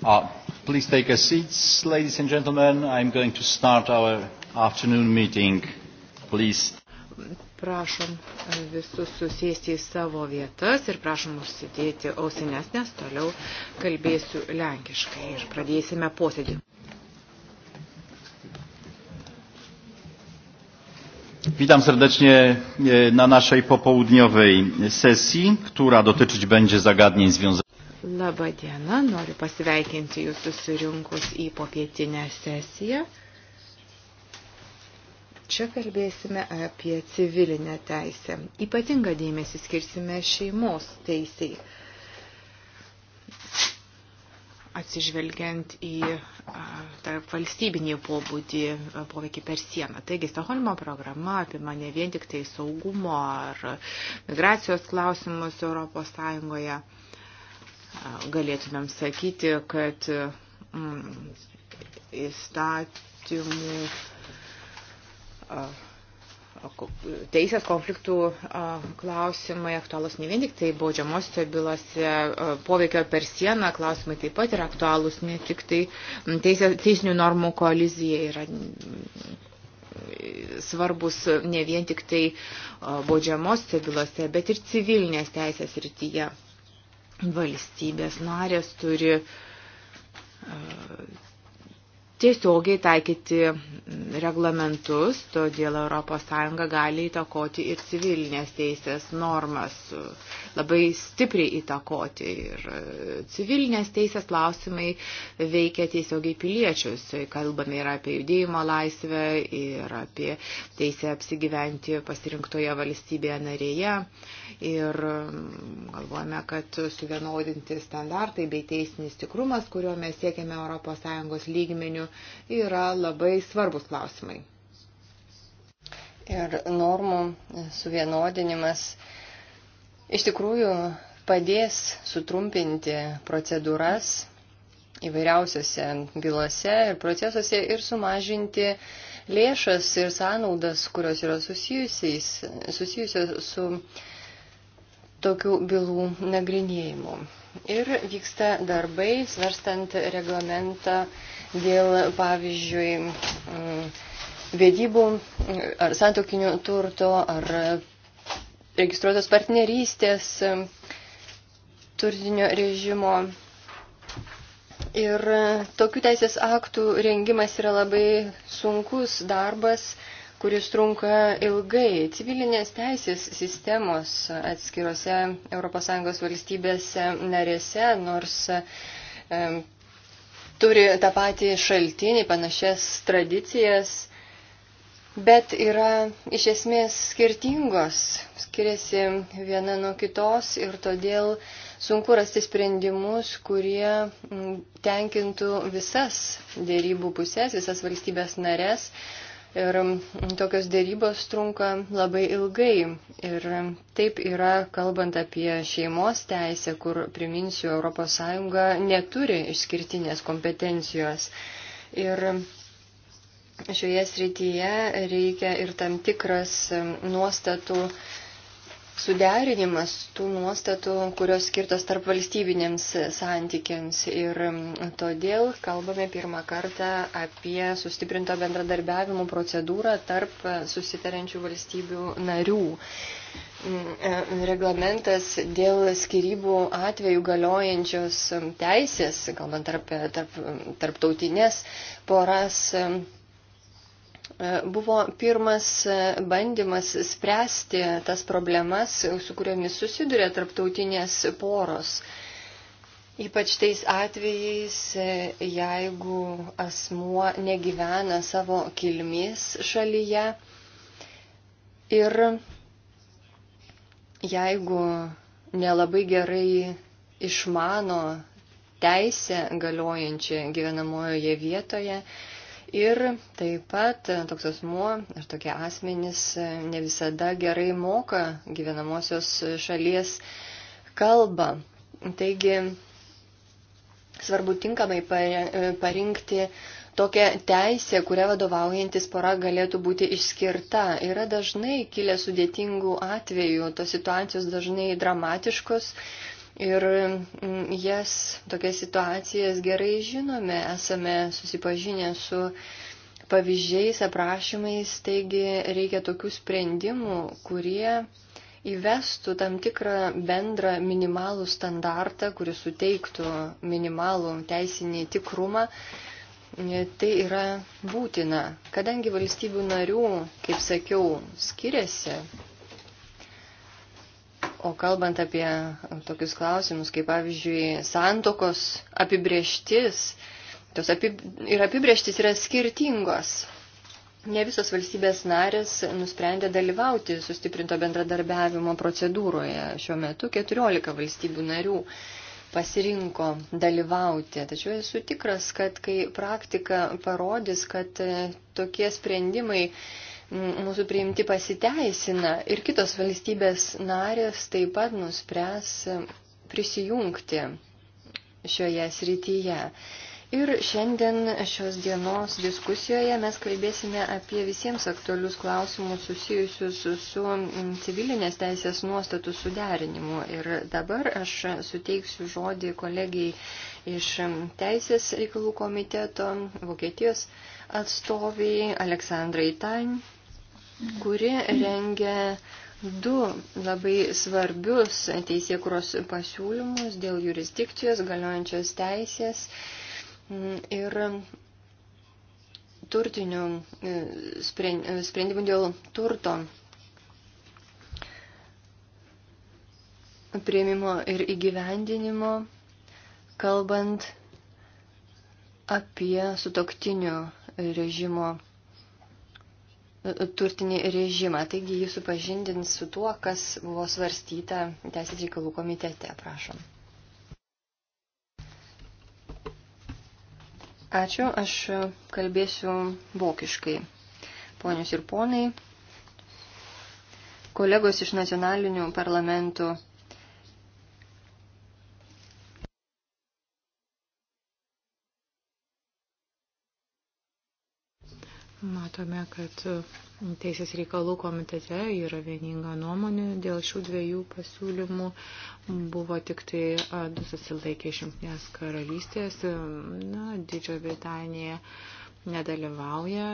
Uh, please take a seat, ladies and gentlemen. I'm going to start our afternoon meeting. Please. Prašom uh, visus susėsti į savo vietas ir prašom užsidėti ausines, nes toliau kalbėsiu lenkiškai ir pradėsime posėdį. Witam serdecznie e, na naszej popołudniowej sesji, która dotyczyć będzie zagadnień związanych Labą dieną, noriu pasveikinti jūs susirinkus į popietinę sesiją. Čia kalbėsime apie civilinę teisę. Ypatingą dėmesį skirsime šeimos teisiai. Atsižvelgiant į a, valstybinį pobūdį poveikį per sieną. Taigi, Stoholmo programa apima ne vien tik tai saugumo ar migracijos klausimus Europos Sąjungoje galėtumėm sakyti, kad mm, įstatymų teisės konfliktų klausimai aktualūs ne vien tik tai baudžiamosiose bylose, poveikio per sieną klausimai taip pat yra aktualūs, ne tik tai teisės, teisinių normų koalizija yra svarbus ne vien tik tai baudžiamosiose bylose, bet ir civilinės teisės rytyje valstybės narės turi uh, tiesiogiai taikyti reglamentus, todėl ES gali įtakoti ir civilinės teisės normas, labai stipriai įtakoti. Ir civilinės teisės klausimai veikia tiesiogiai piliečius. Kalbame ir apie judėjimo laisvę, ir apie teisę apsigyventi pasirinktoje valstybėje narėje. Ir galvojame, kad suvienodinti standartai bei teisinis tikrumas, kuriuo mes siekiame ES lygmenių, yra labai svarbus klausimai. Ir normų suvienodinimas iš tikrųjų padės sutrumpinti procedūras įvairiausiose bylose ir procesuose ir sumažinti lėšas ir sąnaudas, kurios yra susijusios su tokių bylų nagrinėjimu. Ir vyksta darbai, svarstant reglamentą dėl, pavyzdžiui, mm, vedybų mm, ar santokinio turto ar registruotos partnerystės mm, turtinio režimo. Ir tokių teisės aktų rengimas yra labai sunkus darbas, kuris trunka ilgai. Civilinės teisės sistemos atskirose ES valstybėse narėse, nors turi tą patį šaltinį, panašias tradicijas, bet yra iš esmės skirtingos, skiriasi viena nuo kitos ir todėl sunku rasti sprendimus, kurie mm, tenkintų visas dėrybų pusės, visas valstybės narės. Ir mm, tokios dėrybos trunka labai ilgai. Ir mm, taip yra, kalbant apie šeimos teisę, kur, priminsiu, ES neturi išskirtinės kompetencijos. Ir mm, šioje srityje reikia ir tam tikras nuostatų suderinimas tų nuostatų, kurios skirtos tarp valstybinėms santykiams. Ir mm, todėl kalbame pirmą kartą apie sustiprinto bendradarbiavimo procedūrą tarp susitarančių valstybių narių. Mm, e, reglamentas dėl skirybų atveju galiojančios teisės, kalbant tarp, tarp, tarptautinės poras, E, buvo pirmas e, bandymas spręsti tas problemas, su kuriomis susiduria tarptautinės poros. Ypač tais atvejais, e, jeigu asmuo negyvena savo kilmės šalyje ir jeigu nelabai gerai išmano teisę galiojančią gyvenamojoje vietoje, Ir taip pat toks asmuo ir tokie asmenys e, ne visada gerai moka gyvenamosios šalies kalbą. Taigi svarbu tinkamai e, parinkti tokią teisę, kurią vadovaujantis pora galėtų būti išskirta. Yra dažnai kilę sudėtingų atvejų, tos situacijos dažnai dramatiškos Ir mm, jas, tokias situacijas gerai žinome, esame susipažinę su pavyzdžiais, aprašymais, taigi reikia tokių sprendimų, kurie įvestų tam tikrą bendrą minimalų standartą, kuris suteiktų minimalų teisinį tikrumą. Tai yra būtina, kadangi valstybių narių, kaip sakiau, skiriasi O kalbant apie tokius klausimus, kaip pavyzdžiui, santokos apibrieštis, tos apib... ir apibrieštis yra skirtingos. Ne visos valstybės narės nusprendė dalyvauti sustiprinto bendradarbiavimo procedūroje. Šiuo metu 14 valstybių narių pasirinko dalyvauti. Tačiau esu tikras, kad kai praktika parodys, kad tokie sprendimai mūsų priimti pasiteisina ir kitos valstybės narės taip pat nuspręs prisijungti šioje srityje. Ir šiandien šios dienos diskusijoje mes kalbėsime apie visiems aktualius klausimus susijusius su civilinės teisės nuostatų suderinimu. Ir dabar aš suteiksiu žodį kolegijai iš Teisės reikalų komiteto Vokietijos atstoviai Aleksandrai Tain kuri rengia du labai svarbius teisėkuros pasiūlymus dėl jurisdikcijos, galiojančios teisės ir turtinių e, e, sprendimų dėl turto prieimimo ir įgyvendinimo, kalbant apie sutoktinių režimo turtinį režimą. Taigi jį supažindins su tuo, kas buvo svarstyta Teisės reikalų komitete. Prašom. Ačiū, aš kalbėsiu vokiškai. Ponius ir ponai, kolegos iš nacionalinių parlamentų Matome, kad Teisės reikalų komitete yra vieninga nuomonė dėl šių dviejų pasiūlymų. Buvo tik tai du susilaikė iš Junktinės karalystės. Na, Didžioji Britanija nedalyvauja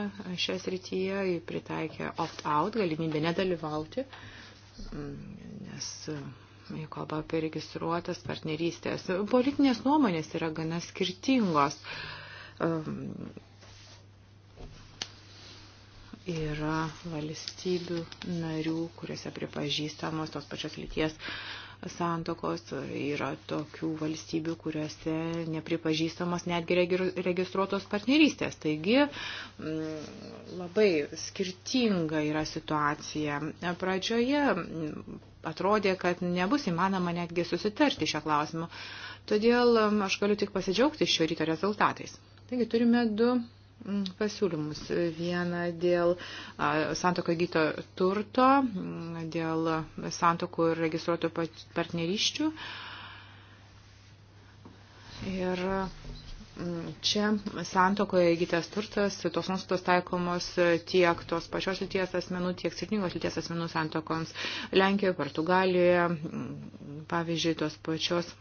šią srityje, pritaikė opt-out, galimybę nedalyvauti, nes jei kalba apie registruotas partnerystės. Politinės nuomonės yra gana skirtingos yra valstybių narių, kuriuose pripažįstamos tos pačios lyties santokos, yra tokių valstybių, kuriuose nepripažįstamos netgi registruotos partnerystės. Taigi mm, labai skirtinga yra situacija. Pradžioje atrodė, kad nebus įmanoma netgi susitarti šią klausimą. Todėl mm, aš galiu tik pasidžiaugti šio ryto rezultatais. Taigi turime du pasiūlymus. Vieną dėl santoko gyto turto, dėl santokų ir registruotų partneriščių. Ir čia santokoje įgytas turtas, tos nuostatos taikomos tiek tos pačios lyties asmenų, tiek skirtingos lyties asmenų santokoms Lenkijoje, Portugalijoje, pavyzdžiui, tos pačios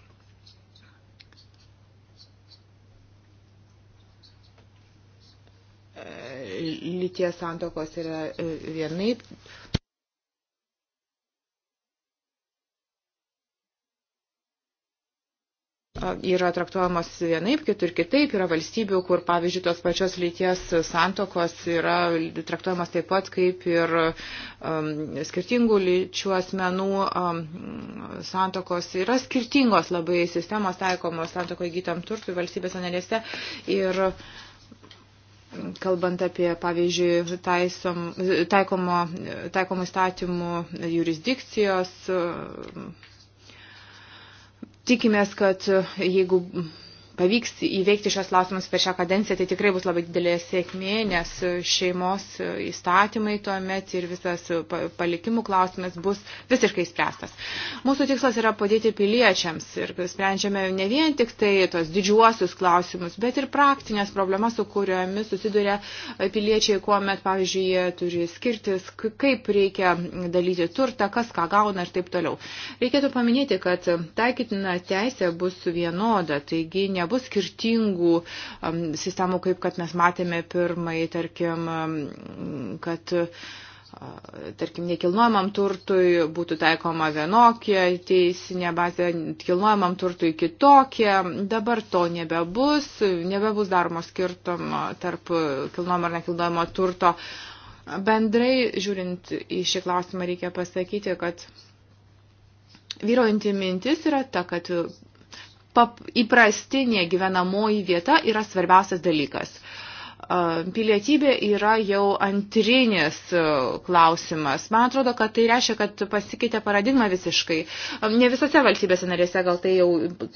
lyties santokos yra e, vienaip. Yra traktuojamos vienaip, kitur kitaip, yra valstybių, kur, pavyzdžiui, tos pačios lyties santokos yra traktuojamos taip pat kaip ir um, skirtingų lyčių asmenų um, santokos. Yra skirtingos labai sistemos taikomos santoko įgytam turtui valstybės analėse. Ir uh, kalbant apie, pavyzdžiui, taisom, taikomo, taikomo įstatymų jurisdikcijos. Tikimės, kad jeigu pavyks įveikti šios klausimus per šią kadenciją, tai tikrai bus labai didelė sėkmė, nes šeimos įstatymai tuo met ir visas palikimų klausimas bus visiškai spręstas. Mūsų tikslas yra padėti piliečiams ir sprendžiame ne vien tik tai tos didžiuosius klausimus, bet ir praktinės problemas, su kuriomis susiduria piliečiai, kuomet, pavyzdžiui, jie turi skirtis, kaip reikia dalyti turtą, kas ką gauna ir taip toliau. Reikėtų paminėti, kad taikytina teisė bus vienoda, taigi ne nebus skirtingų um, sistemų, kaip kad mes matėme pirmai, tarkim, kad tarkim, nekilnojamam turtui būtų taikoma vienokia teisinė bazė, kilnojamam turtui kitokia. Dabar to nebebus, nebebus daromo skirtumo tarp kilnojamo ar nekilnojamo turto. Bendrai žiūrint į šį klausimą reikia pasakyti, kad vyrojanti mintis yra ta, kad pap, įprastinė gyvenamoji vieta yra svarbiausias dalykas. Pilietybė yra jau antrinis klausimas. Man atrodo, kad tai reiškia, kad pasikeitė paradigma visiškai. Ne visose valstybėse narėse gal tai jau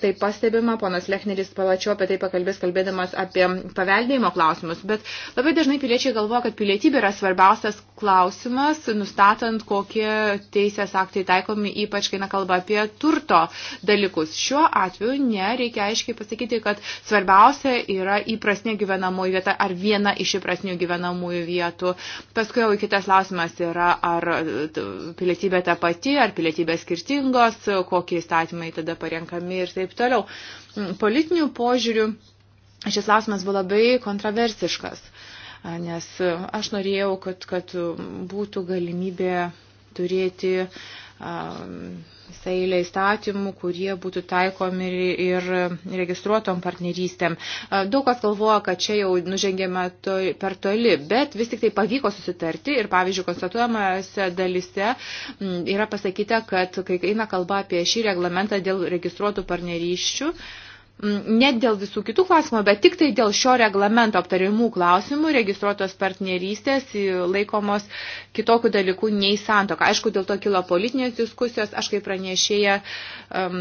tai pastebima, ponas Lechneris palačiau apie tai pakalbės, kalbėdamas apie paveldėjimo klausimus, bet labai dažnai piliečiai galvoja, kad pilietybė yra svarbiausias klausimas, nustatant, kokie teisės aktai taikomi, ypač kai kalba apie turto dalykus. Šiuo atveju nereikia aiškiai pasakyti, kad svarbiausia yra įprasnė gyvenamoji vieta ar viena iš įprasnių gyvenamųjų vietų. Paskui jau kitas klausimas yra, ar e, pilietybė ta pati, ar pilietybė skirtingos, kokie įstatymai tada parenkami ir taip toliau. Mm, politinių požiūrių šis klausimas buvo labai kontroversiškas, nes e, aš norėjau, kad, kad būtų galimybė turėti uh, Um, visą eilę įstatymų, kurie būtų taikomi ir, ir registruotom partnerystėm. Uh, daug kas galvoja, kad čia jau nužengėme to, per toli, bet vis tik tai pavyko susitarti ir, pavyzdžiui, konstatuojamose dalise mm, yra pasakyta, kad kai eina kalba apie šį reglamentą dėl registruotų partnerysčių, uh, Mm, ne dėl visų kitų klausimų, bet tik tai dėl šio reglamento aptarimų klausimų registruotos partnerystės laikomos kitokių dalykų nei santoka. Aišku, dėl to kilo politinės diskusijos, aš kaip pranešėja um,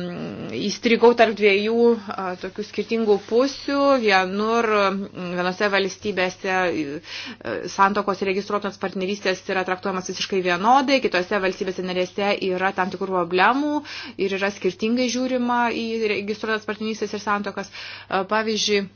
įstrigau tarp dviejų uh, tokių skirtingų pusių, vienur, mm, vienose valstybėse uh, santokos registruotos partnerystės yra traktuojamas visiškai vienodai, kitose valstybėse narėse yra tam tikrų problemų ir yra skirtingai žiūrima į registruotas partnerystės ir santokas. Pavyzdžiui,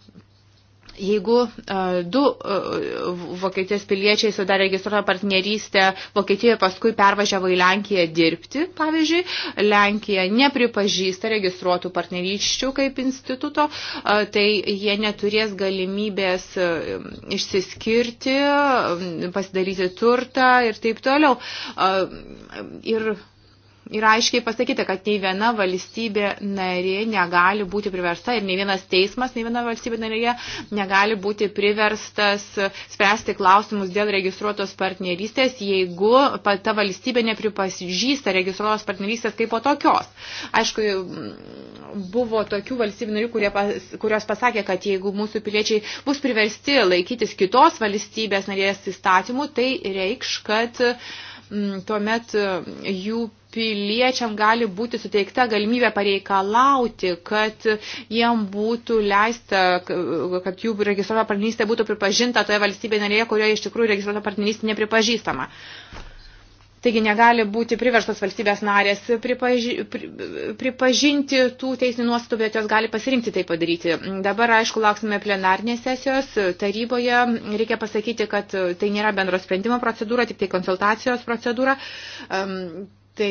Jeigu uh, du uh, Vokietijos piliečiai sudarė registruotą partnerystę Vokietijoje, paskui pervažiavo į Lenkiją dirbti, pavyzdžiui, Lenkija nepripažįsta registruotų partnerysčių kaip instituto, uh, tai jie neturės galimybės uh, išsiskirti, uh, pasidaryti turtą ir taip toliau. Uh, ir yra aiškiai pasakyta, kad nei viena valstybė narė negali būti priversta ir nei vienas teismas, nei viena valstybė narė negali būti priverstas spręsti klausimus dėl registruotos partnerystės, jeigu ta valstybė nepripažįsta registruotos partnerystės kaip po tokios. Aišku, buvo tokių valstybių narių, pas, kurios pasakė, kad jeigu mūsų piliečiai bus priversti laikytis kitos valstybės narės įstatymų, tai reikš, kad uh, Mm, tuomet e, jų piliečiam gali būti suteikta galimybė pareikalauti, kad jiem būtų leista, kad jų registruota partnerystė būtų pripažinta toje valstybėje narėje, kurioje iš tikrųjų registruota partnerystė nepripažįstama. Uh, Taigi negali būti priverstos valstybės narės pripaži, pri, pripažinti tų teisinių nuostatų, bet jos gali pasirinkti tai padaryti. Dabar, aišku, lauksime plenarnės sesijos taryboje. Reikia pasakyti, kad tai nėra bendro sprendimo procedūra, tik tai konsultacijos procedūra. Um, Tai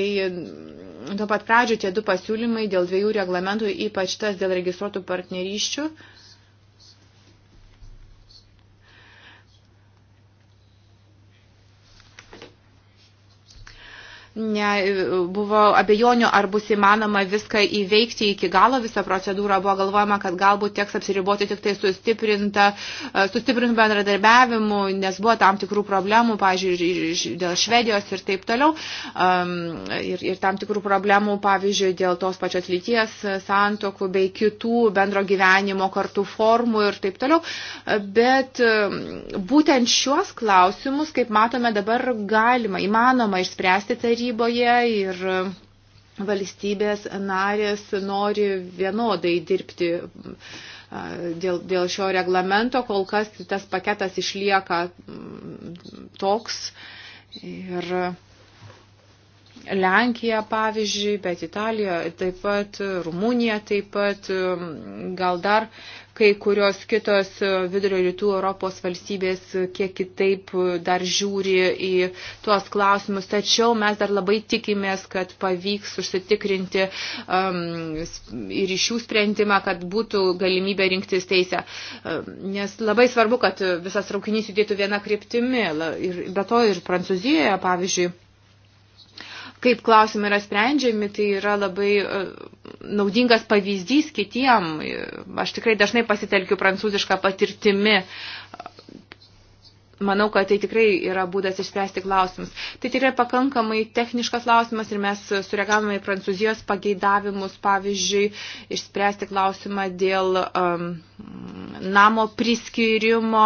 nuo pat pradžių tie du pasiūlymai dėl dviejų reglamentų, ypač tas dėl registruotų partneryščių, uh, ne, buvo abejonių, ar bus įmanoma viską įveikti iki galo, visą procedūrą buvo galvojama, kad galbūt teks apsiriboti tik tai sustiprinta, e, sustiprintų bendradarbiavimu, nes buvo tam tikrų problemų, pavyzdžiui, dėl Švedijos ir taip toliau, ir, ir tam tikrų problemų, pavyzdžiui, dėl tos pačios lyties santokų bei kitų bendro gyvenimo kartų formų ir taip toliau. Bet e, būtent šiuos klausimus, kaip matome, dabar galima, įmanoma išspręsti tai taryboje ir valstybės narės nori vienodai dirbti dėl, dėl šio reglamento, kol kas tas paketas išlieka mm, toks. Ir Lenkija, pavyzdžiui, bet Italija taip pat, Rumunija taip pat, mm, gal dar kai kurios kitos e, vidurio rytų Europos valstybės e, kiek kitaip e, dar žiūri į tuos klausimus. Tačiau mes dar labai tikimės, kad pavyks užsitikrinti um, ir iš jų sprendimą, kad būtų galimybė rinktis teisę. Nes labai svarbu, kad visas traukinys judėtų viena kryptimi. Ir be to ir Prancūzijoje, pavyzdžiui, kaip klausimai yra sprendžiami, tai yra labai e, naudingas pavyzdys kitiem. Aš tikrai dažnai pasitelkiu prancūzišką patirtimi. Manau, kad tai tikrai yra būdas išspręsti klausimus. Tai tikrai pakankamai techniškas klausimas ir mes sureagavome į Prancūzijos pageidavimus, pavyzdžiui, išspręsti klausimą dėl um, namo priskirimo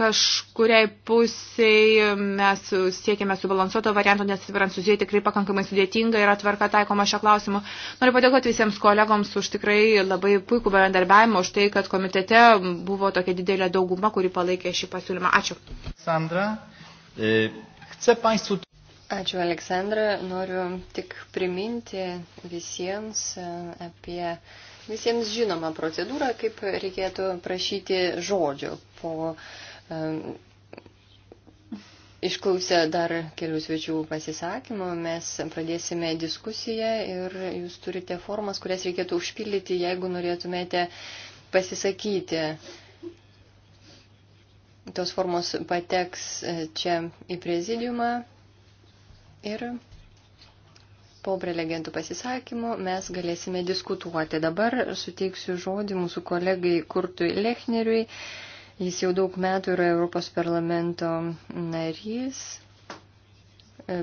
kažkuriai pusiai mes siekėme subalansuoto varianto, nes Prancūzijoje tikrai pakankamai sudėtinga yra tvarka taikoma šio klausimu. Noriu padėkoti visiems kolegoms už tikrai labai puikų bendarbiavimą, už tai, kad komitete buvo tokia didelė dauguma, kuri palaikė šį pasiūlymą. Ačiū. Sandra, e, paistų... Ačiū, Aleksandra. Noriu tik priminti visiems e, apie visiems žinomą procedūrą, kaip reikėtų prašyti žodžio po Išklausę dar kelių svečių pasisakymų, mes pradėsime diskusiją ir jūs turite formas, kurias reikėtų užpildyti, jeigu norėtumėte pasisakyti. Tos formos pateks e, čia į prezidiumą ir po prelegentų pasisakymų mes galėsime diskutuoti. Dabar suteiksiu žodį mūsų kolegai Kurtui Lechneriui. Jis jau daug metų yra Europos parlamento narys. E,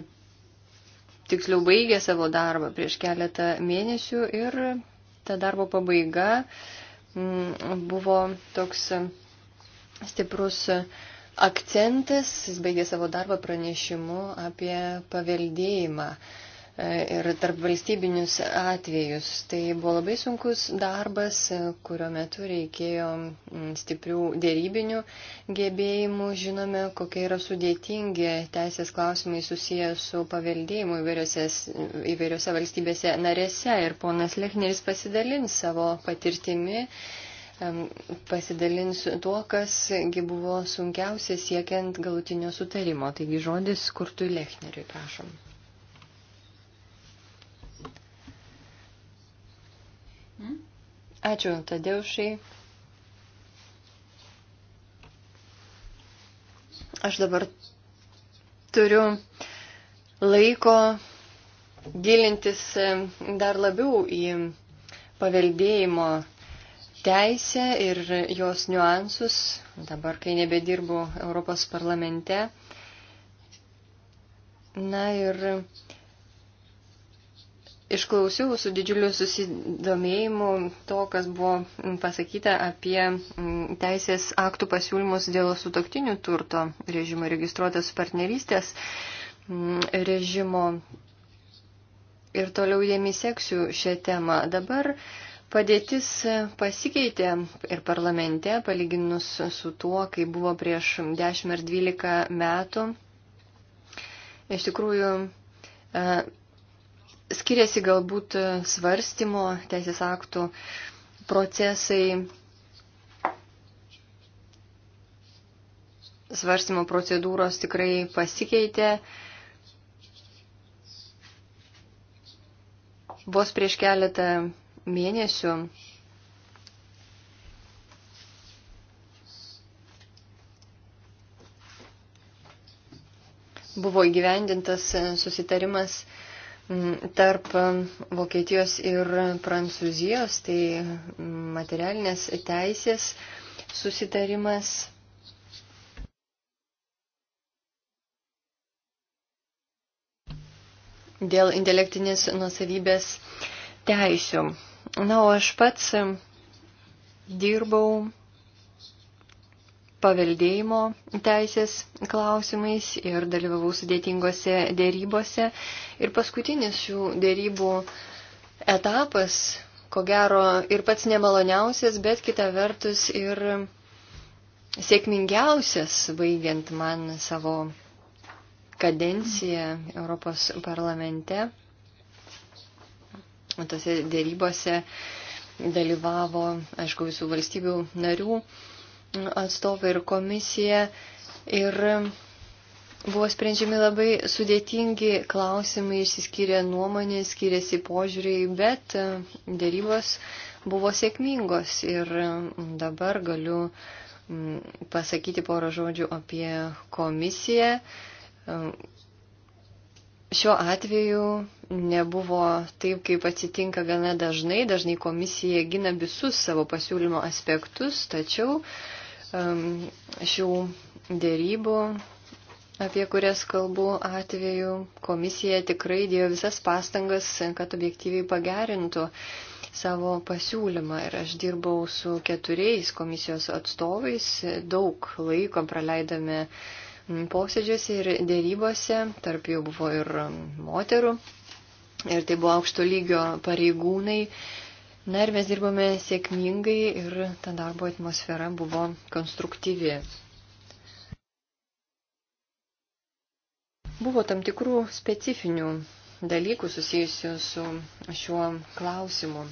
tiksliau baigė savo darbą prieš keletą mėnesių ir ta darbo pabaiga mm, buvo toks stiprus akcentas. Jis baigė savo darbą pranešimu apie paveldėjimą ir tarp valstybinius atvejus. Tai buvo labai sunkus darbas, kurio metu reikėjo mm, stiprių dėrybinių gebėjimų. Žinome, kokie yra sudėtingi teisės klausimai susiję su paveldėjimu įvairiose, įvairiose valstybėse narėse. Ir ponas Lechneris pasidalins savo patirtimi pasidalinsiu tuo, kasgi buvo sunkiausia siekiant galutinio sutarimo. Taigi žodis Kurtui Lechneriui, prašom. Ačiū, Tadeušai. Aš dabar turiu laiko gilintis e, dar labiau į paveldėjimo teisę ir jos niuansus, dabar kai nebedirbu Europos parlamente. Na ir Išklausiau su didžiuliu susidomėjimu to, kas buvo mm, pasakyta apie mm, teisės aktų pasiūlymus dėl sutoktinių turto režimo registruotas partnerystės mm, režimo. Ir toliau jėmi seksiu šią temą. Dabar padėtis pasikeitė ir parlamente, palyginus su tuo, kai buvo prieš 10 ar 12 metų. Iš tikrųjų, e, skiriasi galbūt svarstymo teisės aktų procesai, svarstymo procedūros tikrai pasikeitė. Vos prieš keletą mėnesių buvo įgyvendintas susitarimas tarp um, Vokietijos ir Prancūzijos, tai um, materialinės teisės susitarimas. Dėl intelektinės nusavybės teisių. Na, o aš pats um, dirbau paveldėjimo teisės klausimais ir dalyvavau sudėtingose dėrybose. Ir paskutinis šių dėrybų etapas, ko gero, ir pats nemaloniausias, bet kita vertus ir sėkmingiausias, baigiant man savo kadenciją Europos parlamente. Tose dėrybose dalyvavo, aišku, visų valstybių narių atstovai ir komisija. Ir buvo sprendžiami labai sudėtingi klausimai, išsiskyrė nuomonė, skiriasi požiūriai, bet e, dėrybos buvo sėkmingos. Ir dabar galiu pasakyti porą žodžių apie komisiją. E, šiuo atveju nebuvo taip, kaip atsitinka gana dažnai. Dažnai komisija gina visus savo pasiūlymo aspektus, tačiau uh, šių dėrybų, apie kurias kalbu atveju, komisija tikrai dėjo visas pastangas, kad objektyviai pagerintų savo pasiūlymą ir aš dirbau su keturiais komisijos atstovais, daug laiko praleidami posėdžiuose ir dėrybose, tarp jų buvo ir moterų. Ir tai buvo aukšto lygio pareigūnai, Na ir mes dirbome sėkmingai ir ta darbo atmosfera buvo konstruktyvi. Buvo tam tikrų specifinių dalykų susijusių su šiuo klausimu.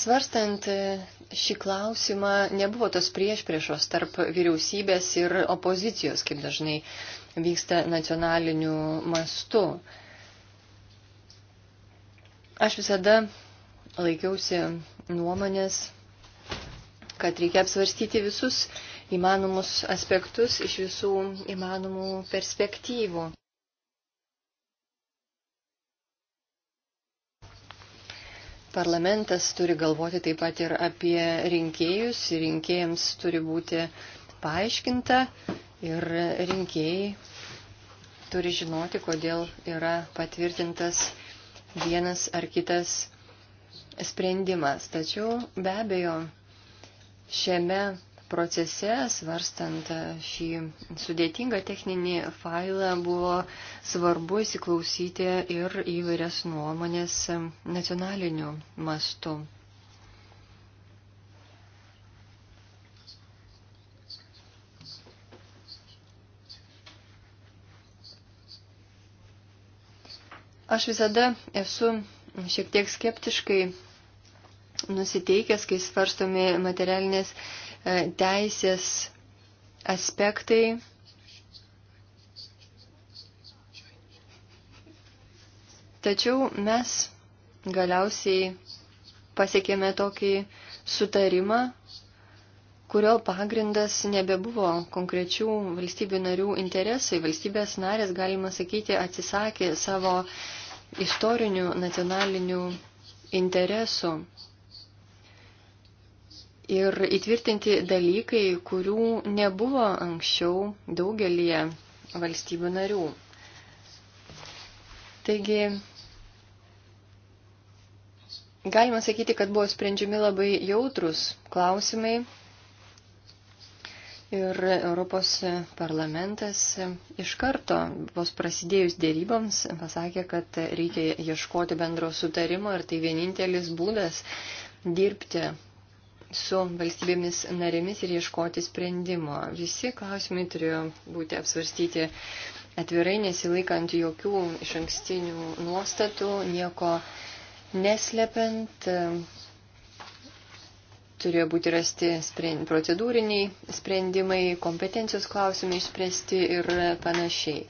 Svarstant e, šį klausimą, nebuvo tos priešpriešos tarp vyriausybės ir opozicijos, kaip dažnai vyksta nacionaliniu mastu. Aš visada laikiausi nuomonės, kad reikia apsvarstyti visus įmanomus aspektus iš visų įmanomų perspektyvų. Parlamentas turi galvoti taip pat ir apie rinkėjus, rinkėjams turi būti paaiškinta ir rinkėjai turi žinoti, kodėl yra patvirtintas vienas ar kitas sprendimas. Tačiau be abejo, šiame procese, svarstant e, šį sudėtingą techninį failą, buvo svarbu įsiklausyti ir įvairias nuomonės nacionaliniu mastu. Aš visada esu šiek tiek skeptiškai nusiteikęs, kai svarstomi materialinės E, teisės aspektai Tačiau mes galiausiai pasiekėme tokį sutarimą, kurio pagrindas nebebuvo konkrečių valstybių narių interesai. Valstybės narės, galima sakyti, atsisakė savo istorinių nacionalinių interesų ir įtvirtinti dalykai, kurių nebuvo anksčiau daugelie valstybių narių. Taigi, galima sakyti, kad buvo sprendžiami labai jautrus klausimai ir Europos parlamentas iš karto, vos prasidėjus dėryboms, pasakė, kad reikia ieškoti bendro sutarimo ir tai vienintelis būdas dirbti su valstybėmis narėmis ir ieškoti sprendimo. Visi klausimai turėjo būti apsvarstyti atvirai, nesilaikant jokių iš ankstinių nuostatų, nieko neslepiant. Turėjo būti rasti sprend, procedūriniai sprendimai, kompetencijos klausimai išspręsti ir panašiai.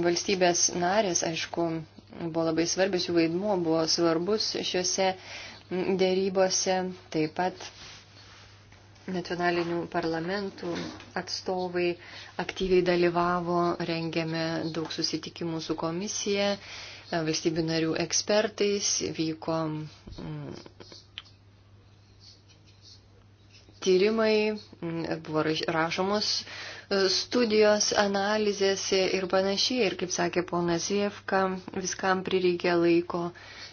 Valstybės narės, aišku, buvo labai svarbus, jų vaidmuo buvo svarbus šiuose dėrybose, taip pat nacionalinių parlamentų atstovai aktyviai dalyvavo, rengėme daug susitikimų su komisija, valstybių narių ekspertais, vyko mm, tyrimai, mm, buvo rašomos studijos, analizės ir panašiai. Ir kaip sakė ponas Jevka, viskam prireikė laiko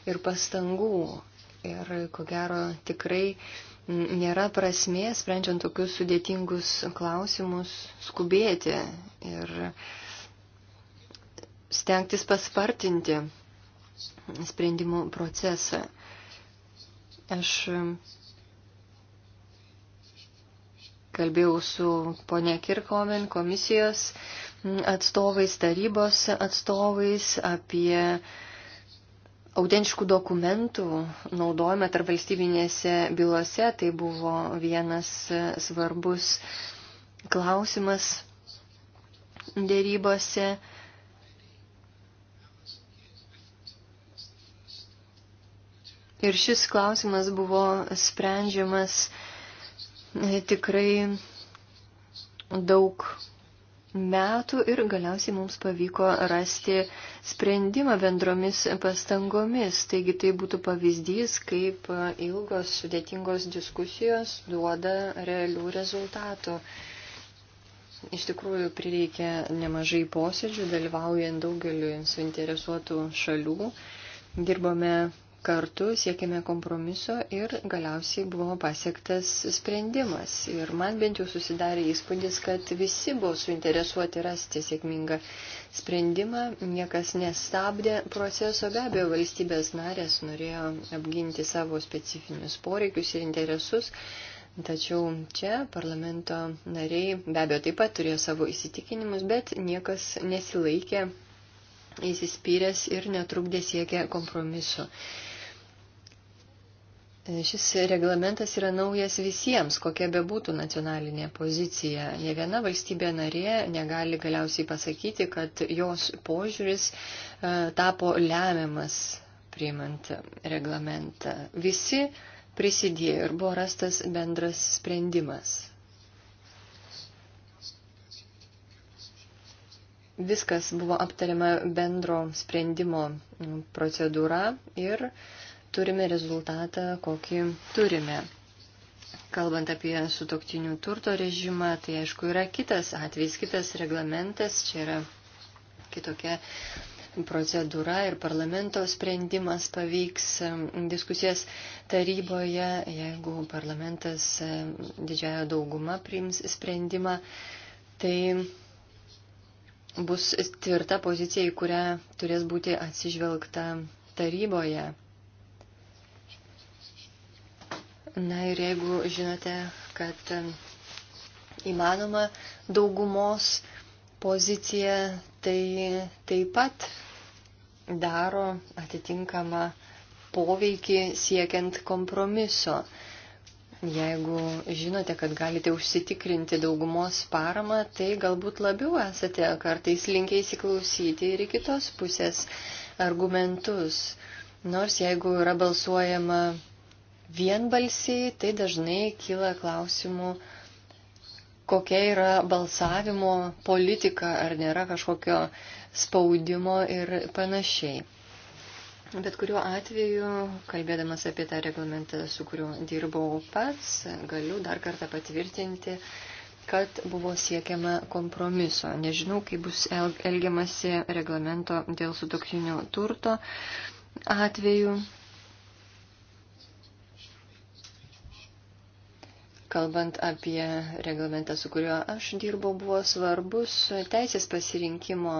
ir pastangų. Ir ko gero tikrai nėra prasmės, sprendžiant tokius sudėtingus klausimus, skubėti ir stengtis paspartinti sprendimų procesą. Aš Kalbėjau su ponė Kirkomen, komisijos atstovais, tarybos atstovais apie autentiškų dokumentų naudojimą tarp valstybinėse bylose. Tai buvo vienas svarbus klausimas dėrybose. Ir šis klausimas buvo sprendžiamas E, tikrai daug metų ir galiausiai mums pavyko rasti sprendimą bendromis pastangomis. Taigi tai būtų pavyzdys, kaip ilgos sudėtingos diskusijos duoda realių rezultatų. Iš tikrųjų, prireikia nemažai posėdžių, dalyvaujant daugeliu suinteresuotų šalių. Dirbome kartu siekėme kompromiso ir galiausiai buvo pasiektas sprendimas. Ir man bent jau susidarė įspūdis, kad visi buvo suinteresuoti rasti sėkmingą sprendimą, niekas nestabdė proceso, be abejo valstybės narės norėjo apginti savo specifinius poreikius ir interesus. Tačiau čia parlamento nariai be abejo taip pat turėjo savo įsitikinimus, bet niekas nesilaikė, įsispyręs ir netrukdė siekia kompromisu. E, šis reglamentas yra naujas visiems, kokia bebūtų nacionalinė pozicija. Ne viena valstybė narė negali galiausiai pasakyti, kad jos požiūris e, tapo lemiamas priimant reglamentą. Visi prisidėjo ir buvo rastas bendras sprendimas. Viskas buvo aptariama bendro sprendimo procedūra ir uh, turime rezultatą, kokį turime. Kalbant apie sutoktinių turto režimą, tai aišku yra kitas atvejs, kitas reglamentas, čia yra kitokia procedūra ir parlamento sprendimas paveiks diskusijas taryboje, jeigu parlamentas didžiajo dauguma priims sprendimą, tai bus tvirta pozicija, į kurią turės būti atsižvelgta taryboje. Na ir jeigu žinote, kad įmanoma daugumos pozicija, tai taip pat daro atitinkamą poveikį siekiant kompromiso. Jeigu žinote, kad galite užsitikrinti daugumos paramą, tai galbūt labiau esate kartais linkę įsiklausyti ir į kitos pusės argumentus. Nors jeigu yra balsuojama vienbalsiai, tai dažnai kyla klausimų, kokia yra balsavimo politika, ar nėra kažkokio spaudimo ir panašiai. Bet kuriuo atveju, kalbėdamas apie tą reglamentą, su kuriuo dirbau pats, galiu dar kartą patvirtinti, kad buvo siekiama kompromiso. Nežinau, kaip bus elgiamasi reglamento dėl sutoktinių turto atveju. kalbant apie reglamentą, su kuriuo aš dirbau, buvo svarbus teisės pasirinkimo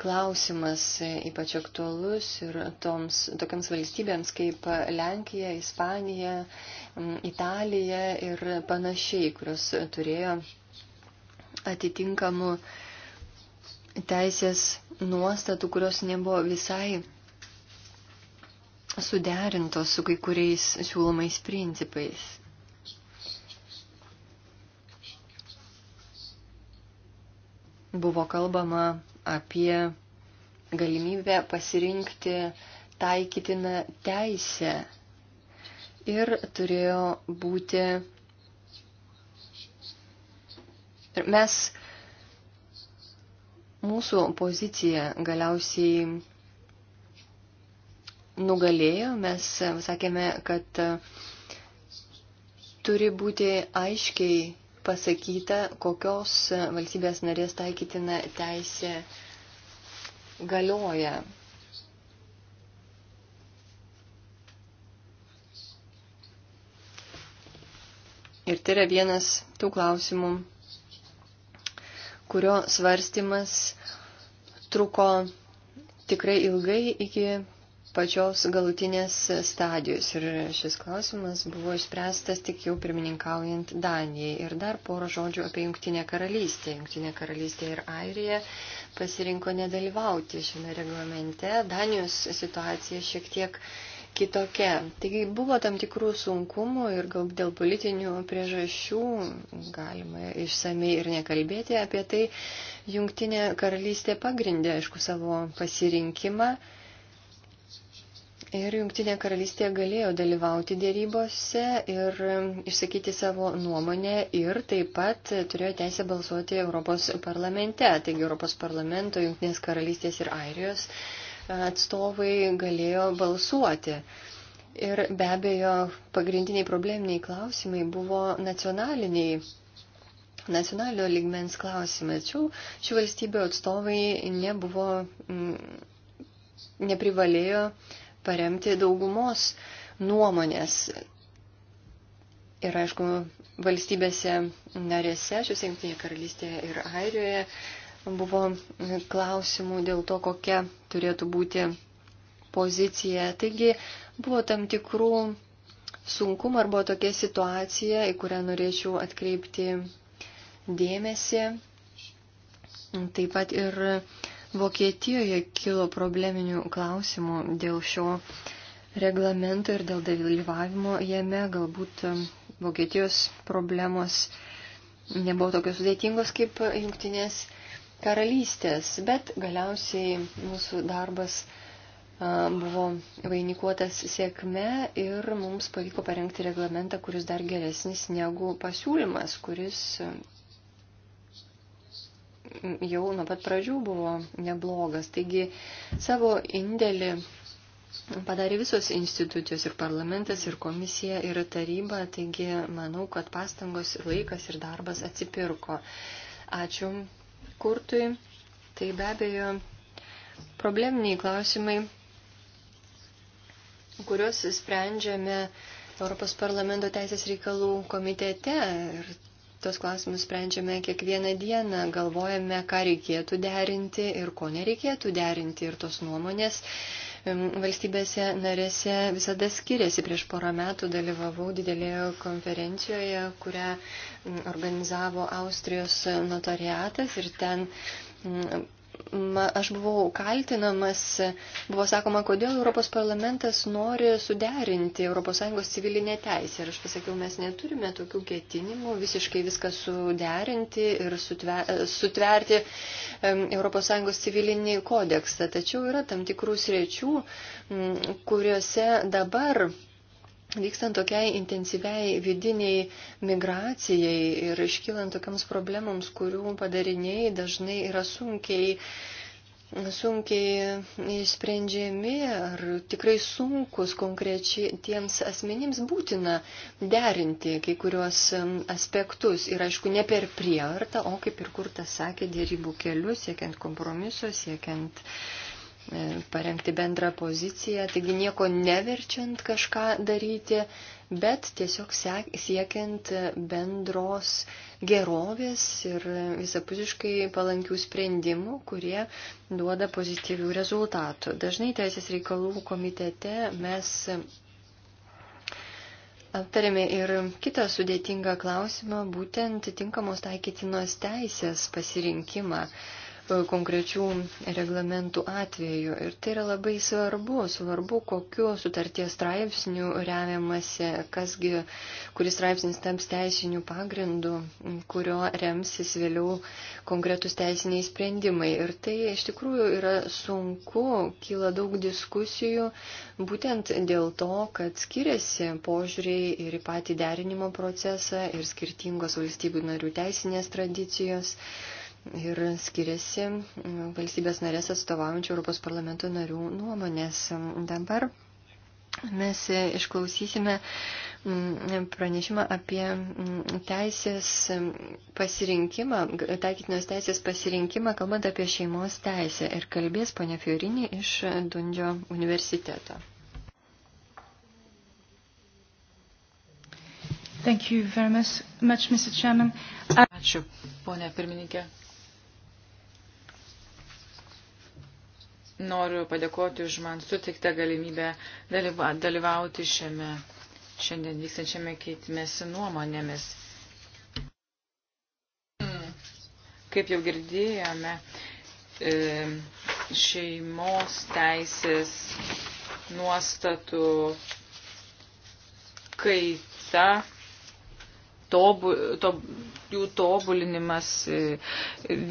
klausimas, ypač aktualus ir toms, tokiams valstybėms kaip Lenkija, Ispanija, Italija ir panašiai, kurios turėjo atitinkamų teisės nuostatų, kurios nebuvo visai suderintos su kai kuriais siūlomais principais. buvo kalbama apie galimybę pasirinkti taikytiną teisę ir turėjo būti. Ir mes, mūsų pozicija galiausiai nugalėjo, mes sakėme, kad turi būti aiškiai pasakyta, kokios valstybės narės taikytina teisė galioja. Ir tai yra vienas tų klausimų, kurio svarstymas truko tikrai ilgai iki pačios galutinės stadijos. Ir šis klausimas buvo išspręstas tik jau pirmininkaujant Danijai. Ir dar porą žodžių apie Junktinę karalystę. Junktinė karalystė ir Airija pasirinko nedalyvauti šiame reglamente. Danijos situacija šiek tiek kitokia. Taigi buvo tam tikrų sunkumų ir gal dėl politinių priežasčių galima išsamei ir nekalbėti apie tai. Junktinė karalystė pagrindė, aišku, savo pasirinkimą. Ir Junktinė karalystė galėjo dalyvauti dėrybose ir išsakyti savo nuomonę ir taip pat turėjo teisę balsuoti Europos parlamente. Taigi Europos parlamento, Junktinės karalystės ir Airijos atstovai galėjo balsuoti. Ir be abejo, pagrindiniai probleminiai klausimai buvo nacionaliniai nacionalinio ligmens klausimai. Tačiau šių valstybių atstovai nebuvo, m, mm, neprivalėjo uh, paremti daugumos nuomonės. Ir aišku, valstybėse narėse, šiuose jungtinėje karalystėje ir Airijoje, buvo klausimų dėl to, kokia turėtų būti pozicija. Taigi buvo tam tikrų sunkumų arba tokia situacija, į kurią norėčiau atkreipti dėmesį. Taip pat ir Vokietijoje kilo probleminių klausimų dėl šio reglamento ir dėl dalyvavimo jame. Galbūt um, Vokietijos problemos nebuvo tokios sudėtingos kaip jungtinės karalystės, bet galiausiai mūsų darbas buvo vainikuotas sėkme ir mums pavyko parengti reglamentą, kuris dar geresnis negu pasiūlymas, kuris jau nuo pat pradžių buvo neblogas. Taigi savo indėlį padarė visos institucijos ir parlamentas, ir komisija, ir taryba. Taigi manau, kad pastangos, laikas ir darbas atsipirko. Ačiū Kurtui. Tai be abejo probleminiai klausimai, kuriuos sprendžiame Europos parlamento teisės reikalų komitete. Ir Tos klausimus sprendžiame kiekvieną dieną, galvojame, ką reikėtų derinti ir ko nereikėtų derinti. Ir tos nuomonės valstybėse narėse visada skiriasi. Prieš porą metų dalyvavau didelėje konferencijoje, kurią organizavo Austrijos notariatas ir ten aš buvau kaltinamas, buvo sakoma, kodėl Europos parlamentas nori suderinti ES civilinę teisę. Ir aš pasakiau, mes neturime tokių ketinimų visiškai viską suderinti ir sutverti ES civilinį kodeksą. Tačiau yra tam tikrų sričių, kuriuose dabar Vykstant tokiai intensyviai vidiniai migracijai ir iškylant tokiams problemams, kurių padariniai dažnai yra sunkiai sunkiai išsprendžiami ar tikrai sunkus konkrečiai tiems asmenims būtina derinti kai kuriuos aspektus ir aišku ne per prievartą, o kaip ir kur tas sakė, dėrybų keliu, siekiant kompromiso, siekiant uh, E, parengti bendrą poziciją, taigi nieko neverčiant kažką daryti, bet tiesiog siekiant bendros gerovės ir visapusiškai palankių sprendimų, kurie duoda pozityvių rezultatų. Dažnai Teisės reikalų komitete mes Aptarėme ir kitą sudėtingą klausimą, būtent tinkamos taikytinos teisės pasirinkimą konkrečių reglamentų atveju. Ir tai yra labai svarbu, svarbu, kokiu sutarties straipsniu remiamasi, kasgi, kuris straipsnis taps teisiniu pagrindu, kurio remsis vėliau konkretus teisiniai sprendimai. Ir tai iš tikrųjų yra sunku, kyla daug diskusijų, būtent dėl to, kad skiriasi požiūriai ir į patį derinimo procesą ir skirtingos valstybių narių teisinės tradicijos. Yes ir skiriasi valstybės narės atstovaujančių Europos parlamento narių nuomonės. Dabar mes išklausysime mm, pranešimą apie mm, teisės pasirinkimą, taikytinos teisės pasirinkimą, kalbant apie šeimos teisę. Ir kalbės ponia Fiorinė iš Dundžio universiteto. Thank you very much, Mr. Chairman. Ačiū, ponia pirmininkė. Noriu padėkoti už man sutiktą galimybę dalyvauti šiame šiandien vykstančiame keitimėsi nuomonėmis. Kaip jau girdėjome, e, šeimos teisės nuostatų kaita tobu, to, jų tobulinimas e,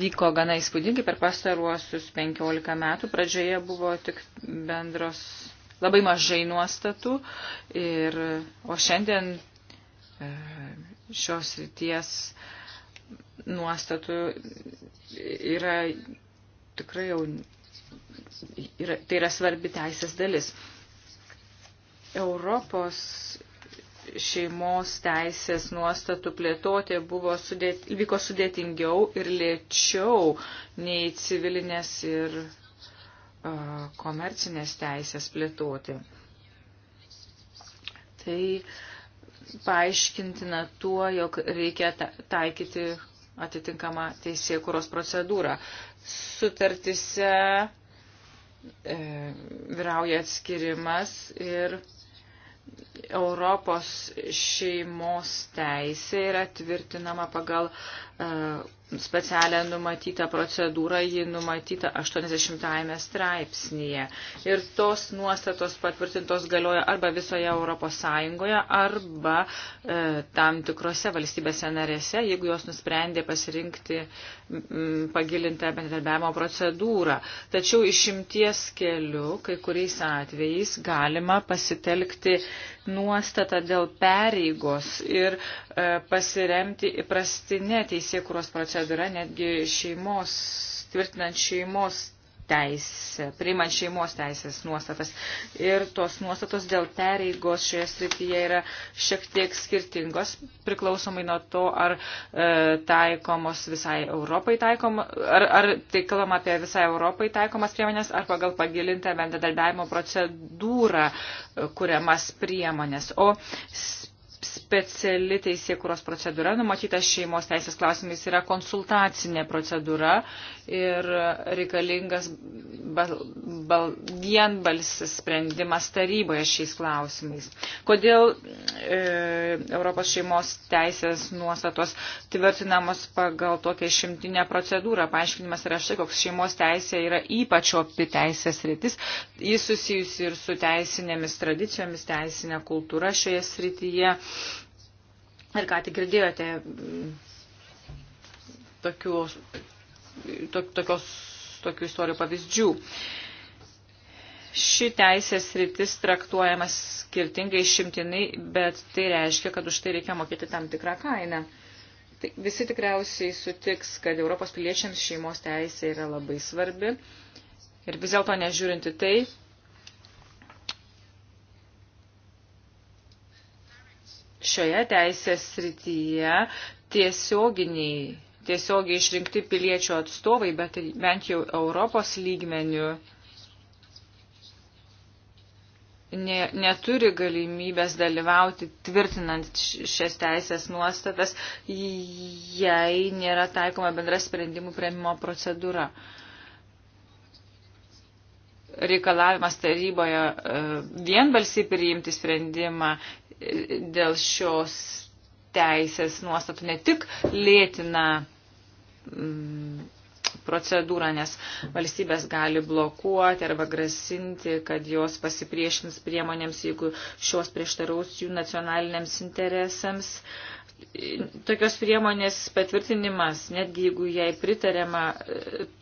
vyko gana įspūdingai per pastaruosius 15 metų. Pradžioje buvo tik bendros labai mažai nuostatų, ir, o šiandien e, šios ryties nuostatų yra tikrai jau yra, tai yra svarbi teisės dalis. Europos šeimos teisės nuostatų plėtotė buvo sudėt, vyko sudėtingiau ir lėčiau nei civilinės ir uh, komercinės teisės plėtotė. Tai paaiškintina tuo, jog reikia taikyti atitinkamą teisėkuros procedūrą. Sutartise e, vyrauja atskirimas ir Europos šeimos teisė yra tvirtinama pagal e, specialią numatytą procedūrą, ji numatyta 80-ame straipsnėje. Ir tos nuostatos patvirtintos galioja arba visoje Europos Sąjungoje, arba e, tam tikrose valstybėse narėse, jeigu jos nusprendė pasirinkti Mm, pagilintą bendradarbiavimo procedūrą. Tačiau išimties keliu kai kuriais atvejais galima pasitelkti nuostatą dėl pareigos ir e, pasiremti įprastinę teisėkuros procedūrą, netgi šeimos, tvirtinant šeimos teisę, priimant šeimos teisės nuostatas. Ir tos nuostatos dėl pereigos šioje srityje yra šiek tiek skirtingos, priklausomai nuo to, ar e, taikomos visai Europai taikoma, ar, ar tai kalbama apie visai Europai taikomas priemonės, ar pagal pagilintą bendradarbiavimo procedūrą e, kuriamas priemonės. O speciali teisėkuros procedūra, numatyta šeimos teisės klausimais, yra konsultacinė procedūra ir reikalingas bal, bal, vienbalsis sprendimas taryboje šiais klausimais. Kodėl e, Europos šeimos teisės nuostatos tvirtinamos pagal tokią šimtinę procedūrą? Paaiškinimas yra štai, koks šeimos teisė yra ypač opi teisės rytis. Jis susijusi ir su teisinėmis tradicijomis, teisinė kultūra šioje srityje. Ir ką tik girdėjote tokių tokios, tokių istorijų pavyzdžių. Ši teisės rytis traktuojamas skirtingai šimtinai, bet tai reiškia, kad už tai reikia mokėti tam tikrą kainą. Tai visi tikriausiai sutiks, kad Europos piliečiams šeimos teisė yra labai svarbi. Ir vis dėlto nežiūrinti tai, šioje teisės srityje tiesioginiai tiesiogiai išrinkti piliečių atstovai, bet bent jau Europos lygmenių ne, neturi galimybės dalyvauti tvirtinant šias teisės nuostatas, jei nėra taikoma bendra sprendimų prieimimo procedūra. Reikalavimas taryboje e, vienbalsiai priimti sprendimą e, dėl šios teisės nuostatų ne tik lėtina Mm, procedūrą, nes valstybės gali blokuoti arba grasinti, kad jos pasipriešins priemonėms, jeigu šios prieštaraus jų nacionaliniams interesams. Tokios priemonės patvirtinimas, netgi jeigu jai pritarėma,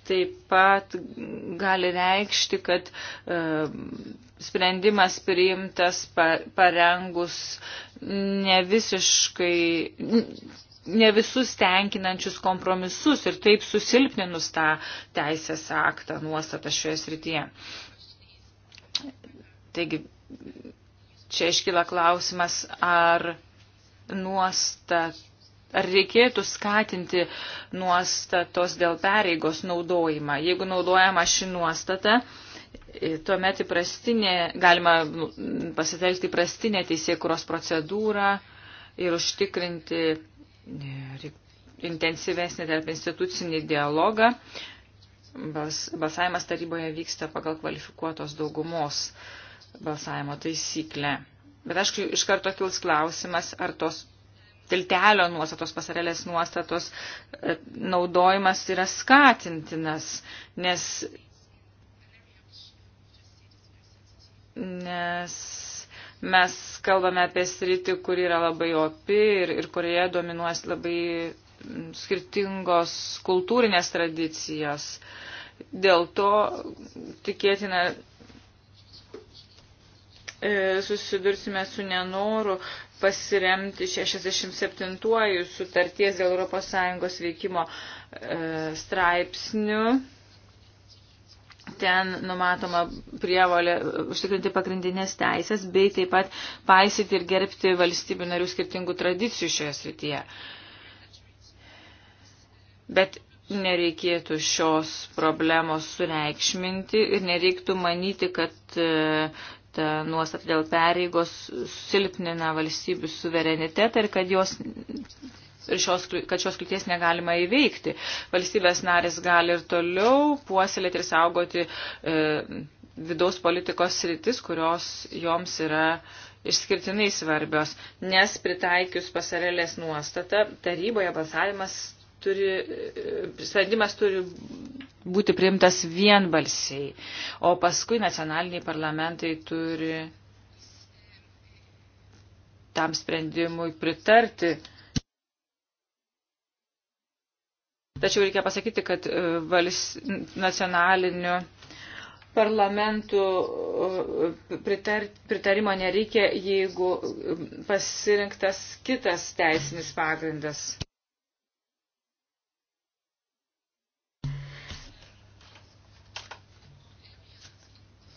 taip pat gali reikšti, kad e, sprendimas priimtas parengus ne visiškai ne visus tenkinančius kompromisus ir taip susilpninus tą teisės aktą nuostatą šioje srityje. Taigi, čia iškyla klausimas, ar nuostat, ar reikėtų skatinti nuostatos dėl pareigos naudojimą. Jeigu naudojama ši nuostata, tuomet įprastinė, galima pasitelkti įprastinę teisėkuros procedūrą ir užtikrinti intensyvesnį tarp institucinį dialogą. Bas, balsavimas taryboje vyksta pagal kvalifikuotos daugumos balsavimo taisyklę. Bet aišku, iš karto kils klausimas, ar tos tiltelio nuostatos, pasarelės nuostatos e, naudojimas yra skatintinas, nes, nes Mes kalbame apie sritį, kur yra labai opi ir, ir kurioje dominuos labai mm, skirtingos kultūrinės tradicijos. Dėl to tikėtina e, susidursime su nenoru pasiremti 67-uoju sutarties dėl ES veikimo e, straipsniu Ten numatoma prievalė užtikrinti pagrindinės teisės, bei taip pat paisyti ir gerbti valstybių narių skirtingų tradicijų šioje srityje. Bet nereikėtų šios problemos sureikšminti ir nereiktų manyti, kad e, ta nuostata dėl pareigos silpnina valstybių suverenitetą ir kad jos ir šios, kad šios kliūties negalima įveikti. Valstybės narės gali ir toliau puoselėti ir saugoti e, vidaus politikos sritis, kurios joms yra išskirtinai svarbios, nes pritaikius pasarelės nuostatą, taryboje balsavimas turi, e, sprendimas turi būti priimtas vienbalsiai, o paskui nacionaliniai parlamentai turi tam sprendimui pritarti Tačiau reikia pasakyti, kad e, valis, nacionaliniu parlamentų e, pritar, pritarimo nereikia, jeigu e, pasirinktas kitas teisinis pagrindas.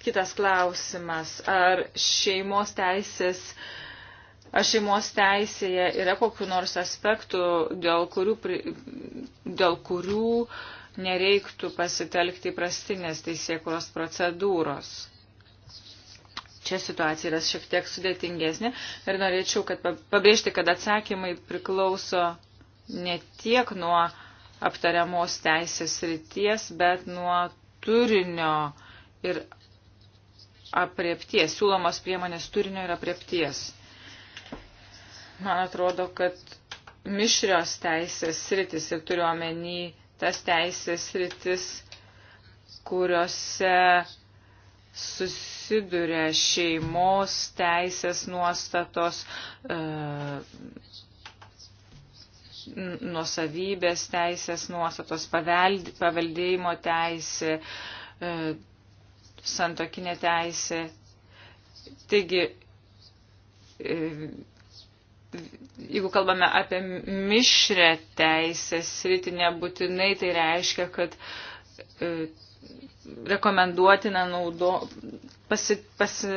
Kitas klausimas. Ar šeimos teisės uh, Ar šeimos teisėje yra kokiu nors aspektų, dėl kurių, dėl kurių nereiktų pasitelkti prastinės teisėkuros procedūros? Čia situacija yra šiek tiek sudėtingesnė ir norėčiau kad pabrėžti, kad atsakymai priklauso ne tiek nuo aptariamos teisės ryties, bet nuo turinio ir apriepties, siūlomos priemonės turinio ir apriepties. Man atrodo, kad mišrios teisės sritis ir turiuomenį tas teisės sritis, kuriuose susiduria šeimos teisės nuostatos, e, nuosavybės teisės nuostatos, paveld, paveldėjimo teisė, e, santokinė teisė. Taigi, e, jeigu kalbame apie mišrę teisę sritį, nebūtinai tai reiškia, kad e, rekomenduotina naudo, pasi, pasi,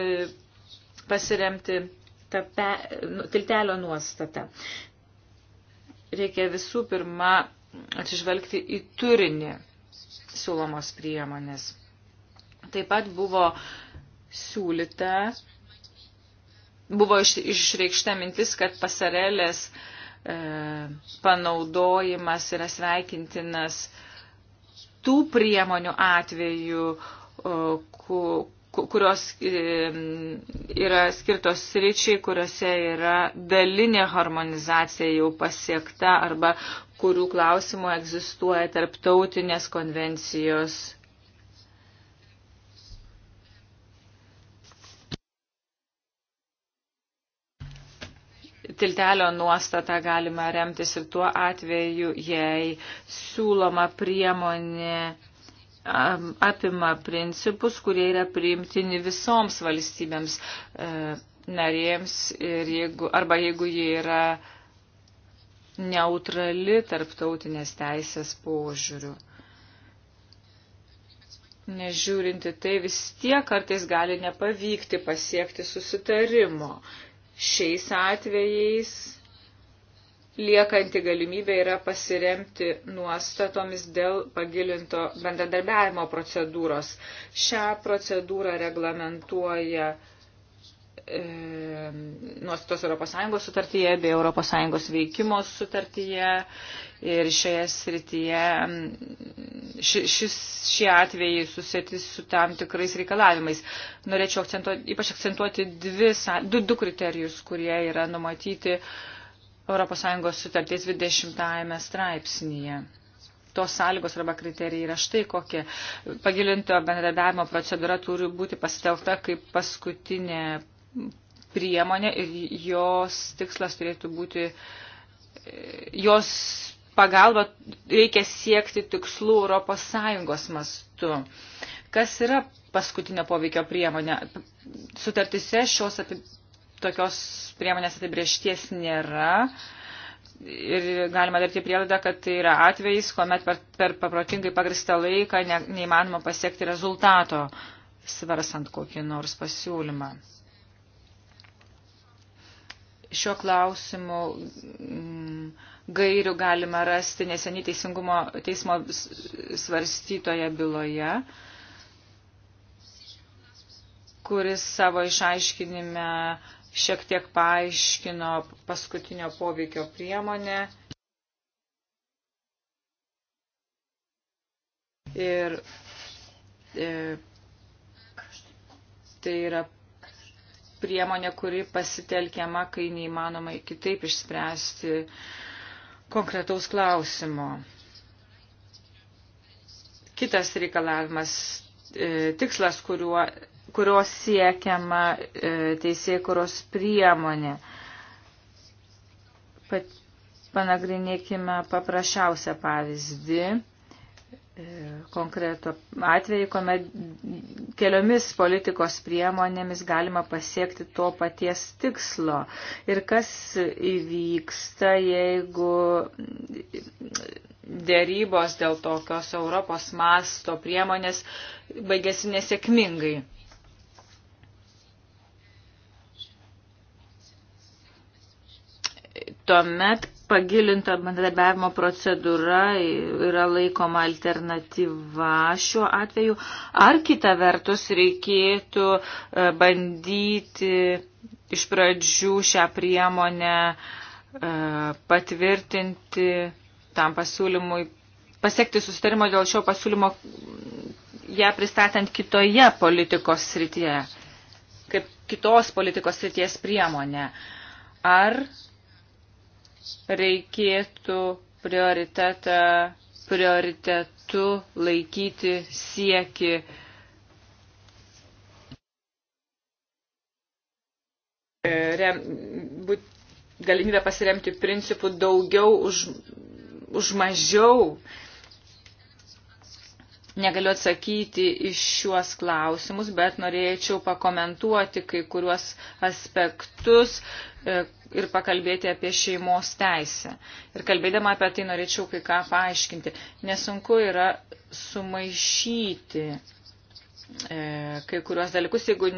pasiremti tą pe, nu, tiltelio nuostatą. Reikia visų pirma atsižvelgti į turinį siūlomos priemonės. Taip pat buvo siūlyta buvo iš, išreikšta mintis, kad pasarelės e, panaudojimas yra sveikintinas tų priemonių atveju, e, ku, kurios e, yra skirtos sričiai, kuriuose yra dalinė harmonizacija jau pasiekta arba kurių klausimų egzistuoja tarptautinės konvencijos tiltelio nuostatą galima remtis ir tuo atveju, jei siūloma priemonė apima principus, kurie yra priimtini visoms valstybėms e, narėms ir jeigu, arba jeigu jie yra neutrali tarptautinės teisės požiūrių. Nežiūrinti tai vis tiek kartais gali nepavykti pasiekti susitarimo Šiais atvejais liekanti galimybė yra pasiremti nuostatomis dėl pagilinto bendradarbiavimo procedūros. Šią procedūrą reglamentuoja E, nuostatos ES sutartyje bei ES veikimo sutartyje. Ir šioje srityje ši, šis, šie atvejai susėti su tam tikrais reikalavimais. Norėčiau akcentuoti, ypač akcentuoti dvi, du, du kriterijus, kurie yra numatyti ES sutarties 20 straipsnyje. Tos sąlygos arba kriterijai yra štai kokie. Pagilinto bendradarbiavimo procedūra turi būti pasitelkta kaip paskutinė priemonė ir jos tikslas turėtų būti, jos pagalba reikia siekti tikslų Europos Sąjungos mastu. Kas yra paskutinio poveikio priemonė? Sutartise šios api, tokios priemonės apibriešties nėra. Ir galima daryti prielaidą, kad tai yra atvejis, kuomet per, per paprotingai pagristą laiką ne, neįmanoma pasiekti rezultato, svarsant kokį nors pasiūlymą šiuo klausimu mm, gairių galima rasti neseniai teisingumo teismo svarstytoje byloje, kuris savo išaiškinime šiek tiek paaiškino paskutinio poveikio priemonę. Ir e, tai yra priemonė, kuri pasitelkiama, kai neįmanoma kitaip išspręsti konkretaus klausimo. Kitas reikalavimas, e, tikslas, kuriuo, kurios siekiama e, teisėkuros priemonė. Pat, panagrinėkime paprasčiausią pavyzdį E, konkretų atvejį, kuomet keliomis politikos priemonėmis galima pasiekti to paties tikslo. Ir kas įvyksta, jeigu dėrybos dėl tokios Europos masto priemonės baigėsi nesėkmingai. Tuomet pagilinta bendradarbiavimo procedūra yra laikoma alternatyva šiuo atveju, ar kita vertus reikėtų e, bandyti iš pradžių šią priemonę e, patvirtinti tam pasiūlymui, pasiekti sustarimo dėl šio pasiūlymo ją pristatant kitoje politikos srityje, kaip kitos politikos srities priemonė. Ar reikėtų prioritetą, prioritetu laikyti sieki rem, būt, galimybę pasiremti principų daugiau už, už mažiau negaliu atsakyti iš šiuos klausimus, bet norėčiau pakomentuoti kai kuriuos aspektus e, ir pakalbėti apie šeimos teisę. Ir kalbėdama apie tai norėčiau kai ką paaiškinti. Nesunku yra sumaišyti e, kai kuriuos dalykus, jeigu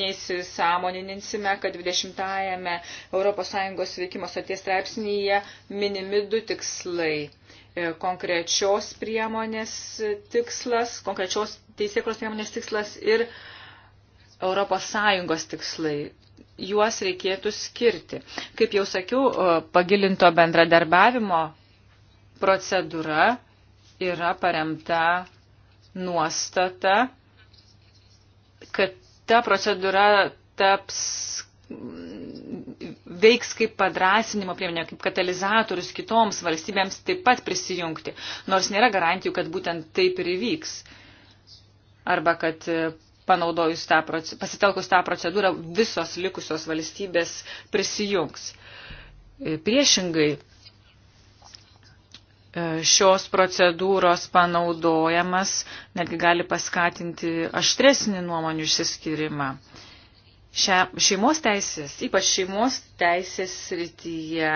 neįsisamoninsime, kad 20-ajame ES veikimo stoties straipsnyje minimi du tikslai E, konkrečios priemonės tikslas, konkrečios teisėkros priemonės tikslas ir ES tikslai. Juos reikėtų skirti. Kaip jau sakiau, e, pagilinto bendradarbiavimo procedūra yra paremta nuostata, kad ta procedūra taps veiks kaip padrasinimo priemonė, kaip katalizatorius kitoms valstybėms taip pat prisijungti, nors nėra garantijų, kad būtent taip ir įvyks. Arba kad e, panaudojus tą, pasitelkus tą procedūrą visos likusios valstybės prisijungs. E, priešingai, e, šios procedūros panaudojamas netgi gali paskatinti aštresnį nuomonių išsiskirimą šią šeimos teisės, ypač šeimos teisės srityje,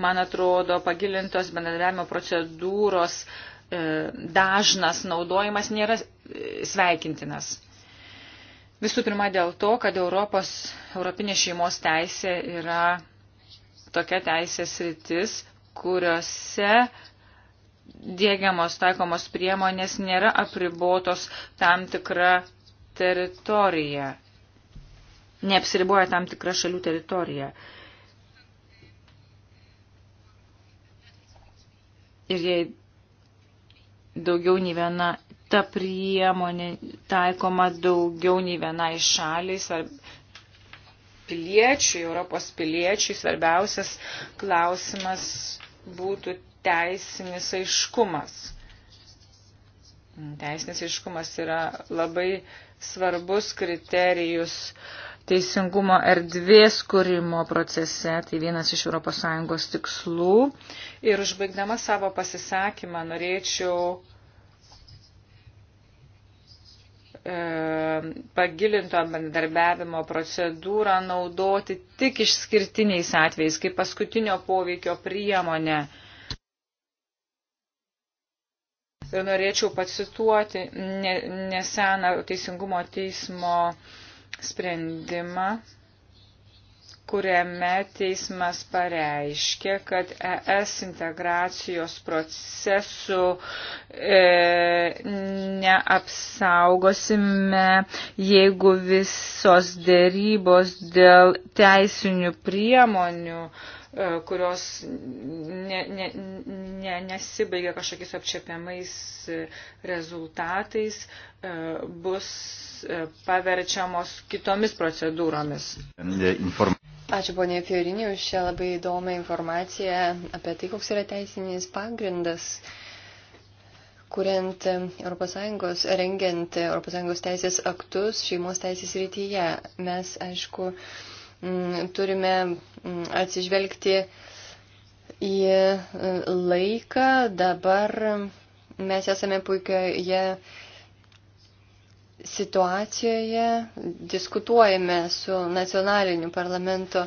man atrodo, pagilintos bendradarbiavimo procedūros e, dažnas naudojimas nėra e, sveikintinas. Visų pirma dėl to, kad Europos, Europinė šeimos teisė yra tokia teisės sritis, kuriuose dėgiamos taikomos priemonės nėra apribotos tam tikra teritorija neapsiriboja tam tikrą šalių teritoriją. Ir jei daugiau nei viena ta priemonė taikoma daugiau nei vienai šaliai, svarb... piliečiui, Europos piliečiui svarbiausias klausimas būtų teisinis aiškumas. Teisinis aiškumas yra labai svarbus kriterijus uh, teisingumo erdvės kūrimo procese, tai vienas iš ES tikslų. Ir užbaigdama savo pasisakymą norėčiau e, pagilinto bendarbiavimo procedūrą naudoti tik išskirtiniais atvejais, kaip paskutinio poveikio priemonė. Ir norėčiau pacituoti neseną teisingumo teismo uh, sprendimą, kuriame teismas pareiškė, kad ES integracijos procesų e, neapsaugosime, jeigu visos dėrybos dėl teisinių priemonių e, E, kurios ne, ne, ne, nesibaigia kažkokiais apčiapiamais e, rezultatais, e, bus paverčiamos kitomis procedūromis. Ačiū ponė Fiorinė už šią labai įdomią informaciją apie tai, koks yra teisinis pagrindas kuriant ES, rengiant ES teisės aktus šeimos teisės rytyje. Mes, aišku, uh, Mm, turime mm, atsižvelgti į e, laiką. Dabar mes esame puikioje situacijoje, diskutuojame su nacionaliniu parlamento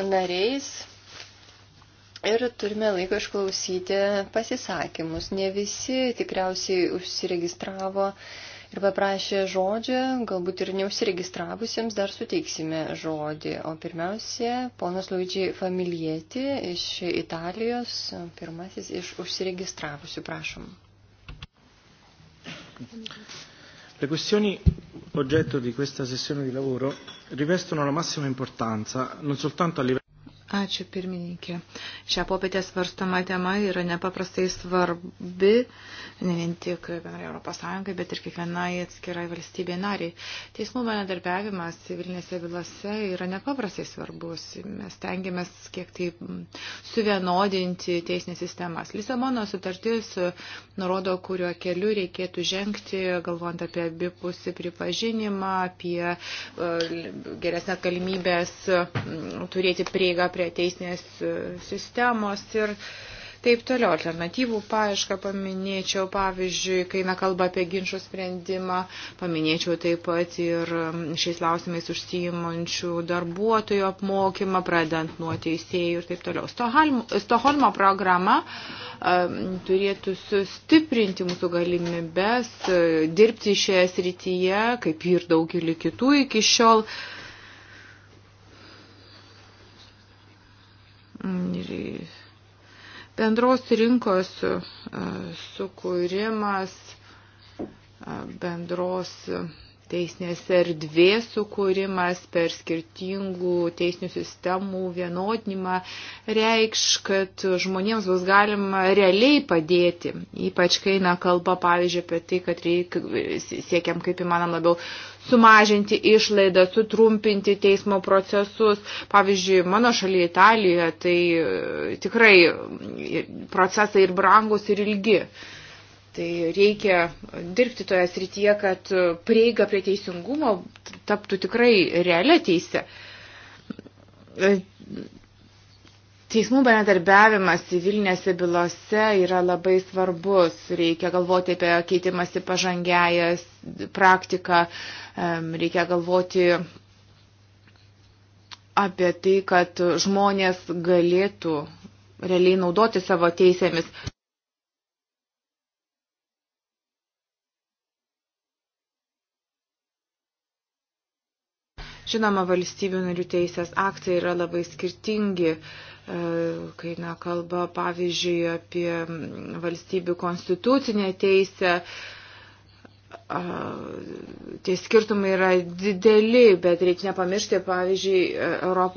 nariais. Ir turime laiko išklausyti pasisakymus. Ne visi tikriausiai užsiregistravo uh, ir paprašė žodžio, galbūt ir neusiregistravusiems dar suteiksime žodį. O pirmiausia, ponas Luidžiai Familieti iš Italijos, pirmasis iš užsiregistravusių, prašom. Le questioni oggetto di questa sessione di lavoro rivestono la massima importanza non soltanto a livello Ačiū pirmininkė. Šią popietę svarstama tema yra nepaprastai svarbi, ne vien tik bendrai Europos Sąjungai, bet ir kiekvienai atskirai valstybė nariai. Teismų bendradarbiavimas civilinėse bylose yra nepaprastai svarbus. Mes tengiamės kiek tai suvienodinti teisinės sistemas. Lisabono sutartis nurodo, kuriuo keliu reikėtų žengti, galvojant apie abipusį pripažinimą, apie e, geresnės galimybės turėti prieigą prie prie teisinės e, sistemos ir taip toliau. Alternatyvų paiešką paminėčiau, pavyzdžiui, kai na kalba apie ginčio sprendimą, paminėčiau taip pat ir šiais lausimais užsijimančių darbuotojų apmokymą, pradant nuo teisėjų ir taip toliau. Stoholmo programa e, turėtų sustiprinti mūsų galimybės e, dirbti šioje srityje, kaip ir daugelį kitų iki šiol. Uh, Bendros rinkos e, sukūrimas, e, bendros teisinės erdvės sukūrimas per skirtingų teisinių sistemų vienodinimą reikš, kad žmonėms bus galima realiai padėti, ypač kai eina kalba, pavyzdžiui, apie tai, kad reik, siekiam kaip įmanom labiau sumažinti išlaidą, sutrumpinti teismo procesus. Pavyzdžiui, mano šalyje Italijoje tai e, tikrai procesai ir brangus, ir ilgi. Uh, Tai reikia dirbti toje srityje, kad prieiga prie teisingumo taptų tikrai realią teisę. Teismų bendarbiavimas civilinėse bylose yra labai svarbus. Reikia galvoti apie keitimąsi pažangiają praktiką, reikia galvoti apie tai, kad žmonės galėtų realiai naudoti savo teisėmis. Žinoma, valstybių narių teisės aktai yra labai skirtingi, e, kai na, kalba pavyzdžiui apie valstybių konstitucinę teisę. Tie skirtumai yra dideli, bet reikia nepamiršti, pavyzdžiui,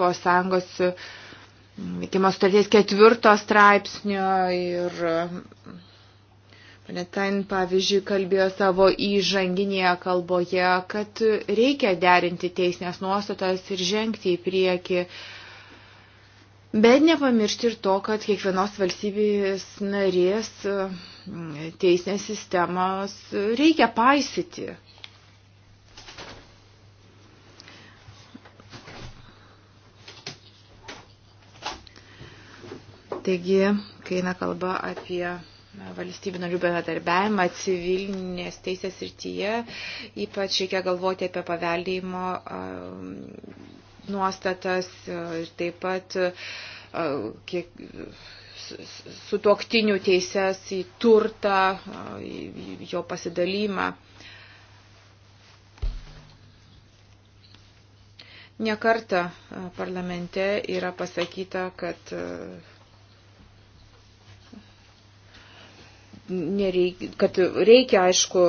ES veikimo sutarties ketvirto straipsnio ir Panetain, pavyzdžiui, kalbėjo savo įžanginėje kalboje, kad reikia derinti teisinės nuostatas ir žengti į priekį. Bet nepamiršti ir to, kad kiekvienos valstybės narės mm, teisinės sistemos reikia paisyti. Taigi, kai eina kalba apie valstybių narių bendradarbiavimą civilinės teisės rytyje, ypač reikia galvoti apie paveldėjimo um, nuostatas e, ir taip pat e, kiek sutuoktinių teises į turtą, e, į jo pasidalymą. Nekarta parlamente yra pasakyta, kad uh, nereik, kad reikia, aišku,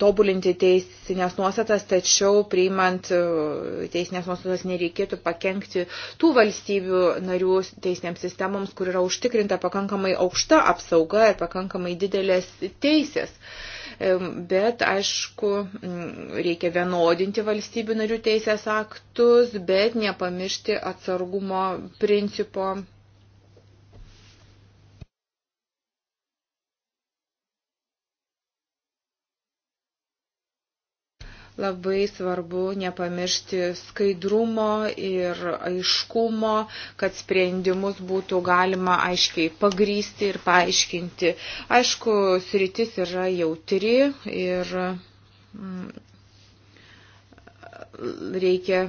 tobulinti teisinės nuostatas, tačiau priimant e, teisinės nuostatas nereikėtų pakengti tų valstybių narių teisinėms sistemoms, kur yra užtikrinta pakankamai aukšta apsauga ir pakankamai didelės teisės. E, bet, aišku, reikia vienodinti valstybių narių teisės aktus, bet nepamiršti atsargumo principo labai svarbu nepamiršti skaidrumo ir aiškumo, kad sprendimus būtų galima aiškiai pagrysti ir paaiškinti. Aišku, sritis yra jautri ir mm, reikia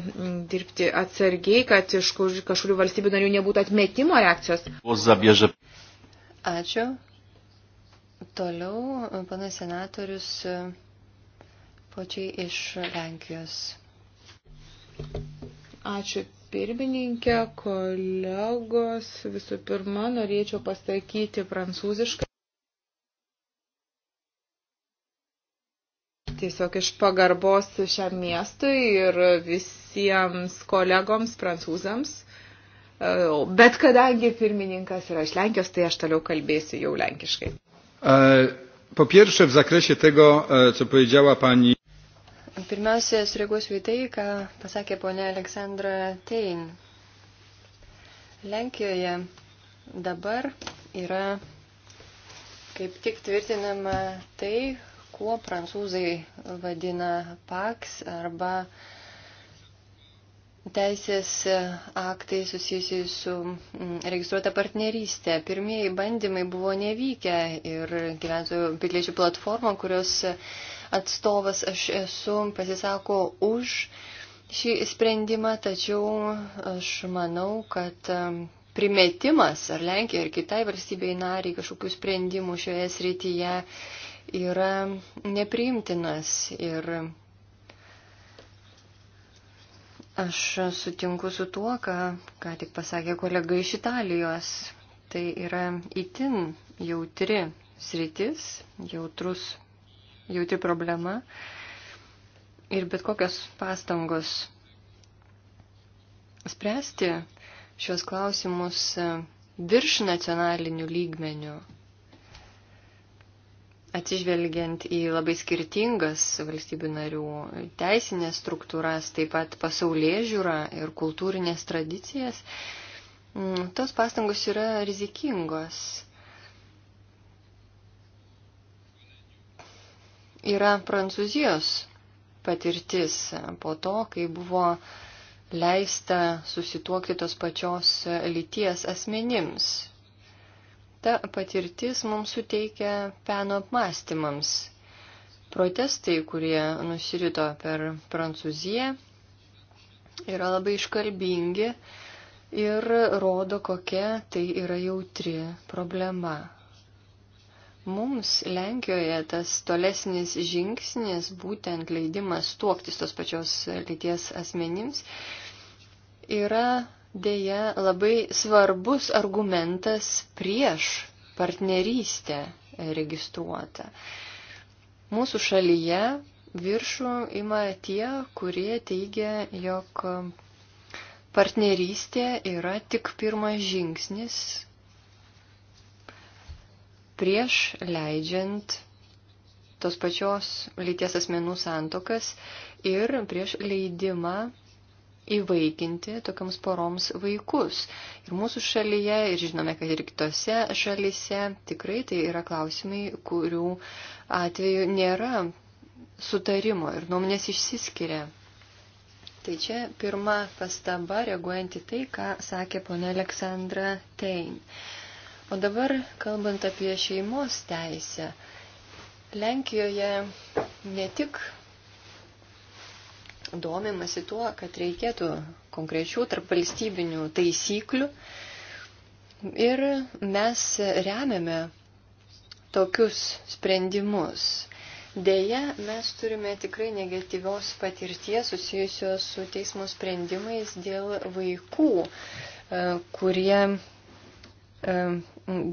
dirbti atsargiai, kad iš kažkurių valstybių narių nebūtų atmetimo reakcijos. Ačiū. Toliau panas senatorius plačiai iš Lenkijos. Ačiū pirmininkė, kolegos. Visų pirma, norėčiau pasakyti prancūziškai. tiesiog iš pagarbos šiam miestui ir visiems kolegoms prancūzams. Bet kadangi pirmininkas yra iš Lenkijos, tai aš toliau kalbėsiu jau lenkiškai. E, po pierwsze w zakresie tego, e, co powiedziała pani Pirmiausia, sureaguosiu į tai, ką pasakė ponia Aleksandra Tein. Lenkijoje dabar yra kaip tik tvirtinama tai, kuo prancūzai vadina paks arba teisės aktai susijusiai su mm, registruota partnerystė. Pirmieji bandymai buvo nevykę ir gyventojų piliečių platforma, kurios atstovas aš esu, pasisako už šį sprendimą, tačiau aš manau, kad um, primetimas ar Lenkijai, ar kitai valstybei nariai kažkokių sprendimų šioje srityje yra nepriimtinas. Ir aš sutinku su tuo, ką, ką tik pasakė kolega iš Italijos. Tai yra itin jautri sritis, jautrus jauti problema ir bet kokios pastangos spręsti šios klausimus e, virš nacionalinių lygmenių, atsižvelgiant į labai skirtingas valstybių narių teisinės struktūras, taip pat pasaulyje žiūrą ir kultūrinės tradicijas, tos pastangos yra rizikingos. yra Prancūzijos patirtis po to, kai buvo leista susituokti tos pačios lyties asmenims. Ta patirtis mums suteikia peno apmąstymams. Protestai, kurie nusirito per Prancūziją, yra labai iškalbingi ir rodo, kokia tai yra jautri problema. Mums Lenkijoje tas tolesnis žingsnis, būtent leidimas tuoktis tos pačios lyties asmenims, yra dėja labai svarbus argumentas prieš partnerystę registruotą. Mūsų šalyje viršų ima tie, kurie teigia, jog partnerystė yra tik pirmas žingsnis prieš leidžiant tos pačios lyties asmenų santokas ir prieš leidimą įvaikinti tokiams poroms vaikus. Ir mūsų šalyje, ir žinome, kad ir kitose šalyse tikrai tai yra klausimai, kurių atveju nėra sutarimo ir nuomonės išsiskiria. Tai čia pirma pastaba, reaguojant į tai, ką sakė ponia Aleksandra Tein. Uh, O dabar, kalbant apie šeimos teisę, Lenkijoje ne tik domimasi tuo, kad reikėtų konkrečių tarp valstybinių taisyklių ir mes remiame tokius sprendimus. Deja, mes turime tikrai negatyvios patirties susijusios su teismo sprendimais dėl vaikų, e, kurie E,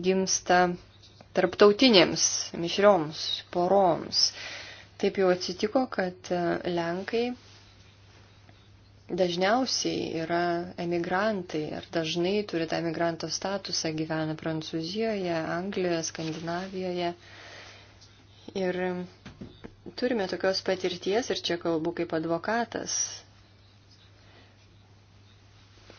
gimsta tarptautinėms mišrioms poroms. Taip jau atsitiko, kad e, Lenkai dažniausiai yra emigrantai ir dažnai turi tą emigranto statusą, gyvena Prancūzijoje, Anglijoje, Skandinavijoje. Ir turime tokios patirties, ir čia kalbu kaip advokatas,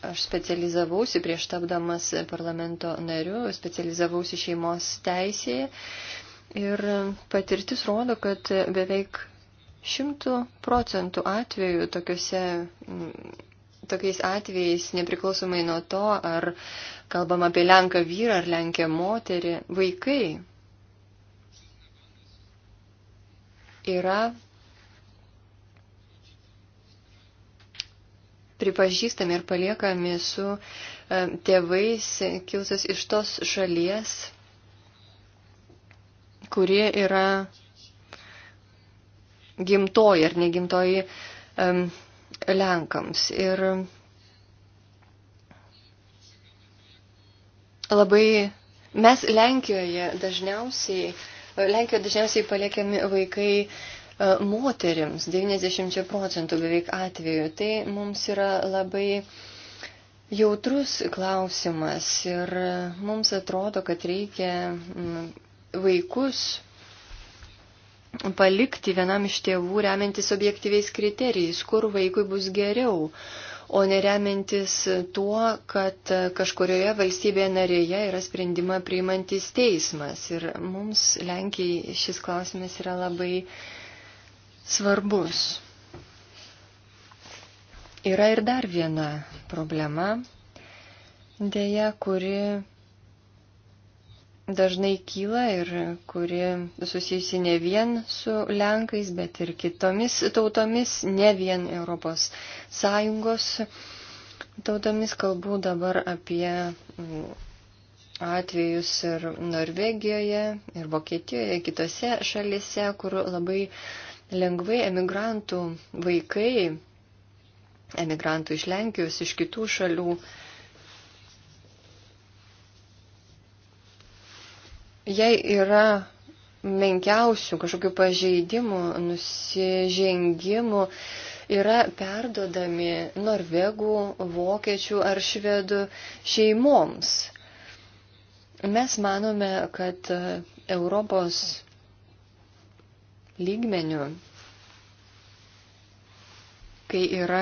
Aš specializavausi prieš tapdamas parlamento nariu, specializavausi šeimos teisėje ir patirtis rodo, kad beveik šimtų procentų atveju tokiuose mm, tokiais atvejais, nepriklausomai nuo to, ar kalbam apie Lenką vyrą ar Lenkę moterį, vaikai yra pripažįstami ir paliekami su e, tėvais kilusios iš tos šalies, kuri yra gimtoji ar negimtoji um, Lenkams. Ir labai mes Lenkijoje dažniausiai, Lenkijoje dažniausiai paliekiami vaikai E, moterims 90 procentų beveik atveju. Tai mums yra labai jautrus klausimas ir mums atrodo, kad reikia mm, vaikus palikti vienam iš tėvų remiantis objektyviais kriterijais, kur vaikui bus geriau, o neremiantis tuo, kad kažkurioje valstybėje narėje yra sprendimą priimantis teismas. Ir mums Lenkijai šis klausimas yra labai uh, svarbus. Yra ir dar viena problema, dėja, kuri dažnai kyla ir kuri susijusi ne vien su Lenkais, bet ir kitomis tautomis, ne vien Europos Sąjungos tautomis kalbu dabar apie mm, atvejus ir Norvegijoje, ir Vokietijoje, kitose šalise, kur labai Lengvai emigrantų vaikai, emigrantų iš Lenkijos, iš kitų šalių, jei yra menkiausių kažkokių pažeidimų, nusižengimų, yra perdodami norvegų, vokiečių ar švedų šeimoms. Mes manome, kad Europos lygmenių, kai yra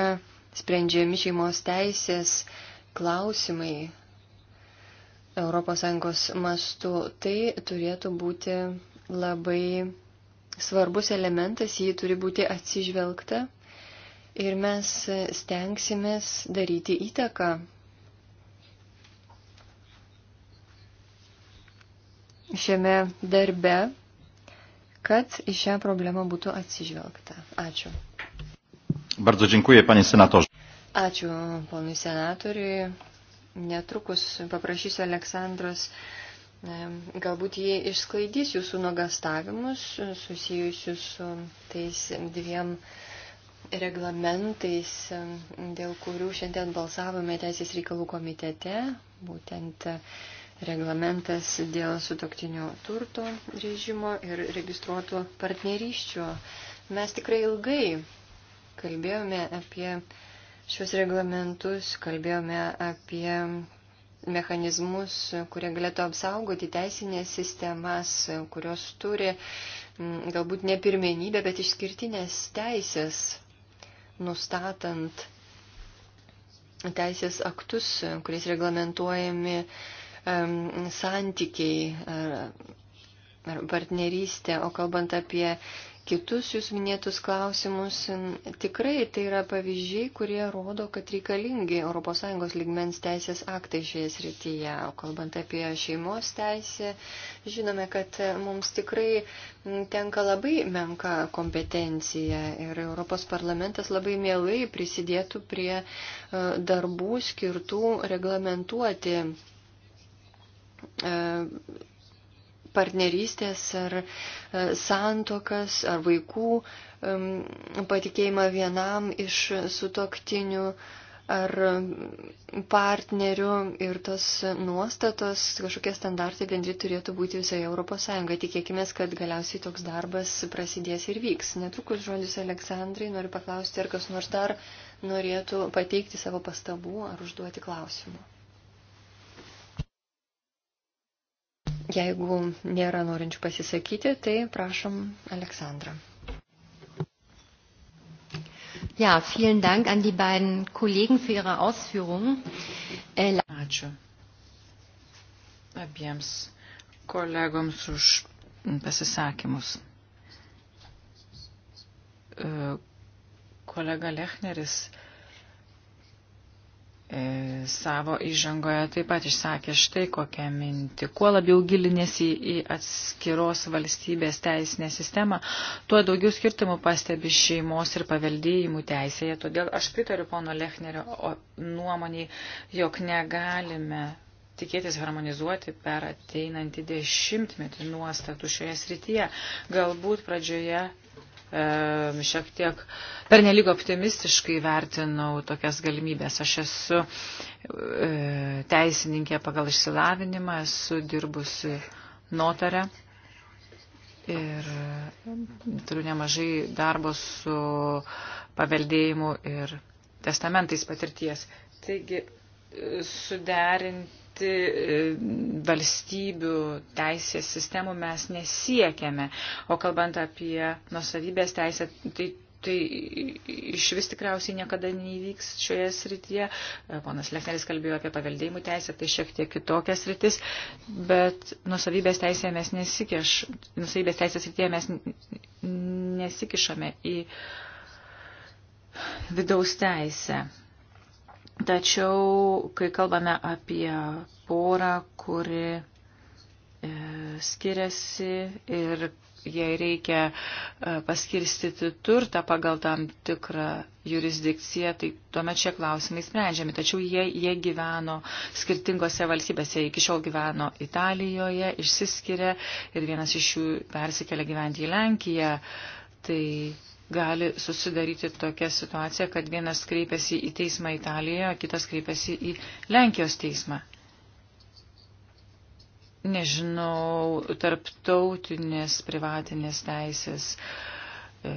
sprendžiami šeimos teisės klausimai ES mastu, tai turėtų būti labai svarbus elementas, jį turi būti atsižvelgta ir mes stengsimės daryti įtaką šiame darbe kad į šią problemą būtų atsižvelgta. Ačiū. Bardzo dziękuję, panie senatorze. Ačiū, ponui senatoriui. Netrukus paprašysiu Aleksandros, galbūt jie išsklaidys jūsų nuogastavimus susijusius su tais dviem reglamentais, dėl kurių šiandien balsavome Teisės reikalų komitete, būtent reglamentas dėl sutoktinių turto režimo ir registruotų partnerysčių. Mes tikrai ilgai kalbėjome apie šios reglamentus, kalbėjome apie mechanizmus, kurie galėtų apsaugoti teisinės sistemas, kurios turi mm, galbūt ne pirmenybę, bet išskirtinės teisės, nustatant teisės aktus, kuriais reglamentuojami uh, santykiai ar partnerystė, o kalbant apie kitus jūs minėtus klausimus, tikrai tai yra pavyzdžiai, kurie rodo, kad reikalingi ES lygmens teisės aktai šioje srityje. O kalbant apie šeimos teisę, žinome, kad mums tikrai tenka labai menka kompetencija ir Europos parlamentas labai mielai prisidėtų prie e, darbų skirtų reglamentuoti E, partnerystės ar e, santokas ar vaikų patikėjimą vienam iš sutoktinių ar partnerių ir tos nuostatos, kažkokie standartai bendri turėtų būti visoje Europos Sąjungoje. Tikėkime, kad galiausiai toks darbas prasidės ir vyks. Netrukus žodis Aleksandrai, noriu paklausti, ar kas nors dar norėtų pateikti savo pastabų ar užduoti klausimų. Jeigu nėra norinčių pasisakyti, tai prašom Aleksandrą. Ja, vielen Dank an die beiden Kollegen für ihre Ausführungen. Äh, Ačiū abiems kolegoms už pasisakymus. Äh, kolega Lechneris E, savo įžangoje taip pat išsakė štai kokią mintį. Kuo labiau gilinėsi į atskiros valstybės teisinę sistemą, tuo daugiau skirtumų pastebi šeimos ir paveldėjimų teisėje. Todėl aš pritariu pono Lechnerio nuomoniai, jog negalime tikėtis harmonizuoti per ateinantį dešimtmetį nuostatų šioje srityje. Galbūt pradžioje šiek tiek pernelyg optimistiškai vertinau tokias galimybės. Aš esu e, teisininkė pagal išsilavinimą, esu dirbusi notarė ir e, turiu nemažai darbo su paveldėjimu ir testamentais patirties. Taigi e, suderinti arti e, valstybių teisės sistemų mes nesiekėme. O kalbant apie nusavybės teisę, tai, tai iš vis tikriausiai niekada neįvyks šioje srityje. E, ponas Lechneris kalbėjo apie paveldėjimų teisę, tai šiek tiek kitokias sritis, bet nusavybės teisėje mes nesikeš, nusavybės teisės srityje mes nesikišame į vidaus teisę. Tačiau, kai kalbame apie porą, kuri e, skiriasi ir jai reikia e, paskirstyti turtą pagal tam tikrą jurisdikciją, tai tuomet šie klausimai sprendžiami. Tačiau jie, jie gyveno skirtingose valstybėse, iki šiol gyveno Italijoje, išsiskiria ir vienas iš jų persikelia gyventi į Lenkiją. Tai gali susidaryti tokia situacija, kad vienas kreipiasi į teismą Italijoje, kitas kreipiasi į Lenkijos teismą. Nežinau, tarptautinės privatinės teisės e,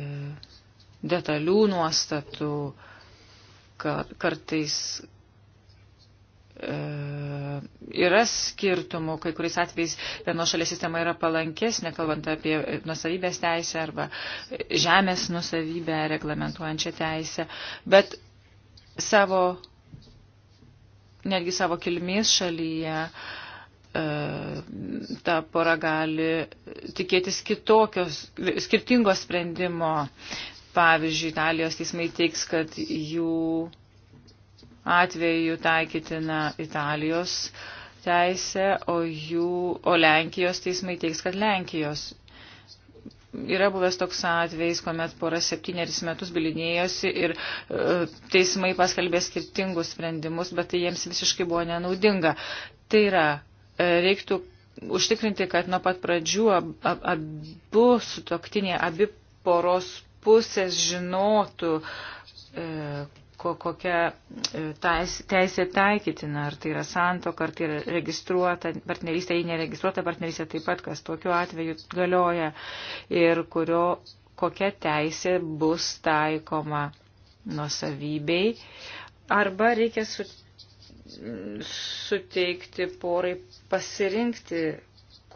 detalių nuostatų kartais E, yra skirtumų, kai kuriais atvejais vieno šalies sistema yra palankesnė, kalbant apie nusavybės teisę arba žemės nusavybę reglamentuojančią teisę, bet savo, netgi savo kilmės šalyje e, ta pora gali tikėtis kitokios, skirtingos sprendimo. Pavyzdžiui, Italijos teismai teiks, kad jų atveju taikytina Italijos teisė, o, jų, o Lenkijos teismai teiks, kad Lenkijos. Yra buvęs toks atvejs, kuomet pora septyneris metus bilinėjosi ir e, teismai paskelbė skirtingus sprendimus, bet tai jiems visiškai buvo nenaudinga. Tai yra, e, reiktų užtikrinti, kad nuo pat pradžių ab, ab, abu sutoktiniai, abi poros pusės žinotų, e, ko, kokia e, teisė taikytina, ar tai yra santoka, ar tai yra registruota partnerystė, jei neregistruota partnerystė taip pat, kas tokiu atveju galioja ir kurio, kokia teisė bus taikoma nusavybei. Arba reikia su, suteikti porai pasirinkti,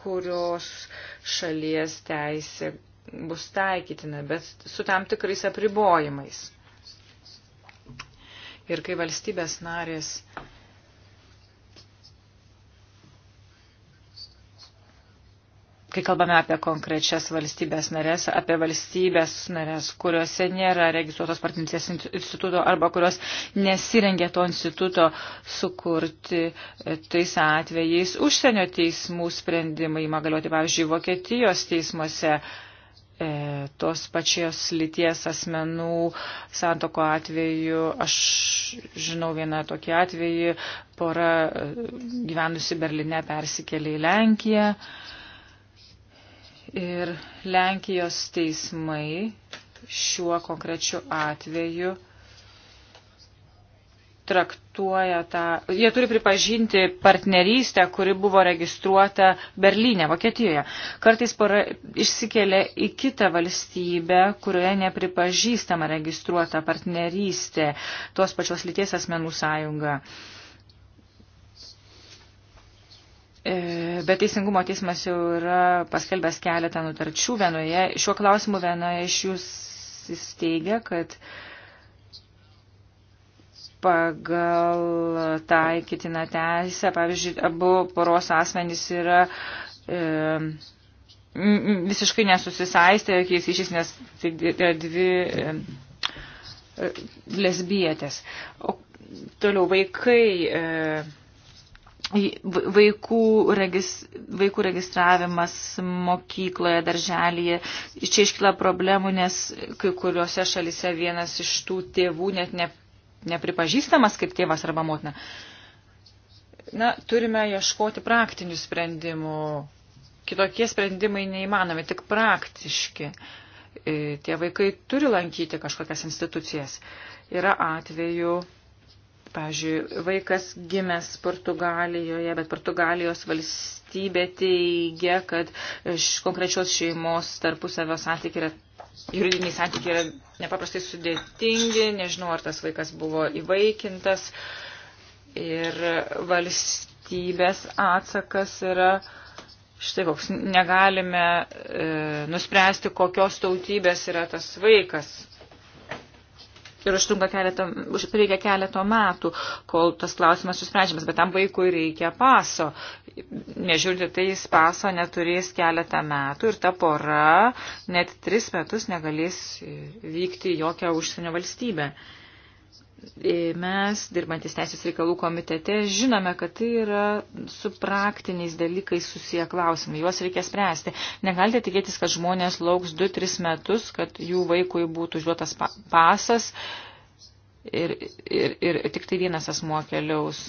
kurios šalies teisė bus taikytina, bet su tam tikrais apribojimais. Ir kai valstybės narės kai kalbame apie konkrečias valstybės narės, apie valstybės narės, kuriuose nėra registruotos partnerystės instituto arba kurios nesirengia to instituto sukurti e, tais atvejais. Užsienio teismų sprendimai įmagalioti, pavyzdžiui, Vokietijos teismuose e, tos pačios lyties asmenų santoko atveju. Aš žinau vieną tokį atvejį, pora e, gyvenusi Berline persikėlė į Lenkiją. Ir Lenkijos teismai šiuo konkrečiu atveju traktuoja tą, jie turi pripažinti partnerystę, kuri buvo registruota Berlyne, Vokietijoje. Kartais para, išsikelia į kitą valstybę, kurioje nepripažįstama registruota partnerystė tos pačios lyties asmenų sąjunga. E, bet Teisingumo teismas jau yra paskelbęs keletą nutarčių vienoje. Šiuo klausimu viena iš jūs įsteigia, kad uh, pagal taikytiną teisę, pavyzdžiui, abu poros asmenys yra e, visiškai nesusisaistę jokiais išės, nes tai yra dvi e, e, lesbietės. O toliau vaikai. E, Vaikų, regis, vaikų registravimas mokykloje, darželėje. Čia iškyla problemų, nes kai kuriuose šalise vienas iš tų tėvų net ne, nepripažįstamas kaip tėvas arba motina. Na, turime ieškoti praktinių sprendimų. Kitokie sprendimai neįmanomi, tik praktiški. E, tie vaikai turi lankyti kažkokias institucijas. Yra atvejų, pavyzdžiui, vaikas gimęs Portugalijoje, bet Portugalijos valstybė teigia, kad konkrečios šeimos tarpusavio santykiai yra juridiniai santykiai yra nepaprastai sudėtingi, nežinau, ar tas vaikas buvo įvaikintas ir valstybės atsakas yra štai koks, negalime e, nuspręsti, kokios tautybės yra tas vaikas ir užtrunka keletą, reikia keleto metų, kol tas klausimas susprendžiamas, bet tam vaikui reikia paso. Nežiūrint, tai jis paso neturės keletą metų ir ta pora net tris metus negalės vykti į jokią užsienio valstybę. Uh, E, mes, dirbantis Teisės reikalų komitete, žinome, kad tai yra su praktiniais dalykais susiję klausimai. Juos reikia spręsti. Negalite tikėtis, kad žmonės lauks 2-3 metus, kad jų vaikui būtų užduotas pasas ir, ir, ir tik tai vienas asmuo keliaus,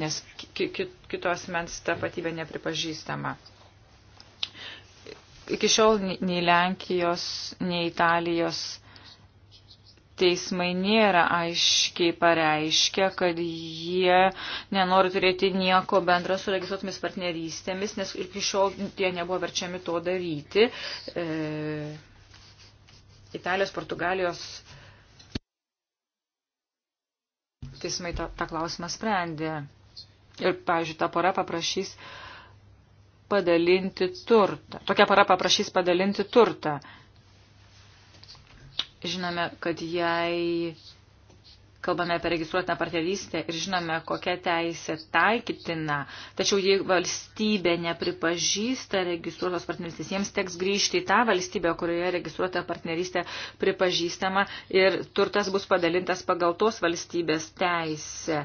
nes kitos mens tapatybė nepripažįstama. Iki šiol nei Lenkijos, nei Italijos teismai nėra aiškiai pareiškę, kad jie nenori turėti nieko bendra su registruotomis partnerystėmis, nes iki šiol jie nebuvo verčiami to daryti. E, Italijos, Portugalijos teismai tą, tą klausimą sprendė. Ir, pavyzdžiui, ta pora paprašys padalinti turtą. Tokia pora paprašys padalinti turtą. E, Žinome, kad jei kalbame apie registruotinę partnerystę ir žinome, kokia teisė taikytina, tačiau jei valstybė nepripažįsta registruotos partnerystės, jiems teks grįžti į tą valstybę, kurioje registruota partnerystė pripažįstama ir turtas bus padalintas pagal tos valstybės teisę.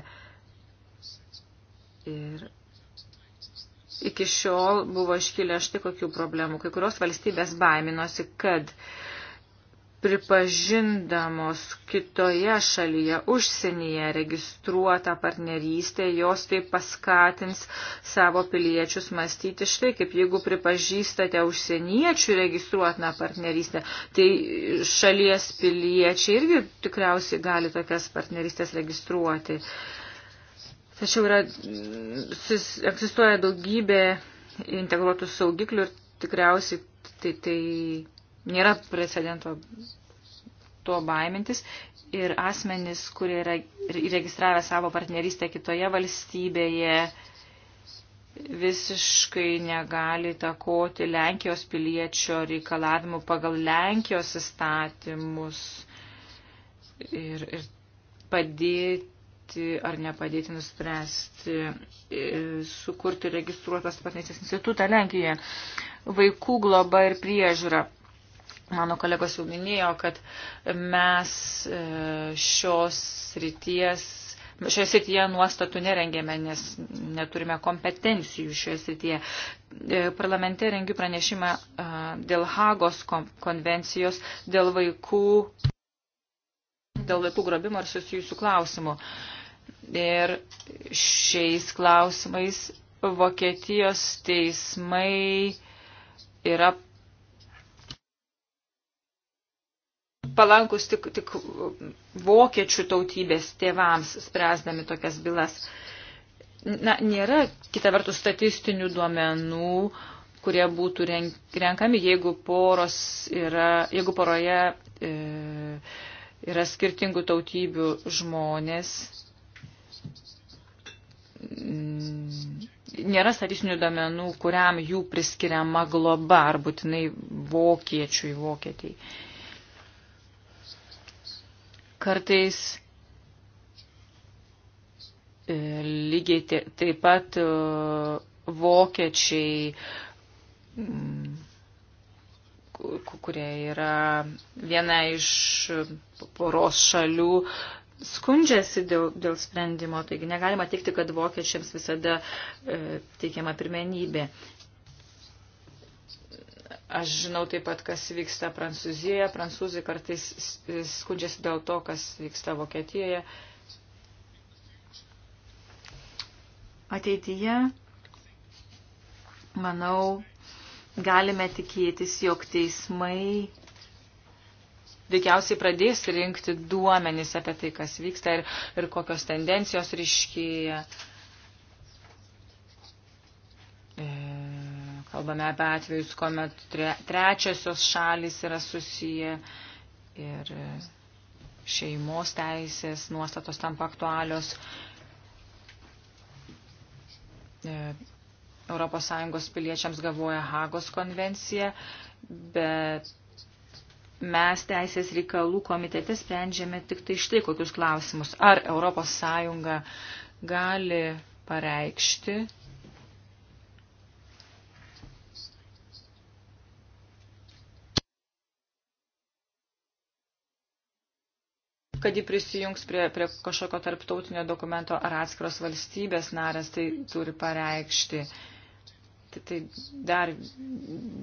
Ir iki šiol buvo iškilę štai kokių problemų. Kai kurios valstybės baiminosi, kad uh, pripažindamos kitoje šalyje, užsienyje registruotą partnerystę, jos tai paskatins savo piliečius mąstyti štai, kaip jeigu pripažįstate užsieniečių registruotą partnerystę, tai šalies piliečiai irgi tikriausiai gali tokias partnerystės registruoti. Tačiau yra, sus, egzistuoja daugybė integruotų saugiklių ir tikriausiai tai, tai Nėra precedento tuo baimintis ir asmenys, kurie yra įregistravę savo partnerystę kitoje valstybėje, visiškai negali takoti Lenkijos piliečio reikalavimų pagal Lenkijos įstatymus ir, ir padėti ar nepadėti nuspręsti e, sukurti registruotas partnerystės institutą Lenkijoje. Vaikų globa ir priežiūra. Mano kolegos jau minėjo, kad mes e, šios srities, šioje srityje nuostatų nerengėme, nes neturime kompetencijų šioje srityje. E, parlamente rengiu pranešimą e, dėl Hagos konvencijos, dėl vaikų, dėl vaikų grobimo ir susijusių klausimų. Ir šiais klausimais Vokietijos teismai yra palankus tik, tik vokiečių tautybės tėvams spręsdami tokias bylas. Na, nėra kita vertus statistinių duomenų, kurie būtų renkami, jeigu, poros yra, jeigu poroje e, yra skirtingų tautybių žmonės. Mm, nėra statistinių domenų, kuriam jų priskiriama globa ar būtinai vokiečiui vokietiai. E, Kartais e, lygiai taip pat e, vokiečiai, kurie yra viena iš poros šalių, skundžiasi dėl, dėl sprendimo, taigi negalima teikti, kad vokiečiams visada e, teikiama pirmenybė. Aš žinau taip pat, kas vyksta Prancūzijoje. Prancūzai kartais e, skundžiasi dėl to, kas vyksta Vokietijoje. Ateityje, manau, galime tikėtis, jog teismai veikiausiai pradės rinkti duomenys apie tai, kas vyksta ir, ir kokios tendencijos ryškėja. Uh, Kalbame apie atvejus, kuomet trečiosios šalis yra susiję ir šeimos teisės nuostatos tampa aktualios. ES piliečiams gavoja Hagos konvencija, bet mes teisės reikalų komitete sprendžiame tik tai štai kokius klausimus. Ar ES gali pareikšti kad ji prisijungs prie, prie kažkokio tarptautinio dokumento ar atskiros valstybės narės tai turi pareikšti. Tai, tai dar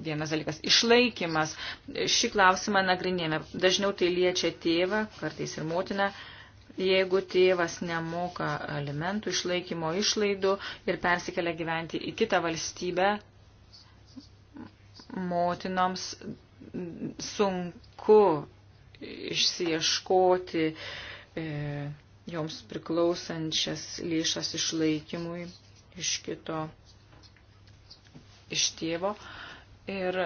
vienas dalykas. Išlaikimas. Šį klausimą nagrinėjame. Dažniau tai liečia tėvą, kartais ir motiną. Jeigu tėvas nemoka alimentų išlaikymo išlaidų ir persikelia gyventi į kitą valstybę, motinoms sunku išsieškoti e, joms priklausančias lėšas išlaikymui iš kito, iš tėvo. Ir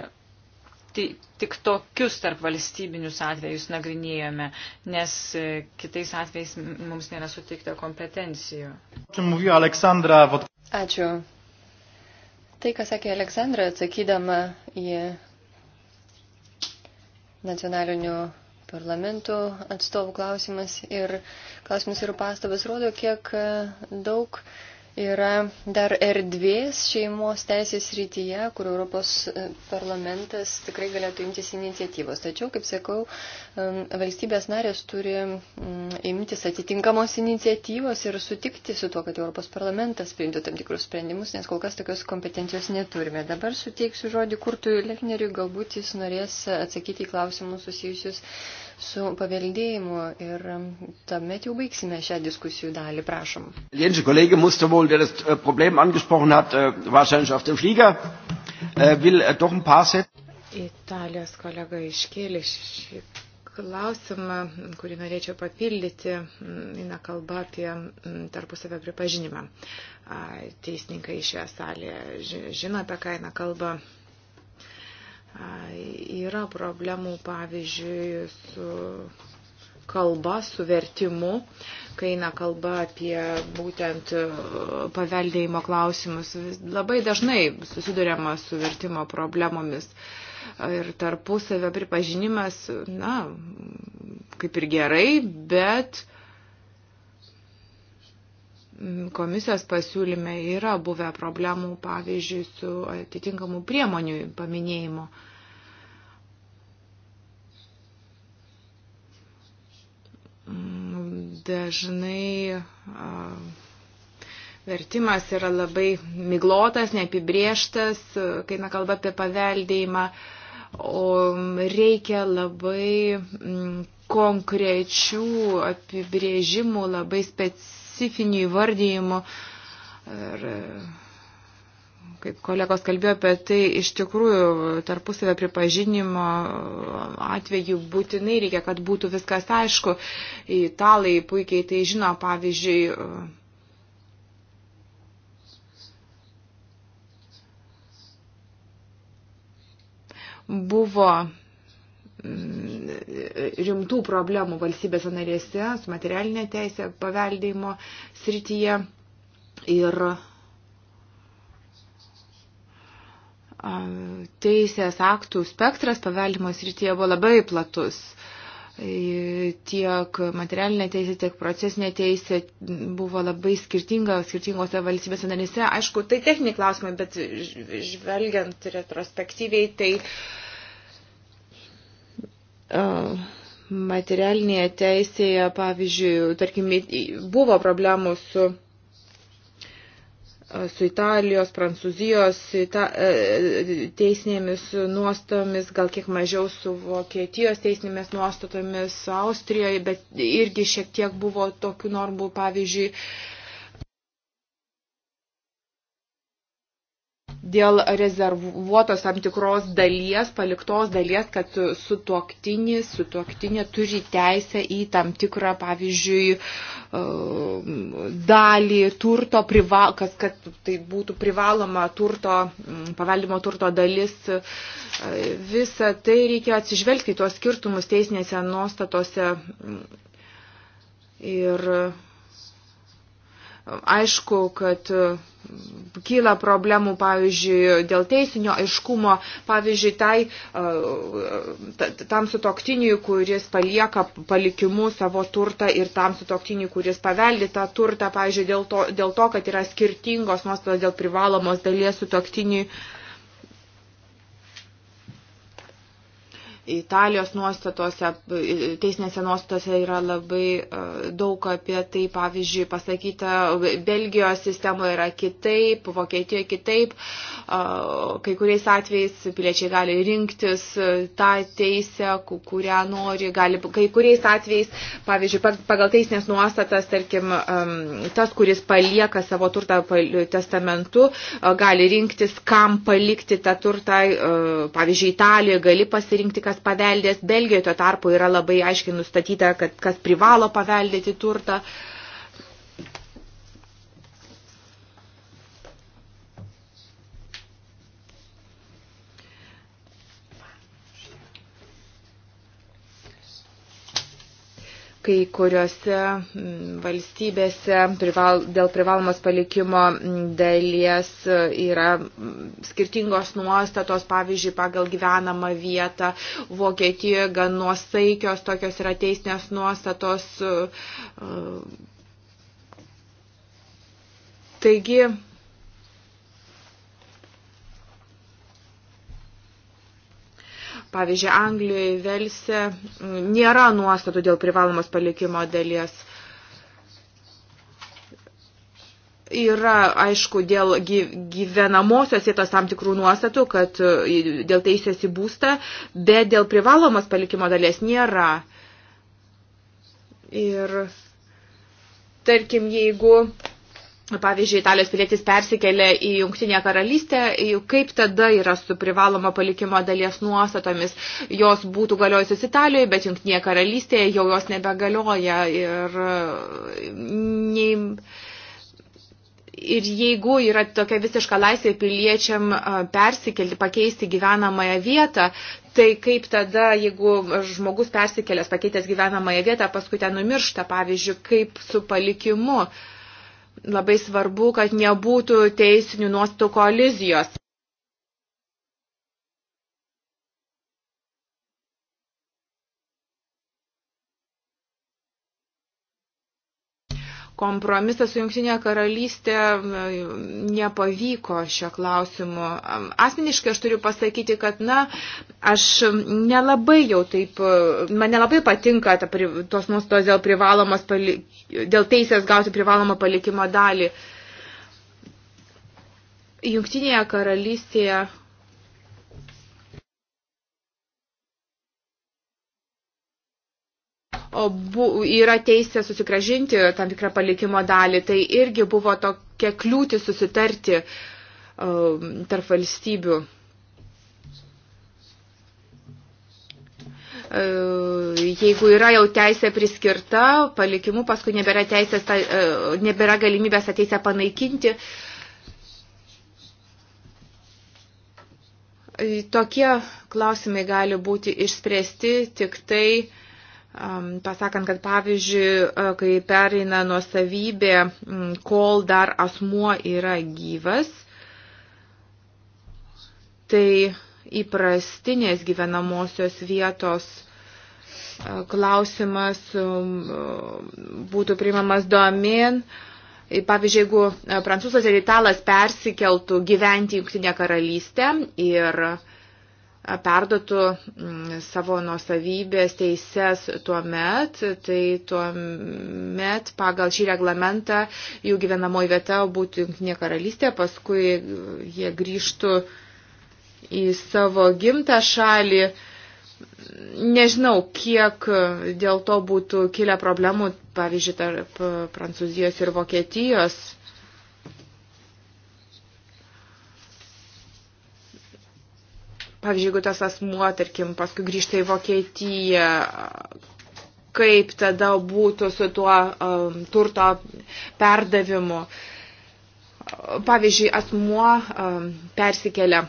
tai, tik tokius tarp valstybinius atvejus nagrinėjome, nes e, kitais atvejais mums nėra suteikta kompetencijų. Ačiū. Tai, ką sakė Aleksandra, atsakydama į nacionalinių parlamentų atstovų klausimas ir klausimas ir pastabas rodo, kiek e, daug yra dar erdvės šeimos teisės rytyje, kur Europos e, parlamentas tikrai galėtų imtis iniciatyvos. Tačiau, kaip sakau, e, valstybės narės turi imtis atitinkamos iniciatyvos ir sutikti su tuo, kad Europos parlamentas priimtų tam tikrus sprendimus, nes kol kas tokios kompetencijos neturime. Dabar suteiksiu žodį Kurtui Lechneriui, galbūt jis norės atsakyti į klausimus susijusius su paveldėjimu ir tuomet jau baigsime šią diskusijų dalį, prašom. Jensche Kollege musste wohl, der das äh, Problem angesprochen hat, äh, wahrscheinlich auf dem Flieger, äh, will doch ein paar Sätze. Italijos kolega iškėlė šį klausimą, kurį norėčiau papildyti, mm, eina kalba apie mm, tarpusavę pripažinimą. Teisininkai šioje salėje žino, apie ką eina kalba. Yra problemų, pavyzdžiui, su kalba, su vertimu, kai eina kalba apie būtent e, paveldėjimo klausimus. Labai dažnai susidurėma su vertimo problemomis ir tarpusavio pripažinimas, na, kaip ir gerai, bet komisijos pasiūlyme yra buvę problemų, pavyzdžiui, su atitinkamų priemonių paminėjimu. Dažnai a, vertimas yra labai miglotas, neapibrieštas, kai na kalba apie paveldėjimą, o reikia labai konkrečių apibrėžimų, labai specialių specifinių įvardyjimų. Ir e, kaip kolegos kalbėjo apie tai, iš tikrųjų tarpusavio pripažinimo atveju būtinai reikia, kad būtų viskas aišku. Italai puikiai tai žino, pavyzdžiui. Buvo Mm, rimtų problemų valstybės narėse su materialinė teisė paveldėjimo srityje ir teisės aktų spektras paveldimo srityje buvo labai platus e, tiek materialinė teisė, tiek procesinė teisė buvo labai skirtinga skirtingose valstybėse narėse. Aišku, tai techniniai klausimai, bet žvelgiant retrospektyviai, tai uh, materialinėje teisėje, pavyzdžiui, tarkim, buvo problemų su, su Italijos, Prancūzijos ita, teisinėmis nuostomis, gal kiek mažiau su Vokietijos teisinėmis nuostatomis Austrijoje, bet irgi šiek tiek buvo tokių normų, pavyzdžiui, dėl rezervuotos tam tikros dalies, paliktos dalies, kad su tuoktinė, su tuoktinė turi teisę į tam tikrą, pavyzdžiui, um, dalį turto, priva, kas, kad tai būtų privaloma turto, mm, paveldimo turto dalis. Visą tai reikia atsižvelgti tuos skirtumus teisinėse nuostatose. Mm. Ir Aišku, kad e, kyla problemų, pavyzdžiui, dėl teisinio aiškumo, pavyzdžiui, tai, e, tam sutoktiniui, kuris palieka palikimu savo turtą ir tam sutoktiniui, kuris paveldi tą turtą, pavyzdžiui, dėl to, dėl to kad yra skirtingos nuostatos dėl privalomos dalies sutoktiniui. Uh, Italijos nuostatose, teisinėse nuostatose yra labai e, daug apie tai, pavyzdžiui, pasakyta, Belgijos sistemoje yra kitaip, Vokietijoje kitaip, e, kai kuriais atvejais piliečiai gali rinktis e, tą teisę, kurią nori, gali, kai kuriais atvejais, pavyzdžiui, pagal teisinės nuostatas, tarkim, tas, kuris palieka savo turtą testamentu, gali rinktis, kam palikti tą turtą, pavyzdžiui, Italijoje gali pasirinkti, kas kas paveldės. Belgijoje tuo tarpu yra labai aiškiai nustatyta, kad kas privalo paveldėti turtą. Uh, kai kuriuose mm, valstybėse prival, dėl privalomos palikimo mm, dalies e, yra mm, skirtingos nuostatos, pavyzdžiui, pagal gyvenamą vietą. Vokietijoje gan nuosaikios tokios yra teisinės nuostatos. E, e. Taigi, Pavyzdžiui, Anglijoje, Velse nėra nuostatų dėl privalomos palikimo dalies. Yra, aišku, dėl gyvenamosios vietos tam tikrų nuostatų, kad dėl teisės į būstą, bet dėl privalomos palikimo dalies nėra. Ir tarkim, jeigu pavyzdžiui, Italijos pilietis persikėlė į Jungtinę karalystę, kaip tada yra su privaloma palikimo dalies nuostatomis. Jos būtų galiojusios Italijoje, bet Jungtinėje karalystėje jau jos nebegalioja. Ir, nei, ir jeigu yra tokia visiška laisvė piliečiam persikelti, pakeisti gyvenamąją vietą, tai kaip tada, jeigu žmogus persikėlęs, pakeitęs gyvenamąją vietą, paskui ten numiršta, pavyzdžiui, kaip su palikimu. Uh, Labai svarbu, kad nebūtų teisinių nuostatų kolizijos. kompromisas su Junktinė karalystė e, nepavyko šio klausimu. Asmeniškai aš turiu pasakyti, kad, na, aš nelabai jau taip, e, man nelabai patinka ta, tos nuostos dėl, privalomos, dėl teisės gauti privalomą palikimo dalį. Junktinėje karalystėje yra teisė susigražinti tam tikrą palikimo dalį, tai irgi buvo tokia kliūti susitarti um, tarp valstybių. Uh, jeigu yra jau teisė priskirta, palikimu paskui nebėra, teisės, uh, nebėra galimybės ateisę panaikinti. Tokie klausimai gali būti išspręsti tik tai uh, pasakant, kad pavyzdžiui, kai pereina nuosavybė, kol dar asmuo yra gyvas, tai įprastinės gyvenamosios vietos klausimas um, būtų priimamas domen. Pavyzdžiui, jeigu prancūzas ir italas persikeltų gyventi Junktinę karalystę ir uh, perdotų mm, savo nuosavybės teises tuo met, tai tuo met pagal šį reglamentą jų gyvenamoji vieta būtų Junktinė karalystė, paskui jie grįžtų į savo gimtą šalį. Nežinau, kiek dėl to būtų kilę problemų, pavyzdžiui, tarp Prancūzijos ir Vokietijos Pavyzdžiui, jeigu tas asmuo, tarkim, paskui grįžta į Vokietiją, kaip tada būtų su tuo um, turto perdavimu. Pavyzdžiui, asmuo um, persikelia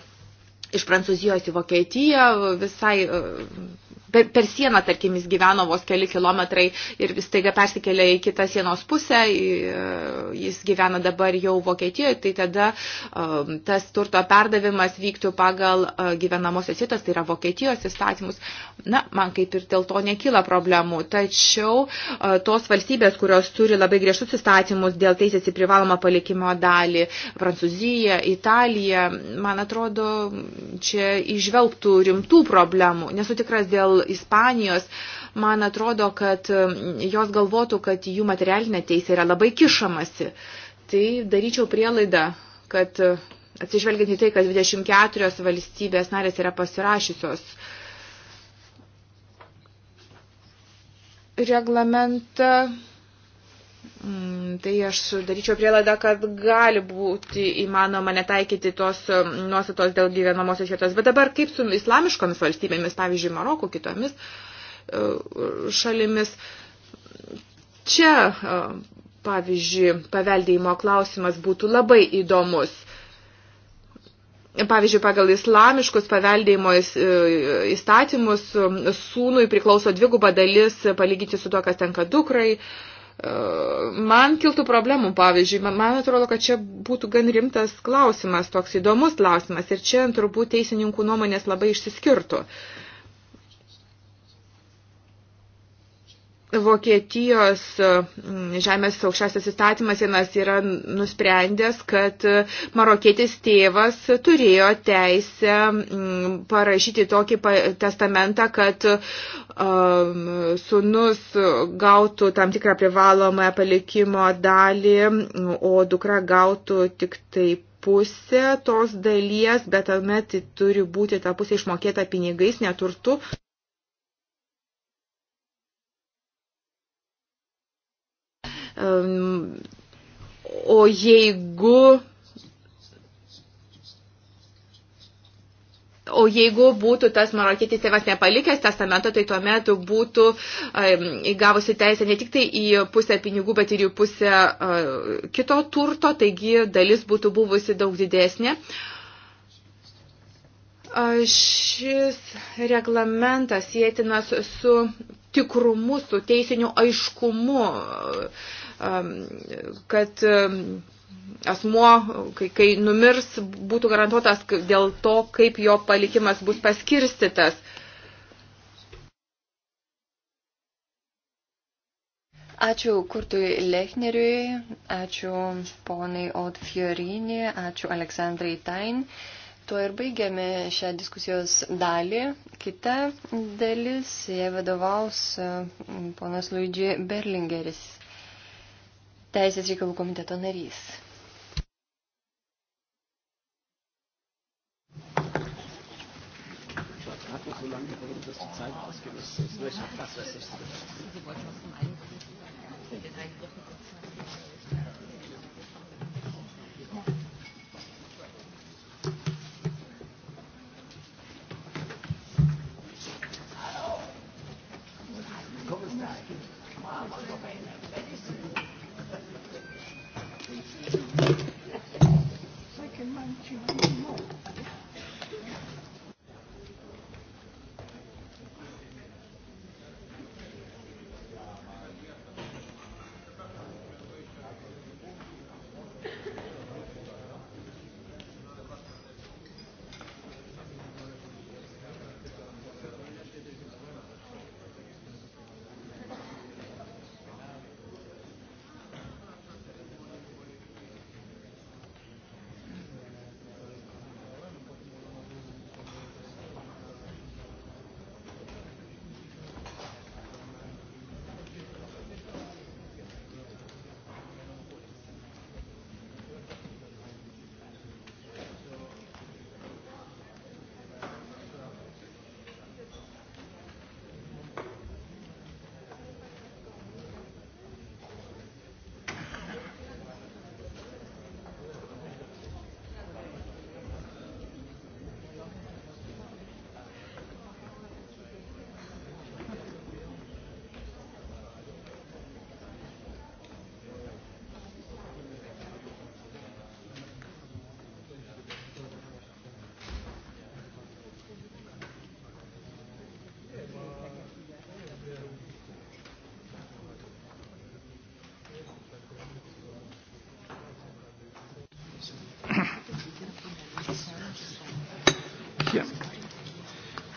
iš Prancūzijos į Vokietiją, visai um, per, per sieną, tarkim, jis gyveno vos keli kilometrai ir vis taiga persikėlė į kitą sienos pusę, e, jis gyvena dabar jau Vokietijoje, tai tada um, tas turto perdavimas vyktų pagal e, gyvenamosios vietos, tai yra Vokietijos įstatymus. Na, man kaip ir dėl to nekyla problemų, tačiau e, tos valstybės, kurios turi labai griežtus įstatymus dėl teisės į privalomą palikimo dalį, Prancūzija, Italija, man atrodo, čia išvelgtų rimtų problemų. Nesu tikras dėl Ispanijos, man atrodo, kad e, jos galvotų, kad jų materialinė teisė yra labai kišamasi. Tai daryčiau prielaidą, kad e, atsižvelgiant į tai, kad 24 valstybės narės yra pasirašysios reglamentą Mm, tai aš daryčiau prielaidą, kad gali būti įmanoma netaikyti tos mm, nuostatos dėl gyvenamosios vietos. Bet dabar kaip su islamiškomis valstybėmis, pavyzdžiui, Maroko kitomis e, šalimis. Čia, e, pavyzdžiui, paveldėjimo klausimas būtų labai įdomus. Pavyzdžiui, pagal islamiškus paveldėjimo e, įstatymus sūnui priklauso dviguba dalis palyginti su to, kas tenka dukrai man kiltų problemų, pavyzdžiui, man, man atrodo, kad čia būtų gan rimtas klausimas, toks įdomus klausimas ir čia turbūt teisininkų nuomonės labai išsiskirtų. Uh, Vokietijos e, žemės aukščiausias įstatymas vienas yra nusprendęs, kad e, marokietis tėvas turėjo teisę parašyti tokį testamentą, kad e, sunus gautų tam tikrą privalomą palikimo dalį, o dukra gautų tik taip pusę tos dalies, bet tuomet turi būti ta pusė išmokėta pinigais, neturtu. O jeigu O jeigu būtų tas marokietis tėvas nepalikęs testamento, tai tuo metu būtų įgavusi teisę ne tik tai į pusę pinigų, bet ir į pusę kito turto, taigi dalis būtų buvusi daug didesnė. Šis reglamentas sėtinas su tikrumu, su teisiniu aiškumu Um, kad um, asmuo, kai, kai numirs, būtų garantuotas dėl to, kaip jo palikimas bus paskirstytas. Ačiū Kurtui Lechneriui, ačiū ponai Od Fiorini, ačiū Aleksandrai Tain. Tuo ir baigiame šią diskusijos dalį. Kita dalis, jie vadovaus uh, ponas Luigi Berlingeris. Teisės reikalų komiteto narys. so lange brauchen, dass die Zeit ausgenutzt ist. Nur ich habe das, was ich sage. Sie wollten uns zum einen den Eingriff kurz machen. can manage it.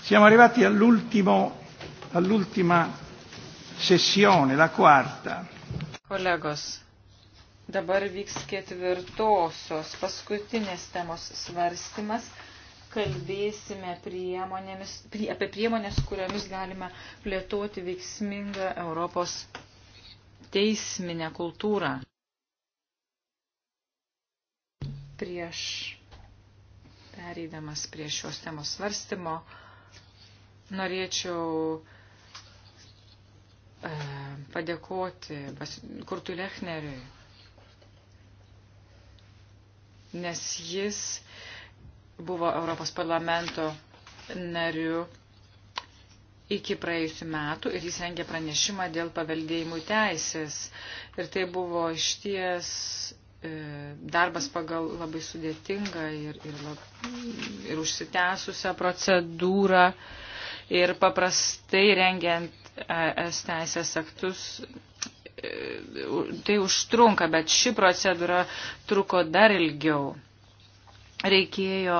Siamo arrivati all'ultimo, all'ultima sessione, la quarta. Kolegos, dabar vyks ketvirtosios, paskutinės temos svarstymas. Kalbėsime priemonėmis, prie, apie priemonės, kuriomis galime plėtoti veiksmingą Europos teisminę kultūrą. Prieš pereidamas prie šios temos svarstymo, Norėčiau e, padėkoti Kurtui Lechneriui, nes jis buvo Europos parlamento nariu iki praėjusių metų ir jis rengė pranešimą dėl paveldėjimų teisės. Ir tai buvo išties e, darbas pagal labai sudėtingą ir, ir, lab, ir užsitęsusią procedūrą. E, ir paprastai rengiant es teisės aktus e, tai užtrunka, bet ši procedūra truko dar ilgiau. Reikėjo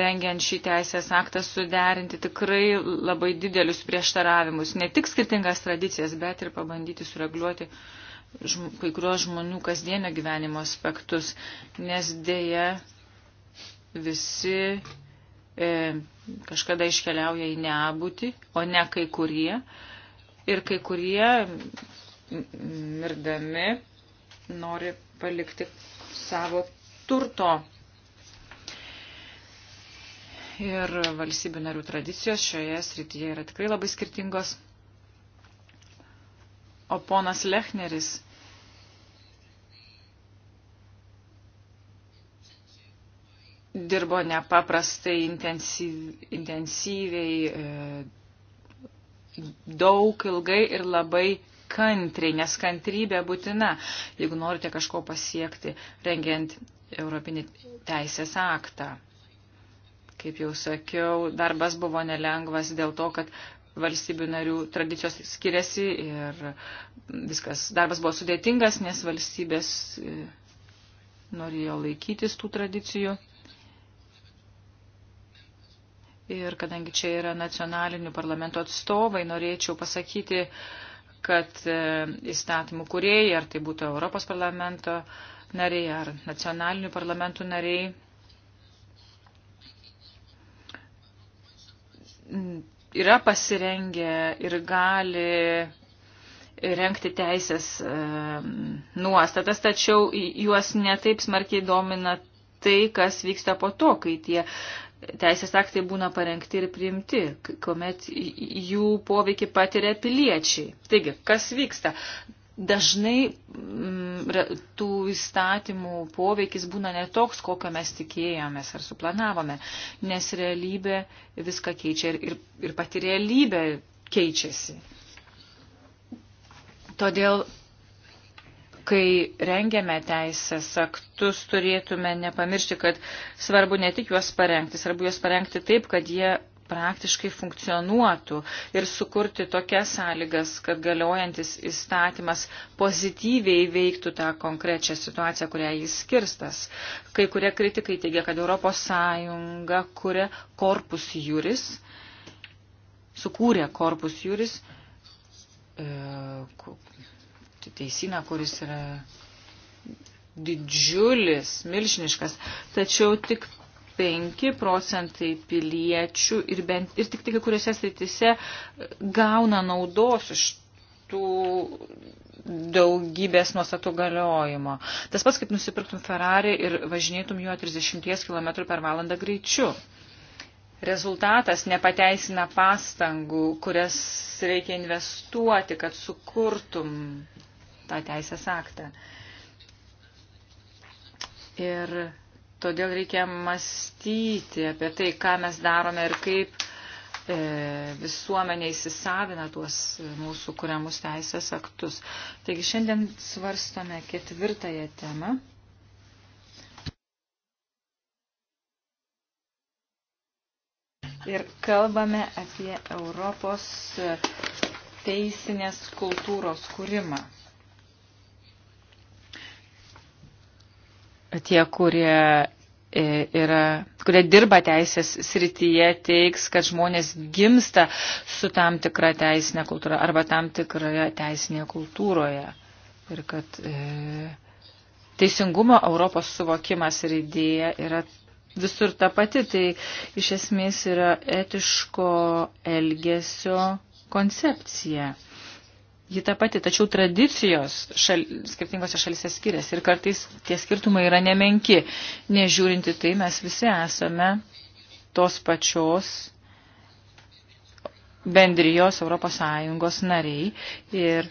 rengiant šį teisės aktą suderinti tikrai labai didelius prieštaravimus, ne tik skirtingas tradicijas, bet ir pabandyti sureguliuoti kai kuriuos žmonių kasdienio gyvenimo aspektus, nes dėja visi e, kažkada iškeliauja į nebūtį, o ne kai kurie. Ir kai kurie mirdami nori palikti savo turto. Ir valstybių narių tradicijos šioje srityje yra tikrai labai skirtingos. O ponas Lechneris dirbo nepaprastai intensyv, intensyviai, e, daug, ilgai ir labai kantriai, nes kantrybė būtina, jeigu norite kažko pasiekti, rengiant Europinį teisės aktą. Kaip jau sakiau, darbas buvo nelengvas dėl to, kad valstybių narių tradicijos skiriasi ir viskas darbas buvo sudėtingas, nes valstybės e, norėjo laikytis tų tradicijų. Ir kadangi čia yra nacionalinių parlamento atstovai, norėčiau pasakyti, kad e, įstatymų kuriejai, ar tai būtų Europos parlamento nariai, ar nacionalinių parlamentų nariai, yra pasirengę ir gali renkti teisės e, nuostatas, tačiau juos netaip smarkiai domina tai, kas vyksta po to, kai tie teisės aktai būna parengti ir priimti, kuomet jų poveikį patiria piliečiai. Taigi, kas vyksta? Dažnai m, mm, tų įstatymų poveikis būna netoks, kokio mes tikėjomės ar suplanavome, nes realybė viską keičia ir, ir, ir pati realybė keičiasi. Todėl kai rengiame teisės aktus, turėtume nepamiršti, kad svarbu ne tik juos parengti, svarbu juos parengti taip, kad jie praktiškai funkcionuotų ir sukurti tokias sąlygas, kad galiojantis įstatymas pozityviai veiktų tą konkrečią situaciją, kurią jis skirstas. Kai kurie kritikai teigia, kad ES kuria korpus juris, sukūrė korpus juris, e, teisiną, kuris yra didžiulis, milžiniškas, tačiau tik 5 procentai piliečių ir, bent, ir tik tik kuriuose sritise e, gauna naudos iš tų daugybės nuostatų galiojimo. Tas pats, kaip nusipirktum Ferrari ir važinėtum juo 30 km per valandą greičiu. Rezultatas nepateisina pastangų, kurias reikia investuoti, kad sukurtum tą teisės aktą. Ir todėl reikia mąstyti apie tai, ką mes darome ir kaip e, visuomenė įsisavina tuos mūsų kuriamus teisės aktus. Taigi šiandien svarstome ketvirtąją temą. ir kalbame apie Europos teisinės kultūros kūrimą. tie, kurie, e, yra, kurie dirba teisės srityje, teiks, kad žmonės gimsta su tam tikra teisinė kultūra arba tam tikroje teisinėje kultūroje. Ir kad e, teisingumo Europos suvokimas ir idėja yra visur ta pati, tai iš esmės yra etiško elgesio koncepcija ji ta pati, tačiau tradicijos šal, skirtingose šalise skiriasi ir kartais tie skirtumai yra nemenki. Nežiūrinti tai, mes visi esame tos pačios bendrijos Europos Sąjungos nariai ir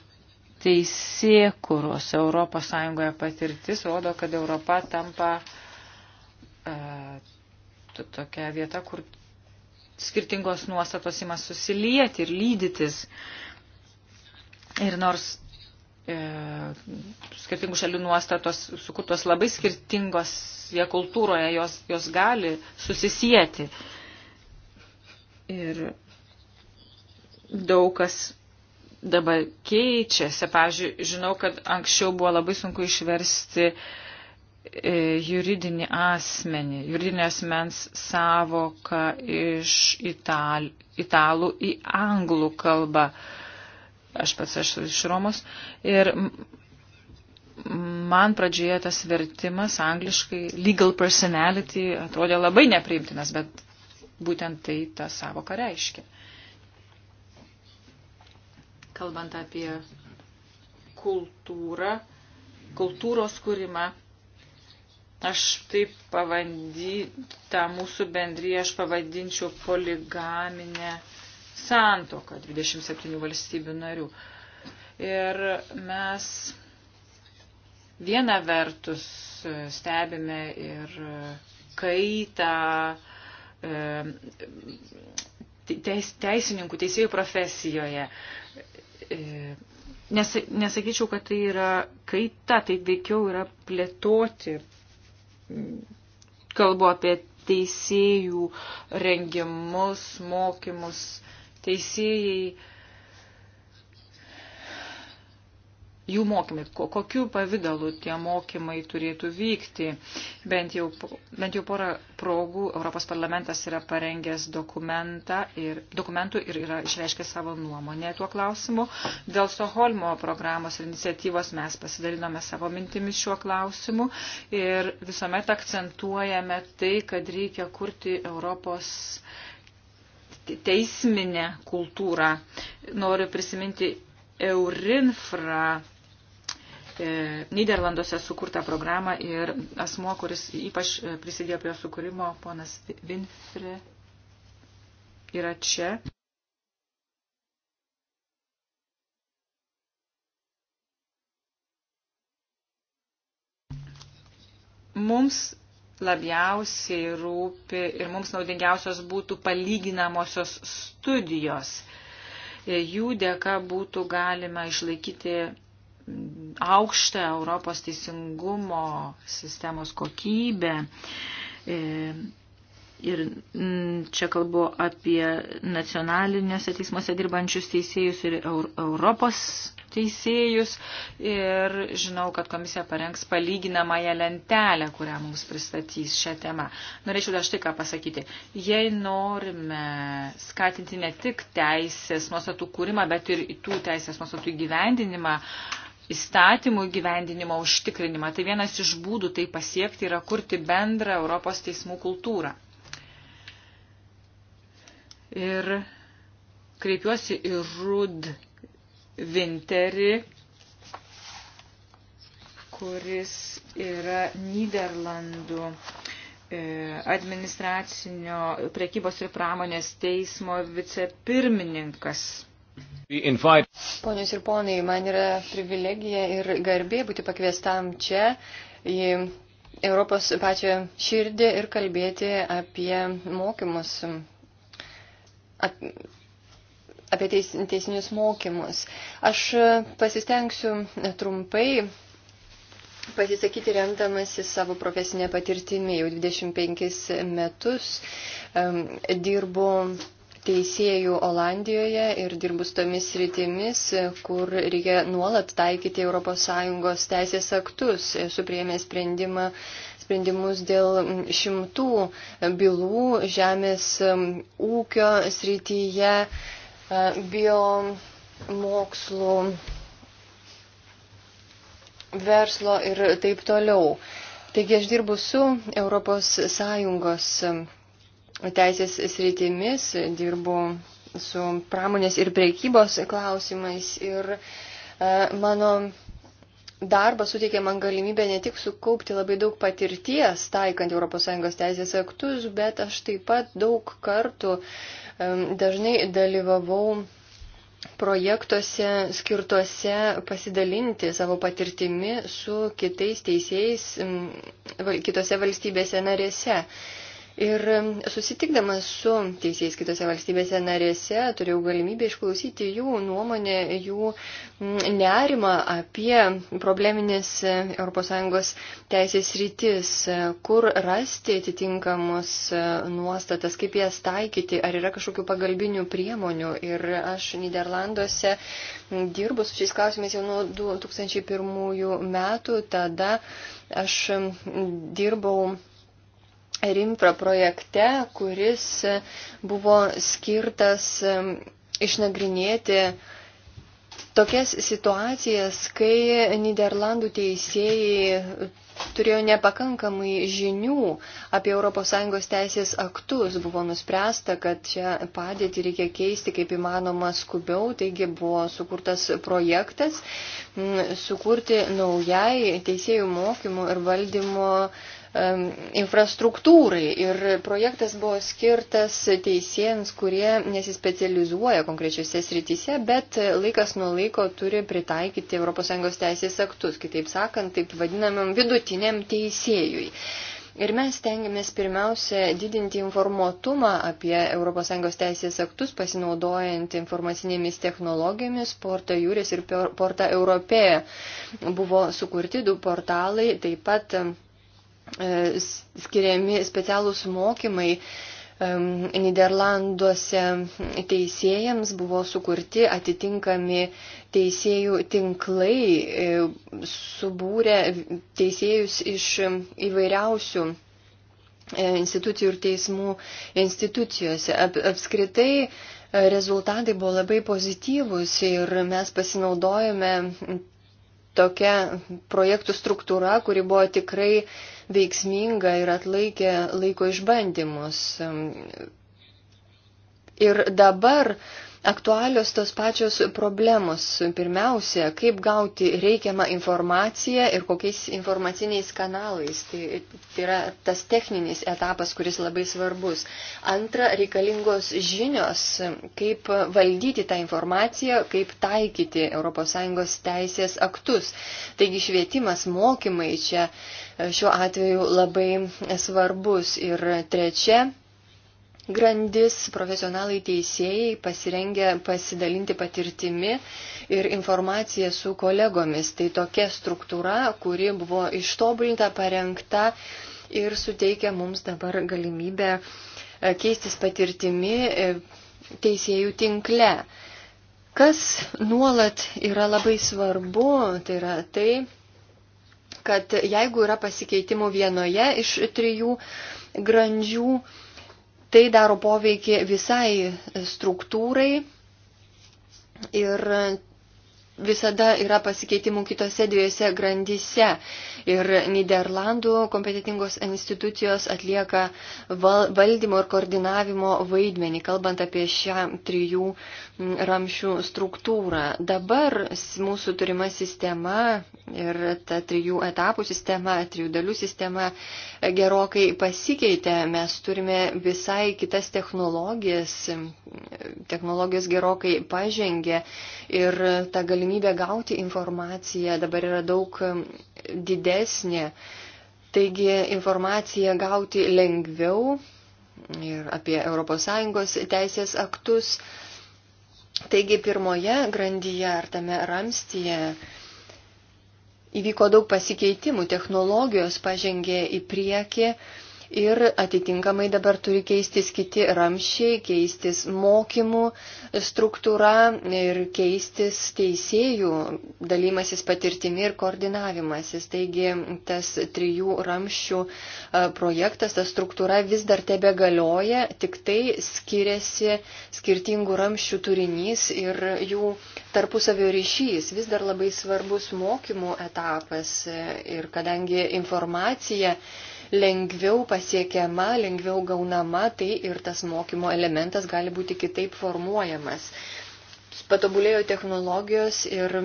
teisėkuros Europos Sąjungoje patirtis rodo, kad Europa tampa e, tokia vieta, kur skirtingos nuostatos ima susilieti ir lydytis. E, Ir nors e, skirtingų šalių nuostatos sukurtos labai skirtingos jie kultūroje, jos, jos gali susisieti. Ir daug kas dabar keičiasi. Pavyzdžiui, žinau, kad anksčiau buvo labai sunku išversti e, juridinį asmenį, juridinio asmens savoką iš ital, italų į anglų kalbą. E, aš pats esu iš Romos, ir man pradžioje tas vertimas angliškai legal personality atrodė labai nepriimtinas, bet būtent tai ta savoka reiškia. Kalbant apie kultūrą, kultūros kūrimą, aš taip pavandy, tą mūsų bendryje aš pavadinčiau poligaminę santoka 27 valstybių narių. Ir mes viena vertus stebime ir kaitą e, teis, teisininkų, teisėjų profesijoje. E, nes, nesakyčiau, kad tai yra kaita, tai veikiau yra plėtoti. Kalbu apie teisėjų rengimus, mokymus, teisėjai, jų mokymai, kokiu pavydalu tie mokymai turėtų vykti. Bent jau, bent jau porą progų Europos parlamentas yra parengęs ir, dokumentų ir yra išreiškęs savo nuomonę tuo klausimu. Dėl Stoholmo programos ir iniciatyvos mes pasidalinome savo mintimis šiuo klausimu ir visuomet akcentuojame tai, kad reikia kurti Europos teisminę kultūrą. Noriu prisiminti Eurinfra e, Niderlanduose sukurtą programą ir asmo, kuris ypač e, prisidėjo prie sukūrimo, ponas Winfrey, yra čia. Mums labiausiai rūpi ir mums naudingiausios būtų palyginamosios studijos. E, jų dėka būtų galima išlaikyti mm, aukštą Europos teisingumo sistemos kokybę. E, ir mm, čia kalbu apie nacionaliniuose teismuose dirbančius teisėjus ir Europos teisėjus ir žinau, kad komisija parengs palyginamąją lentelę, kurią mums pristatys šią temą. Norėčiau dar štai ką pasakyti. Jei norime skatinti ne tik teisės nuostatų kūrimą, bet ir tų teisės nuostatų įgyvendinimą, įstatymų įgyvendinimo užtikrinimą, tai vienas iš būdų tai pasiekti yra kurti bendrą Europos teismų kultūrą. Ir kreipiuosi į RUD Vinterį, kuris yra Niderlandų e, administracinio prekybos ir pramonės teismo vicepirmininkas. Ponios ir ponai, man yra privilegija ir garbė būti pakviestam čia į Europos pačią širdį ir kalbėti apie mokymus, ap, apie teisinius mokymus. Aš pasistengsiu trumpai pasisakyti remdamasi savo profesinę patirtimį. Jau 25 metus um, dirbu teisėjų Olandijoje ir dirbus tomis rytimis, kur reikia nuolat taikyti ES teisės aktus. Esu prieėmė sprendimą, sprendimus dėl šimtų bylų žemės ūkio srityje E, biomokslų, verslo ir taip toliau. Taigi aš dirbu su ES teisės sritimis, dirbu su pramonės ir priekybos klausimais ir e, mano darbas suteikia man galimybę ne tik sukaupti labai daug patirties taikant ES teisės aktus, bet aš taip pat daug kartų Dažnai dalyvavau projektuose skirtuose pasidalinti savo patirtimi su kitais teisėjais kitose valstybėse narėse. Ir susitikdamas su teisėjais kitose valstybėse narėse, turėjau galimybę išklausyti jų nuomonę, jų nerimą apie probleminės e, ES teisės rytis, e, kur rasti atitinkamus e, nuostatas, kaip jas taikyti, ar yra kažkokių pagalbinių priemonių. Ir aš Niderlanduose dirbu su šiais klausimais jau nuo 2001 metų, tada aš dirbau rimtro projekte, kuris buvo skirtas išnagrinėti tokias situacijas, kai Niderlandų teisėjai turėjo nepakankamai žinių apie ES teisės aktus. Buvo nuspręsta, kad čia padėtį reikia keisti kaip įmanoma skubiau, taigi buvo sukurtas projektas sukurti naujai teisėjų mokymų ir valdymo infrastruktūrai ir projektas buvo skirtas teisėjams, kurie nesispecializuoja konkrečiose srityse, bet laikas nuo laiko turi pritaikyti ES teisės aktus, kitaip sakant, taip vadinamam vidutiniam teisėjui. Ir mes tengiamės pirmiausia didinti informuotumą apie ES teisės aktus, pasinaudojant informacinėmis technologijomis, Porta Jūris ir Porta Europėja. Buvo sukurti du portalai, taip pat E, skiriami specialūs mokymai Niderlanduose teisėjams buvo sukurti atitinkami teisėjų tinklai, e, subūrė teisėjus iš įvairiausių e, institucijų ir teismų institucijose. Ap, apskritai rezultatai buvo labai pozityvūs ir mes pasinaudojome tokia projektų struktūra, kuri buvo tikrai veiksminga ir atlaikė laiko išbandymus. Ir dabar aktualios tos pačios problemos. Pirmiausia, kaip gauti reikiamą informaciją ir kokiais informaciniais kanalais. Tai, tai yra tas techninis etapas, kuris labai svarbus. Antra, reikalingos žinios, kaip valdyti tą informaciją, kaip taikyti ES teisės aktus. Taigi švietimas, mokymai čia e, šiuo atveju labai svarbus. Ir trečia, grandis, profesionalai teisėjai pasirengę pasidalinti patirtimi ir informaciją su kolegomis. Tai tokia struktūra, kuri buvo ištobulinta, parengta ir suteikia mums dabar galimybę e, keistis patirtimi e, teisėjų tinkle. Kas nuolat yra labai svarbu, tai yra tai, kad jeigu yra pasikeitimų vienoje iš trijų grandžių, Tai daro poveikį visai struktūrai ir visada yra pasikeitimų kitose dviejose grandyse ir Niderlandų kompetitingos institucijos atlieka valdymo ir koordinavimo vaidmenį, kalbant apie šią trijų ramšių struktūrą. Dabar mūsų turima sistema ir ta trijų etapų sistema, trijų dalių sistema gerokai pasikeitė. Mes turime visai kitas technologijas, technologijos gerokai pažengė ir ta galimybė gauti informaciją dabar yra daug didesnė geresnė. Taigi informaciją gauti lengviau ir apie ES teisės aktus. Taigi pirmoje grandyje ar tame ramstyje įvyko daug pasikeitimų, technologijos pažengė į priekį ir atitinkamai dabar turi keistis kiti ramšiai, keistis mokymų struktūra ir keistis teisėjų dalymasis patirtimi ir koordinavimasis. Taigi tas trijų ramščių projektas, ta struktūra vis dar tebe galioja, tik tai skiriasi skirtingų ramščių turinys ir jų tarpusavio ryšys. Vis dar labai svarbus mokymų etapas e, ir kadangi informacija lengviau pasiekiama, lengviau gaunama, tai ir tas mokymo elementas gali būti kitaip formuojamas. Patobulėjo technologijos ir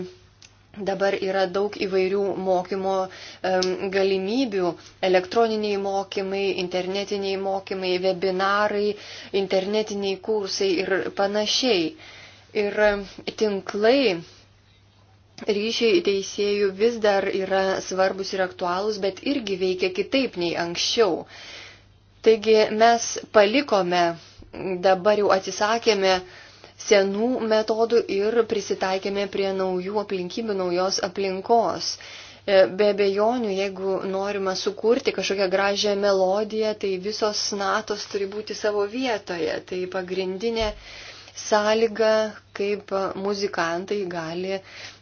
Dabar yra daug įvairių mokymo um, galimybių - elektroniniai mokymai, internetiniai mokymai, webinarai, internetiniai kursai ir panašiai. Ir tinklai ryšiai teisėjų vis dar yra svarbus ir aktualūs, bet irgi veikia kitaip nei anksčiau. Taigi mes palikome, dabar jau atsisakėme senų metodų ir prisitaikėme prie naujų aplinkybių, naujos aplinkos. E, be bejonių, jeigu norima sukurti kažkokią gražią melodiją, tai visos natos turi būti savo vietoje. Tai pagrindinė sąlyga, kaip muzikantai gali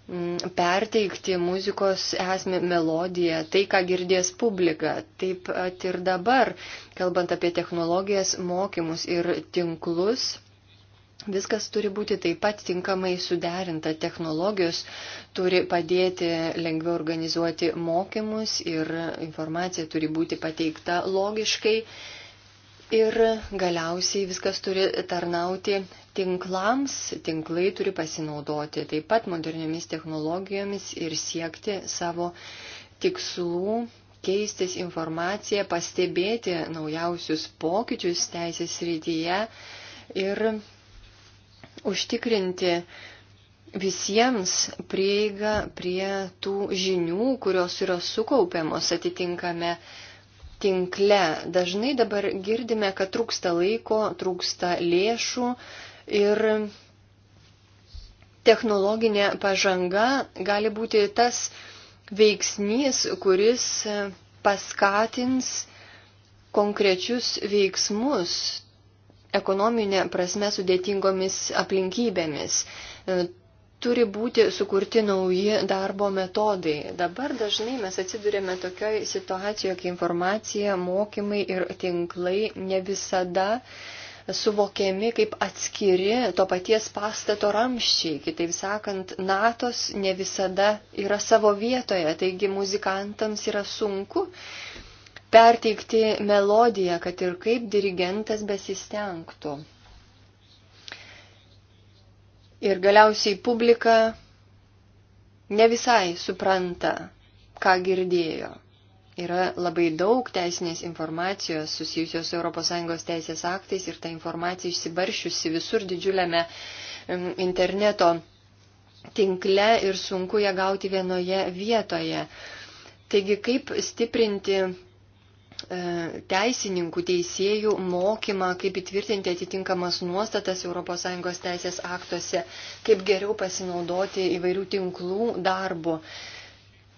Mm, perteikti muzikos esmę melodiją, tai, ką girdės publika. Taip pat ir dabar, kalbant apie technologijas, mokymus ir tinklus, viskas turi būti taip pat tinkamai suderinta. Technologijos turi padėti lengviau organizuoti mokymus ir informacija turi būti pateikta logiškai Ir galiausiai viskas turi tarnauti tinklams, tinklai turi pasinaudoti taip pat moderniomis technologijomis ir siekti savo tikslų, keistis informaciją, pastebėti naujausius pokyčius teisės rytyje ir užtikrinti visiems prieigą prie tų žinių, kurios yra sukaupiamos atitinkame tinkle. Dažnai dabar girdime, kad trūksta laiko, trūksta lėšų ir technologinė pažanga gali būti tas veiksnys, kuris paskatins konkrečius veiksmus ekonominė prasme sudėtingomis aplinkybėmis turi būti sukurti nauji darbo metodai. Dabar dažnai mes atsidurėme tokioje situacijoje, kai informacija, mokymai ir tinklai ne visada suvokiami kaip atskiri to paties pastato ramščiai. Kitaip sakant, natos ne visada yra savo vietoje, taigi muzikantams yra sunku perteikti melodiją, kad ir kaip dirigentas besistengtų. Ir galiausiai publika ne visai supranta, ką girdėjo. Yra labai daug teisinės informacijos susijusios su ES teisės aktais ir ta informacija išsibaršiusi visur didžiuliame interneto tinkle ir sunku ją gauti vienoje vietoje. Taigi, kaip stiprinti E, teisininkų, teisėjų mokymą, kaip įtvirtinti atitinkamas nuostatas ES teisės aktuose, kaip geriau pasinaudoti įvairių tinklų darbu.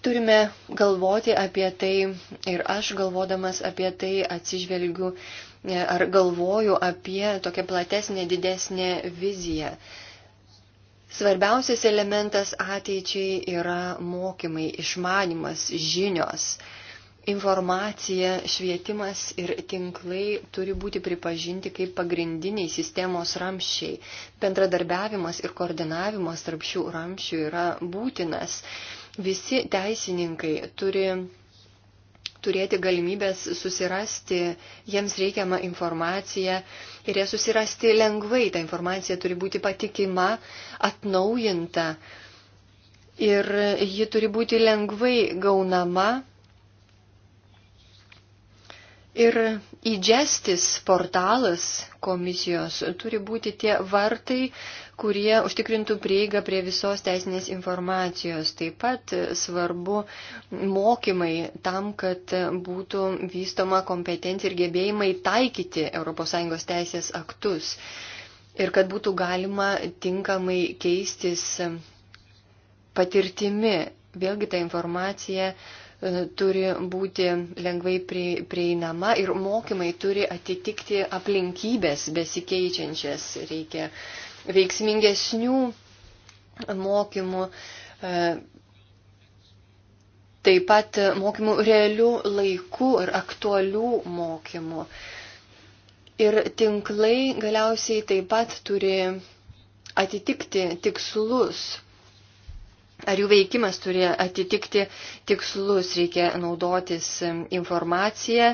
Turime galvoti apie tai ir aš galvodamas apie tai atsižvelgiu e, ar galvoju apie tokią platesnę, didesnę viziją. Svarbiausias elementas ateičiai yra mokymai, išmanimas, žinios. Informacija, švietimas ir tinklai turi būti pripažinti kaip pagrindiniai sistemos ramščiai. Bendradarbiavimas ir koordinavimas tarp šių ramščių yra būtinas. Visi teisininkai turi turėti galimybės susirasti jiems reikiamą informaciją ir ją susirasti lengvai. Ta informacija turi būti patikima, atnaujinta ir ji turi būti lengvai gaunama Ir įdžestis portalas komisijos turi būti tie vartai, kurie užtikrintų prieigą prie visos teisinės informacijos. Taip pat svarbu mokymai tam, kad būtų vystoma kompetencija ir gebėjimai taikyti ES teisės aktus. Ir kad būtų galima tinkamai keistis patirtimi. Vėlgi ta informacija uh, E, turi būti lengvai prieinama ir mokymai turi atitikti aplinkybės besikeičiančias. Reikia veiksmingesnių mokymų, e, taip pat mokymų realių laikų ir aktualių mokymų. Ir tinklai galiausiai taip pat turi atitikti tikslus ar jų veikimas turi atitikti tikslus, reikia naudotis informaciją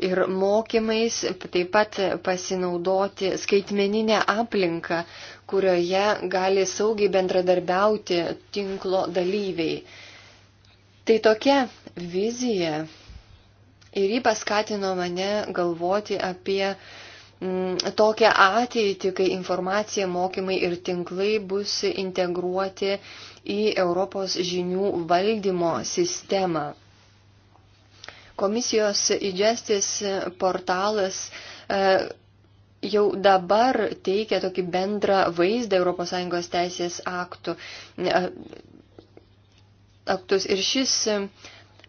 ir mokymais, taip pat pasinaudoti skaitmeninę aplinką, kurioje gali saugiai bendradarbiauti tinklo dalyviai. Tai tokia vizija ir jį paskatino mane galvoti apie mm, tokią ateitį, kai informacija, mokymai ir tinklai bus integruoti į Europos žinių valdymo sistemą. Komisijos įdžestis portalas e, jau dabar teikia tokį bendrą vaizdą ES teisės aktų, e, aktus. Ir šis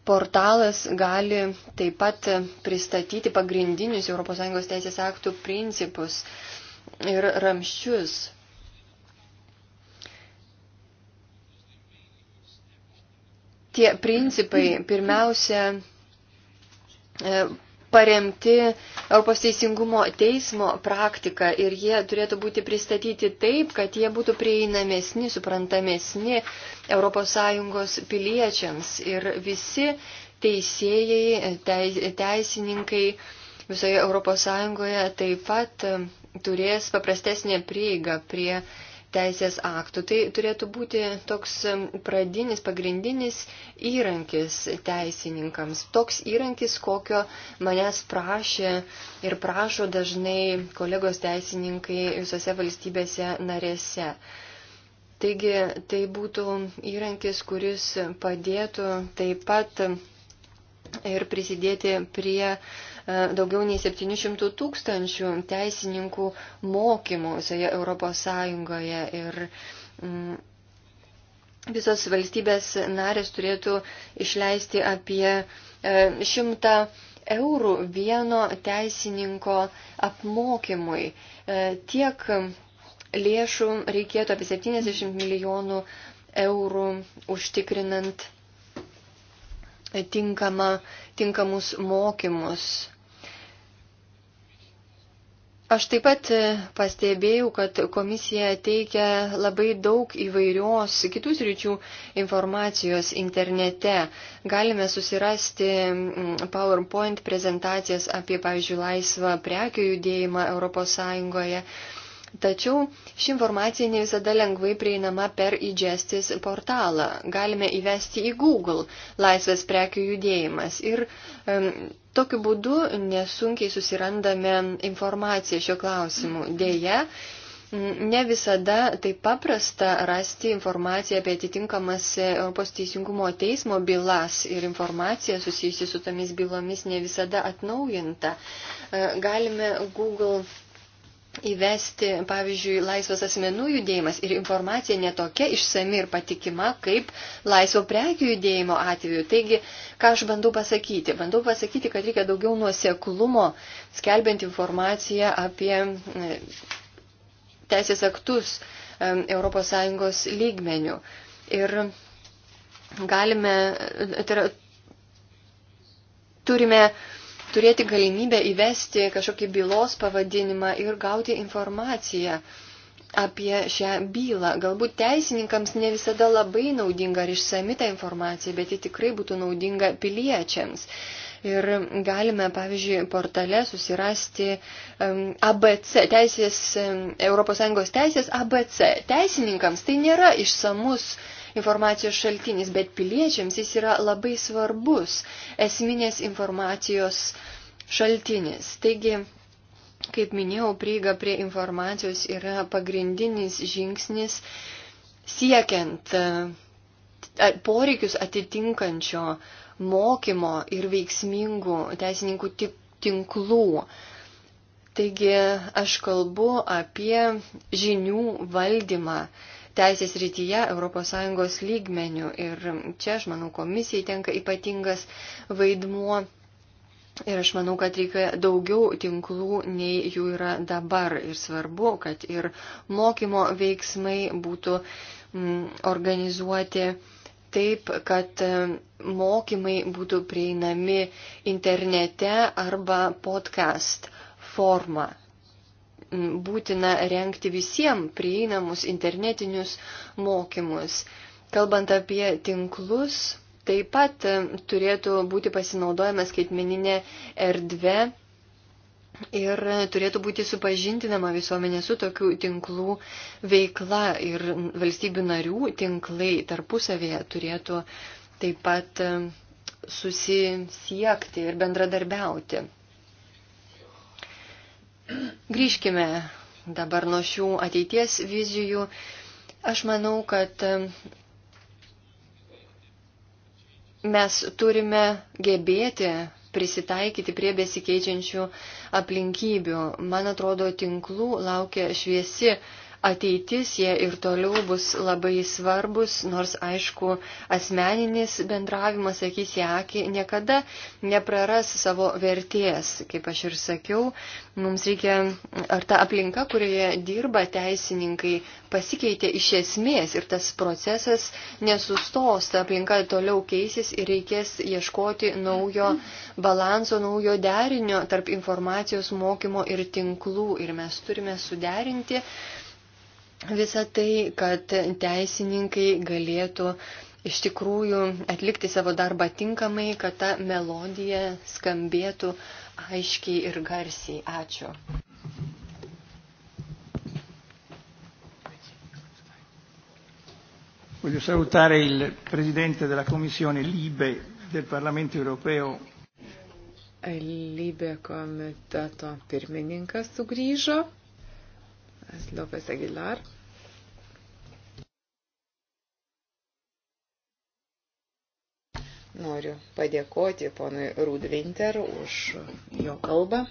portalas gali taip pat pristatyti pagrindinius ES teisės aktų principus ir ramščius. tie principai pirmiausia e, paremti Europos teisingumo teismo praktika ir jie turėtų būti pristatyti taip, kad jie būtų prieinamesni, suprantamesni ES piliečiams ir visi teisėjai, teisininkai visoje ES taip pat e, turės paprastesnę prieigą prie teisės aktų. Tai turėtų būti toks pradinis, pagrindinis įrankis teisininkams. Toks įrankis, kokio manęs prašė ir prašo dažnai kolegos teisininkai visose valstybėse narėse. Taigi tai būtų įrankis, kuris padėtų taip pat ir prisidėti prie uh, E, daugiau nei 700 tūkstančių teisininkų mokymų visoje Europos Sąjungoje. Ir mm, visos valstybės narės turėtų išleisti apie 100 e, eurų vieno teisininko apmokymui. E, tiek lėšų reikėtų apie 70 milijonų eurų užtikrinant tinkama, tinkamus mokymus Aš taip pat e, pastebėjau, kad komisija teikia labai daug įvairios kitus ryčių informacijos internete. Galime susirasti mm, PowerPoint prezentacijas apie, pavyzdžiui, laisvą prekių judėjimą ES. Tačiau ši informacija ne visada lengvai prieinama per įdžestis portalą. Galime įvesti į Google laisvės prekių judėjimas ir um, Tokiu būdu nesunkiai susirandame informaciją šio klausimu. Deja, ne visada taip paprasta rasti informaciją apie atitinkamas Europos teisingumo teismo bylas ir informacija susijusi su tomis bylomis ne visada atnaujinta. Galime Google įvesti, pavyzdžiui, laisvas asmenų judėjimas ir informacija netokia išsami ir patikima kaip laisvo prekių judėjimo atveju. Taigi, ką aš bandau pasakyti? Bandau pasakyti, kad reikia daugiau nuoseklumo, skelbiant informaciją apie mm, teisės aktus mm, ES lygmenių. Ir galime, tai yra, turime turėti galimybę įvesti kažkokį bylos pavadinimą ir gauti informaciją apie šią bylą. Galbūt teisininkams ne visada labai naudinga ir išsami ta informacija, bet ji tikrai būtų naudinga piliečiams. Ir galime, pavyzdžiui, portale susirasti um, ABC, teisės, um, ES teisės ABC. Teisininkams tai nėra išsamus uh, informacijos šaltinis, bet piliečiams jis yra labai svarbus esminės informacijos šaltinis. Taigi, kaip minėjau, prieiga prie informacijos yra pagrindinis žingsnis siekiant e, poreikius atitinkančio mokymo ir veiksmingų teisininkų tinklų. Taigi aš kalbu apie žinių valdymą teisės rytyje ES lygmenių. Ir čia, aš manau, komisijai tenka ypatingas vaidmuo. Ir aš manau, kad reikia daugiau tinklų, nei jų yra dabar. Ir svarbu, kad ir mokymo veiksmai būtų m, mm, organizuoti taip, kad mm, mokymai būtų prieinami internete arba podcast forma būtina renkti visiems prieinamus internetinius mokymus. Kalbant apie tinklus, taip pat turėtų būti pasinaudojama skaitmeninė erdvė ir turėtų būti supažintinama visuomenė su tokių tinklų veikla ir valstybių narių tinklai tarpusavėje turėtų taip pat susisiekti ir bendradarbiauti. Grįžkime dabar nuo šių ateities vizijų. Aš manau, kad e, mes turime gebėti prisitaikyti prie besikeičiančių aplinkybių. Man atrodo, tinklų laukia šviesi ateitis jie ir toliau bus labai svarbus, nors aišku, asmeninis bendravimas akis į akį niekada nepraras savo vertės. Kaip aš ir sakiau, mums reikia, ar ta aplinka, kurioje dirba teisininkai, pasikeitė iš esmės ir tas procesas nesustos, ta aplinka toliau keisis ir reikės ieškoti naujo balanso, naujo derinio tarp informacijos mokymo ir tinklų. Ir mes turime suderinti visą tai, kad teisininkai galėtų iš tikrųjų atlikti savo darbą tinkamai, kad ta melodija skambėtų aiškiai ir garsiai. Ačiū. Voglio salutare il Presidente della Commissione Libe del Parlamento europeo. Libe komiteto pirmininkas sugrįžo. Lopez Aguilar. Noriu padėkoti ponui Rudvinter už jo kalbą.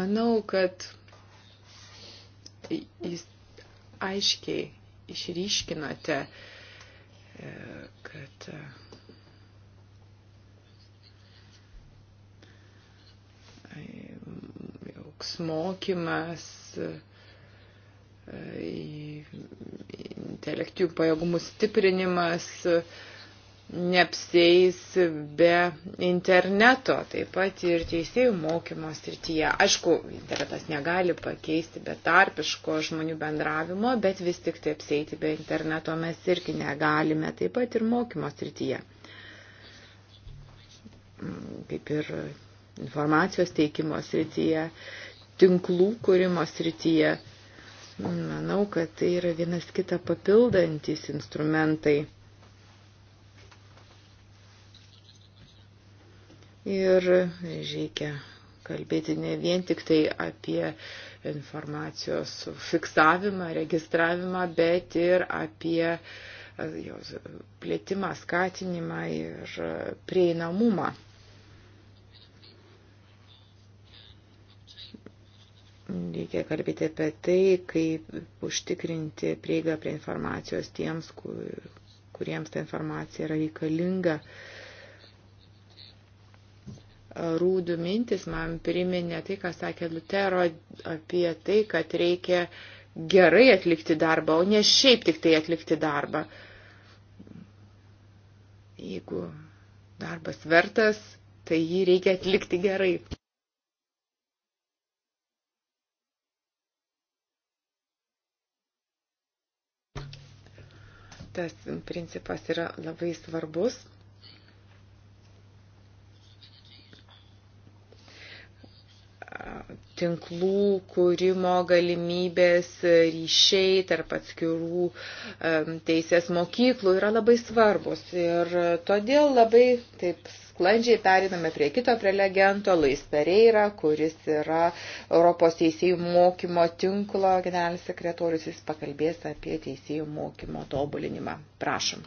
Manau, kad jūs aiškiai išryškinote, e, kad e, toks mokymas e, intelektijų pajėgumų stiprinimas neapsės be interneto, taip pat ir teisėjų mokymo srityje. Aišku, internetas negali pakeisti betarpiško žmonių bendravimo, bet vis tik tai apsėti be interneto mes irgi negalime, taip pat ir mokymo srityje. Mm, kaip ir informacijos teikimo srityje, tinklų kūrimo srityje. Manau, kad tai yra vienas kitą papildantis instrumentai. Ir reikia kalbėti ne vien tik tai apie informacijos fiksavimą, registravimą, bet ir apie e, jos plėtimą, skatinimą ir prieinamumą. Reikia kalbėti apie tai, kaip užtikrinti prieigą prie informacijos tiems, kur, kuriems ta informacija yra reikalinga. Rūdų mintis man priminė tai, ką sakė Lutero apie tai, kad reikia gerai atlikti darbą, o ne šiaip tik tai atlikti darbą. Jeigu darbas vertas, tai jį reikia atlikti gerai. tas principas yra labai svarbus tinklų kūrimo galimybės, ryšiai tarp atskirų teisės mokyklų yra labai svarbus. Ir todėl labai taip sklandžiai periname prie kito prelegento, Lais Pereira, kuris yra Europos teisėjų mokymo tinklo generalinis sekretorius, jis pakalbės apie teisėjų mokymo tobulinimą. Prašom.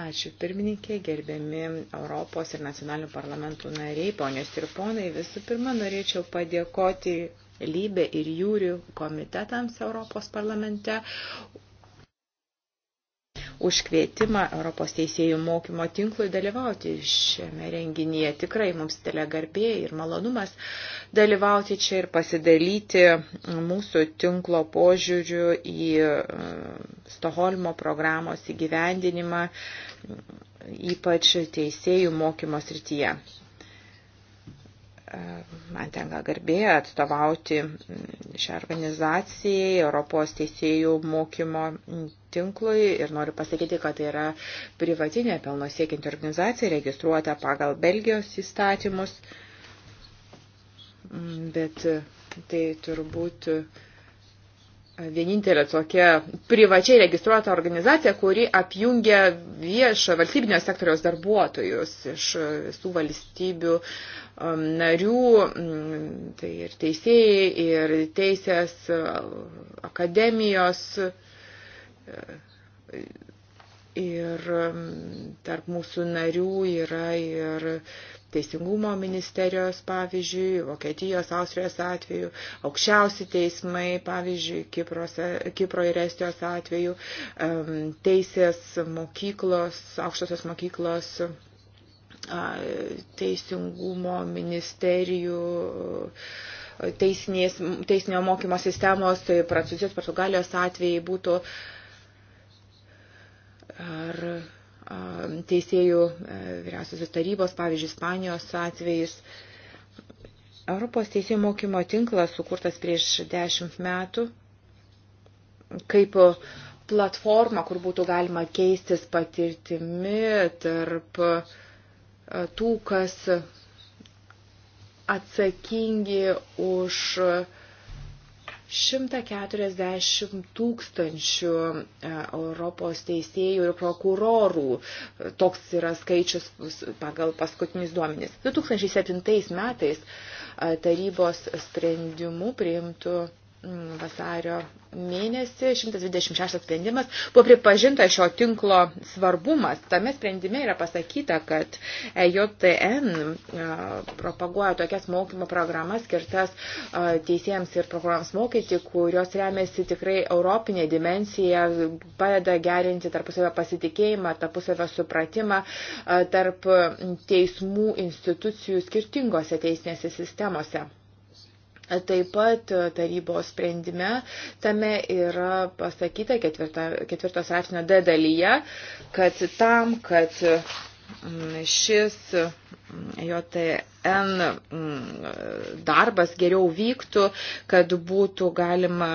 Ačiū pirmininkė, gerbiami Europos ir nacionalinių parlamentų nariai, ponios ir ponai. Visų pirma, norėčiau padėkoti Lybė ir Jūrių komitetams Europos parlamente už kvietimą Europos teisėjų mokymo tinklui dalyvauti šiame renginyje. Tikrai mums didelė garbė ir malonumas dalyvauti čia ir pasidalyti mūsų tinklo požiūrių į e, Stoholmo programos įgyvendinimą, ypač teisėjų mokymo srityje man tenka garbė atstovauti šią organizaciją Europos teisėjų mokymo tinklui ir noriu pasakyti, kad tai yra privatinė pelno siekianti organizacija registruota pagal Belgijos įstatymus, bet tai turbūt vienintelė tokia privačiai registruota organizacija, kuri apjungia viešo valstybinio sektoriaus darbuotojus iš e, visų valstybių um, narių, mm, tai ir teisėjai, ir teisės e, akademijos. E, ir mm, tarp mūsų narių yra ir Teisingumo ministerijos, pavyzdžiui, Vokietijos, Austrijos atveju, aukščiausi teismai, pavyzdžiui, Kiprose, Kipro ir Estijos atveju, teisės mokyklos, aukštosios mokyklos, teisingumo ministerijų teisinės, teisinio mokymo sistemos, tai Prancūzijos, Portugalijos atvejai būtų. Ar teisėjų vyriausiosios tarybos, pavyzdžiui, Ispanijos atvejais. Europos teisėjų mokymo tinklas sukurtas prieš dešimt metų kaip platforma, kur būtų galima keistis patirtimi tarp tų, kas atsakingi už uh, 140 tūkstančių e, Europos teisėjų ir prokurorų. Toks yra skaičius pagal paskutinius duomenis. 2007 metais e, tarybos sprendimu priimtų Mm, vasario mėnesį 126 sprendimas buvo pripažinta šio tinklo svarbumas. Tame sprendime yra pasakyta, kad e JTN propaguoja tokias mokymo programas skirtas teisėjams ir prokurorams mokyti, kurios remiasi tikrai europinė dimensija, padeda gerinti tarpusavio pasitikėjimą, tarpusavio supratimą tarp teismų institucijų skirtingose teisinėse sistemose. Taip pat e, tarybos sprendime tame yra pasakyta ketvirtos rašinio D dalyje, kad tam, kad mm, šis mm, JTN mm, darbas geriau vyktų, kad būtų galima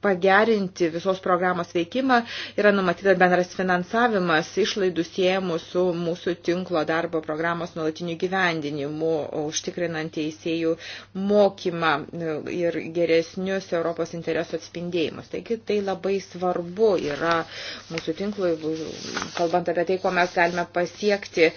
pagerinti visos programos veikimą yra numatytas bendras finansavimas išlaidų siejamų su mūsų tinklo darbo programos nuolatiniu gyvendinimu, užtikrinant teisėjų mokymą e, ir geresnius Europos interesų atspindėjimus. Taigi tai labai svarbu yra mūsų tinklui, kalbant apie tai, ko mes galime pasiekti.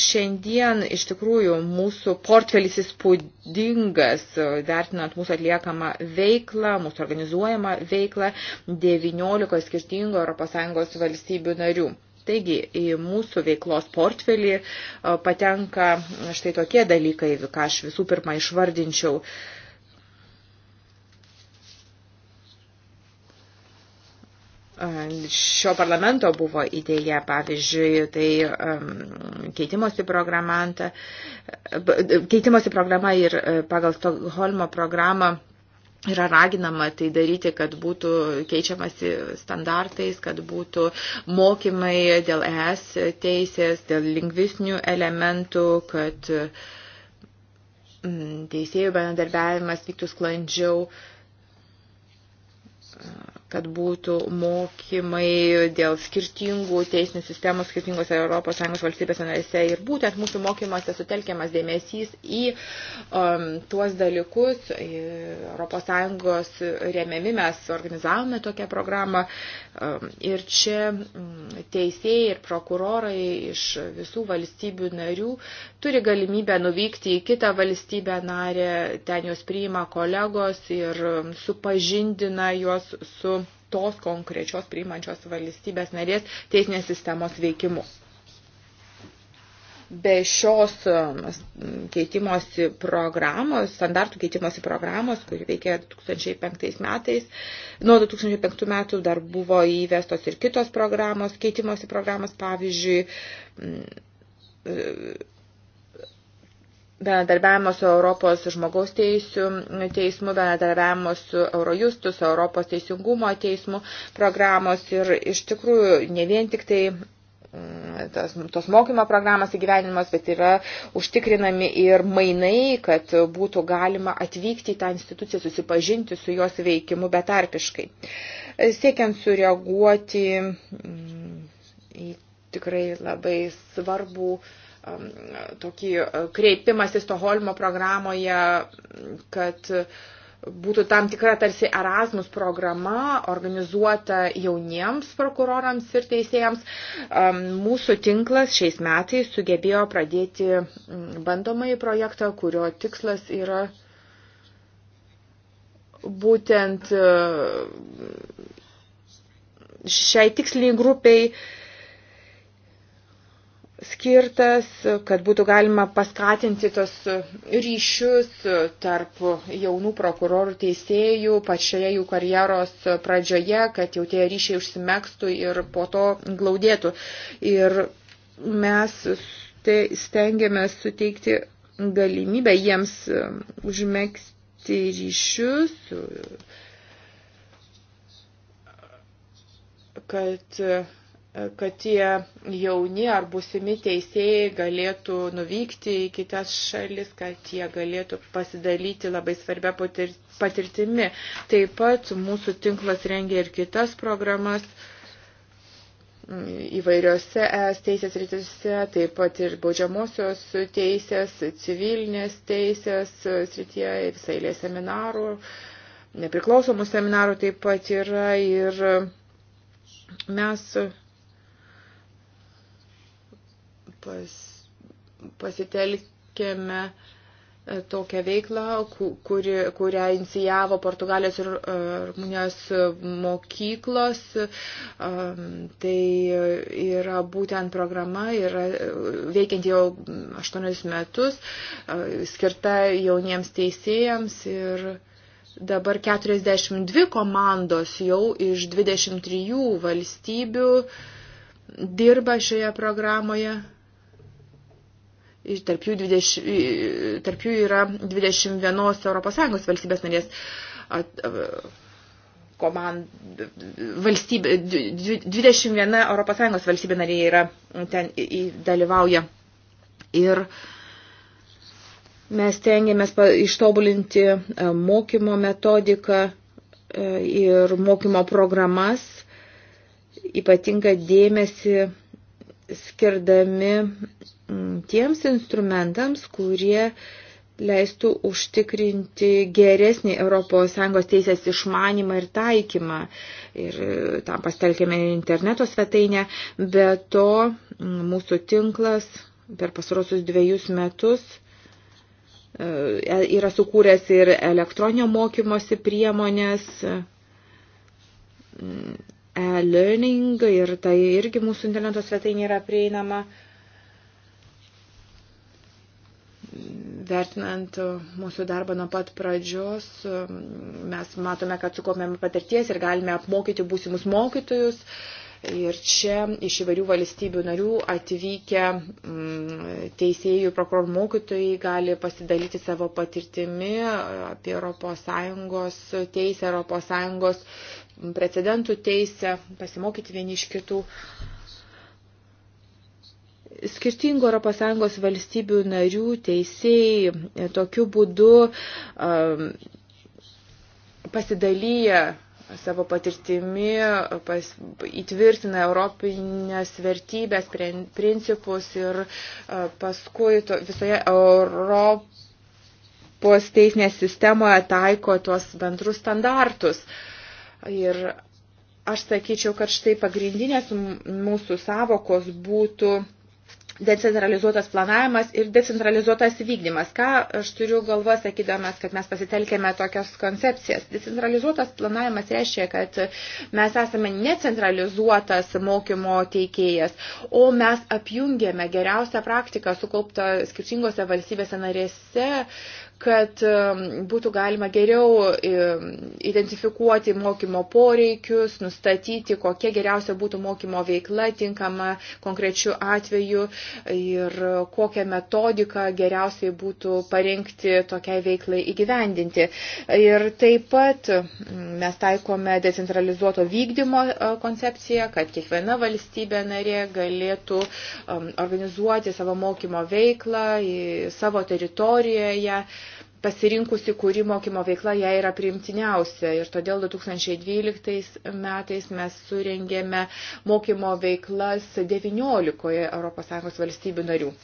Šiandien iš tikrųjų mūsų portfelis įspūdingas, e, vertinant mūsų atliekamą veiklą, mūsų organizuojamą koordinuojamą veiklą 19 skirtingų ES valstybių narių. Taigi į mūsų veiklos portfelį e, patenka štai tokie dalykai, ką aš visų pirma išvardinčiau. E, šio parlamento buvo idėja, pavyzdžiui, tai keitimosi, e, keitimosi programa ir pagal Stokholmo programą yra raginama tai daryti, kad būtų keičiamasi standartais, kad būtų mokymai dėl ES teisės, dėl lingvistinių elementų, kad mm, teisėjų bendradarbiavimas vyktų sklandžiau kad būtų mokymai dėl skirtingų teisinių sistemų skirtingose ES valstybėse narėse. Ir būtent mūsų mokymuose sutelkiamas dėmesys į um, tuos dalykus. ES remiami mes organizavome tokią programą. Um, ir čia um, teisėjai ir prokurorai iš visų valstybių narių turi galimybę nuvykti į kitą valstybę narę, ten juos priima kolegos ir um, supažindina juos su tos konkrečios priimančios valstybės narės teisinės sistemos veikimu. Be šios mm, keitimosi programos, standartų keitimosi programos, kuri veikia 2005 metais, nuo 2005 metų dar buvo įvestos ir kitos programos, keitimosi programos, pavyzdžiui, mm, bendradarbiavimo su Europos žmogaus teisų teismu, bendradarbiavimo su Eurojustu, su Europos teisingumo teismu programos ir iš tikrųjų ne vien tik tai mm, tas, tos mokymo programos įgyvenimas, bet yra užtikrinami ir mainai, kad būtų galima atvykti į tą instituciją, susipažinti su jos veikimu betarpiškai. Siekiant sureaguoti mm, į tikrai labai svarbų uh, Um, tokį uh, kreipimąsi Stoholmo programoje, kad būtų tam tikra tarsi Erasmus programa organizuota jauniems prokurorams ir teisėjams. Um, mūsų tinklas šiais metais sugebėjo pradėti mm, bandomąjį projektą, kurio tikslas yra būtent uh, šiai tiksliniai grupiai skirtas, kad būtų galima paskatinti tos ryšius tarp jaunų prokurorų teisėjų pačioje jų karjeros pradžioje, kad jau tie ryšiai užsimėgstų ir po to glaudėtų. Ir mes stengiamės suteikti galimybę jiems užmėgsti ryšius, kad kad tie jauni ar būsimi teisėjai galėtų nuvykti į kitas šalis, kad jie galėtų pasidalyti labai svarbia patirtimi. Taip pat mūsų tinklas rengia ir kitas programas įvairiose es teisės rytise, taip pat ir baudžiamosios teisės, civilinės teisės srityje, visai lė seminarų, nepriklausomų seminarų taip pat yra ir mes pas, pasitelkėme e, tokią veiklą, kuri, kurią inicijavo Portugalijos ir e, Rumunijos mokyklos. Tai yra būtent programa, yra veikiant jau aštuonius metus, e, skirta jauniems teisėjams ir dabar 42 komandos jau iš 23 valstybių dirba šioje programoje tarp jų, 20, tarp jų yra 21 ES valstybės narės komand, valstybė, 21 ES valstybė narė yra ten dalyvauja. Ir mes tengiamės ištobulinti e, mokymo metodiką e, ir mokymo programas, ypatinga dėmesį skirdami mm, tiems instrumentams, kurie leistų užtikrinti geresnį ES teisės išmanimą ir taikymą. Ir e, tam pastelkėme interneto svetainę, bet to mm, mūsų tinklas per pasarosius dviejus metus e, e, yra sukūręs ir elektroninio mokymosi priemonės mm, e-learning ir tai irgi mūsų interneto svetainė yra prieinama. Vertinant mūsų darbą nuo pat pradžios, mes matome, kad sukomėme patirties ir galime apmokyti būsimus mokytojus. Ir čia iš įvairių valstybių narių atvykę mm, teisėjų prokurorų mokytojai gali pasidalyti savo patirtimi apie ES teisę, ES precedentų teisę, pasimokyti vieni iš kitų. Skirtingų ES valstybių narių teisėjai tokiu būdu um, pasidalyja savo patirtimi pas, įtvirtina europinės vertybės, principus ir uh, paskui to, visoje Europos teisinės sistemoje taiko tuos bendrus standartus. Uh, Ir aš sakyčiau, kad štai pagrindinės mūsų savokos būtų decentralizuotas planavimas ir decentralizuotas vykdymas. Ką aš turiu galvą, sakydamas, kad mes pasitelkėme tokias koncepcijas. Decentralizuotas planavimas reiškia, kad mes esame necentralizuotas mokymo teikėjas, o mes apjungėme geriausią praktiką sukauptą skirtingose valstybėse narėse, kad um, būtų galima geriau um, identifikuoti mokymo poreikius, nustatyti, kokia geriausia būtų mokymo veikla tinkama konkrečiu atveju ir kokią metodiką geriausiai būtų parinkti tokiai veiklai įgyvendinti. Ir taip pat mm, mes taikome decentralizuoto vykdymo e, koncepciją, kad kiekviena valstybė narė galėtų um, organizuoti savo mokymo veiklą savo teritorijoje. Yeah pasirinkusi, kuri mokymo veikla jai yra priimtiniausia. Ir todėl 2012 metais mes surengėme mokymo veiklas 19 ES valstybių narių.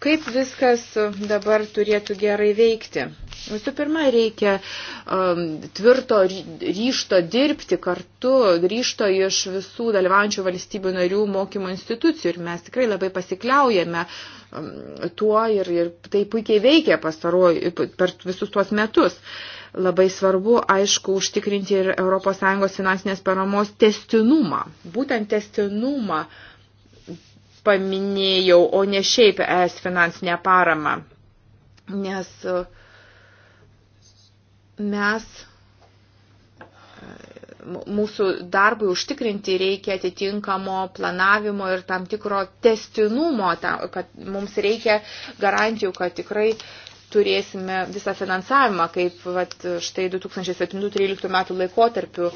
Kaip viskas dabar turėtų gerai veikti? Visų pirma, reikia um, tvirto ryšto dirbti kartu, ryšto iš visų dalyvaujančių valstybių narių mokymo institucijų ir mes tikrai labai pasikliaujame um, tuo ir, ir tai puikiai veikia pastaruoju per visus tuos metus. Labai svarbu, aišku, užtikrinti ir ES finansinės paramos testinumą, būtent testinumą uh, paminėjau, o ne šiaip es finansinę paramą. Nes e, mes e, mūsų darbui užtikrinti reikia atitinkamo planavimo ir tam tikro testinumo, kad mums reikia garantijų, kad tikrai turėsime visą finansavimą, kaip vat, štai 2007-2013 metų laikotarpiu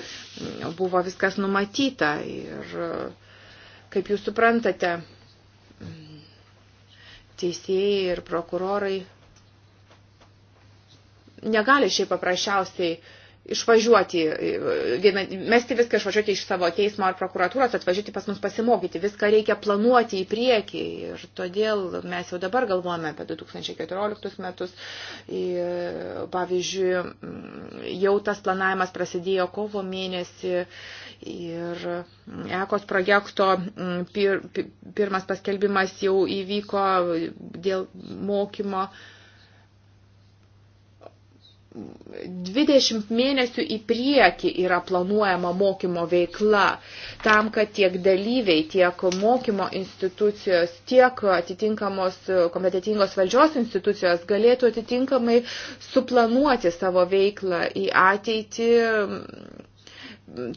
buvo viskas numatyta. Ir e, kaip jūs suprantate, teisėjai ir prokurorai negali šiaip paprasčiausiai uh, išvažiuoti, mesti viską išvažiuoti iš savo teismo ar prokuratūros, atvažiuoti pas mus pasimokyti. Viską reikia planuoti į priekį ir todėl mes jau dabar galvojame apie 2014 metus. Pavyzdžiui, jau tas planavimas prasidėjo kovo mėnesį ir ekos projekto pir, pirmas paskelbimas jau įvyko dėl mokymo 20 mėnesių į priekį yra planuojama mokymo veikla, tam, kad tiek dalyviai, tiek mokymo institucijos, tiek atitinkamos kompetitingos valdžios institucijos galėtų atitinkamai suplanuoti savo veiklą į ateitį,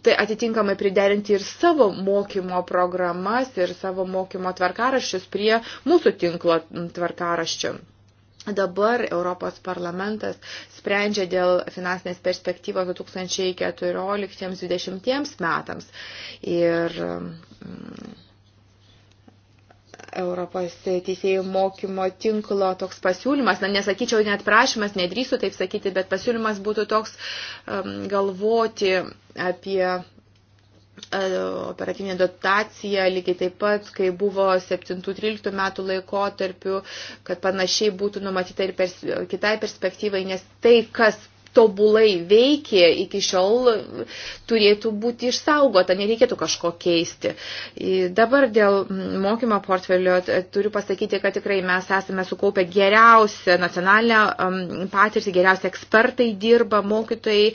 tai atitinkamai priderinti ir savo mokymo programas ir savo mokymo tvarkaraščius prie mūsų tinklo tvarkaraščių. Dabar Europos parlamentas sprendžia dėl finansinės perspektyvos 2014-2020 metams. Ir mm, Europos teisėjų mokymo tinklo toks pasiūlymas, na nesakyčiau net prašymas, nedrįsiu taip sakyti, bet pasiūlymas būtų toks um, galvoti apie E, operatyvinė dotacija, lygiai taip pat, kai buvo 7-13 metų laikotarpiu, kad panašiai būtų numatyta ir pers kitai perspektyvai, nes tai, kas tobulai veikė iki šiol, turėtų būti išsaugota, nereikėtų kažko keisti. Dabar dėl mokymo portfelio turiu pasakyti, kad tikrai mes esame sukaupę geriausią nacionalinę um, patirtį, geriausią ekspertai dirba, mokytojai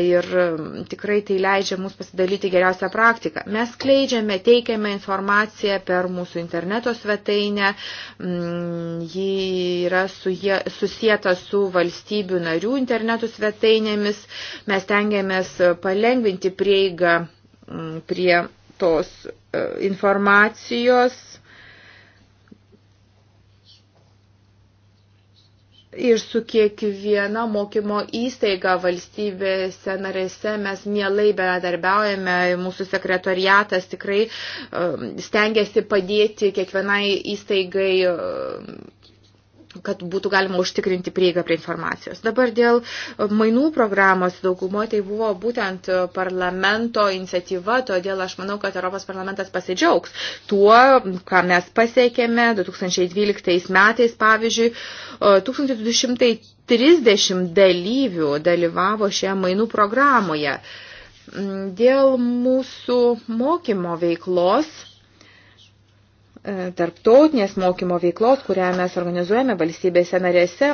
ir um, tikrai tai leidžia mums pasidalyti geriausią praktiką. Mes kleidžiame, teikiame informaciją per mūsų interneto svetainę, mm, ji yra susieta su valstybių narių internetu svetainėmis. Mes tengiamės palengvinti prieigą mm, prie tos e, informacijos Ir su kiekviena mokymo įstaiga valstybėse narėse mes mielai bendradarbiaujame, mūsų sekretoriatas tikrai e, stengiasi padėti kiekvienai įstaigai e, kad būtų galima užtikrinti prieigą prie informacijos. Dabar dėl mainų programos daugumoje tai buvo būtent parlamento iniciatyva, todėl aš manau, kad Europos parlamentas pasidžiaugs tuo, ką mes pasiekėme 2012 metais, pavyzdžiui, 1230 dalyvių dalyvavo šioje mainų programoje. Dėl mūsų mokymo veiklos E, tarptautinės mokymo veiklos, kurią mes organizuojame valstybėse narėse,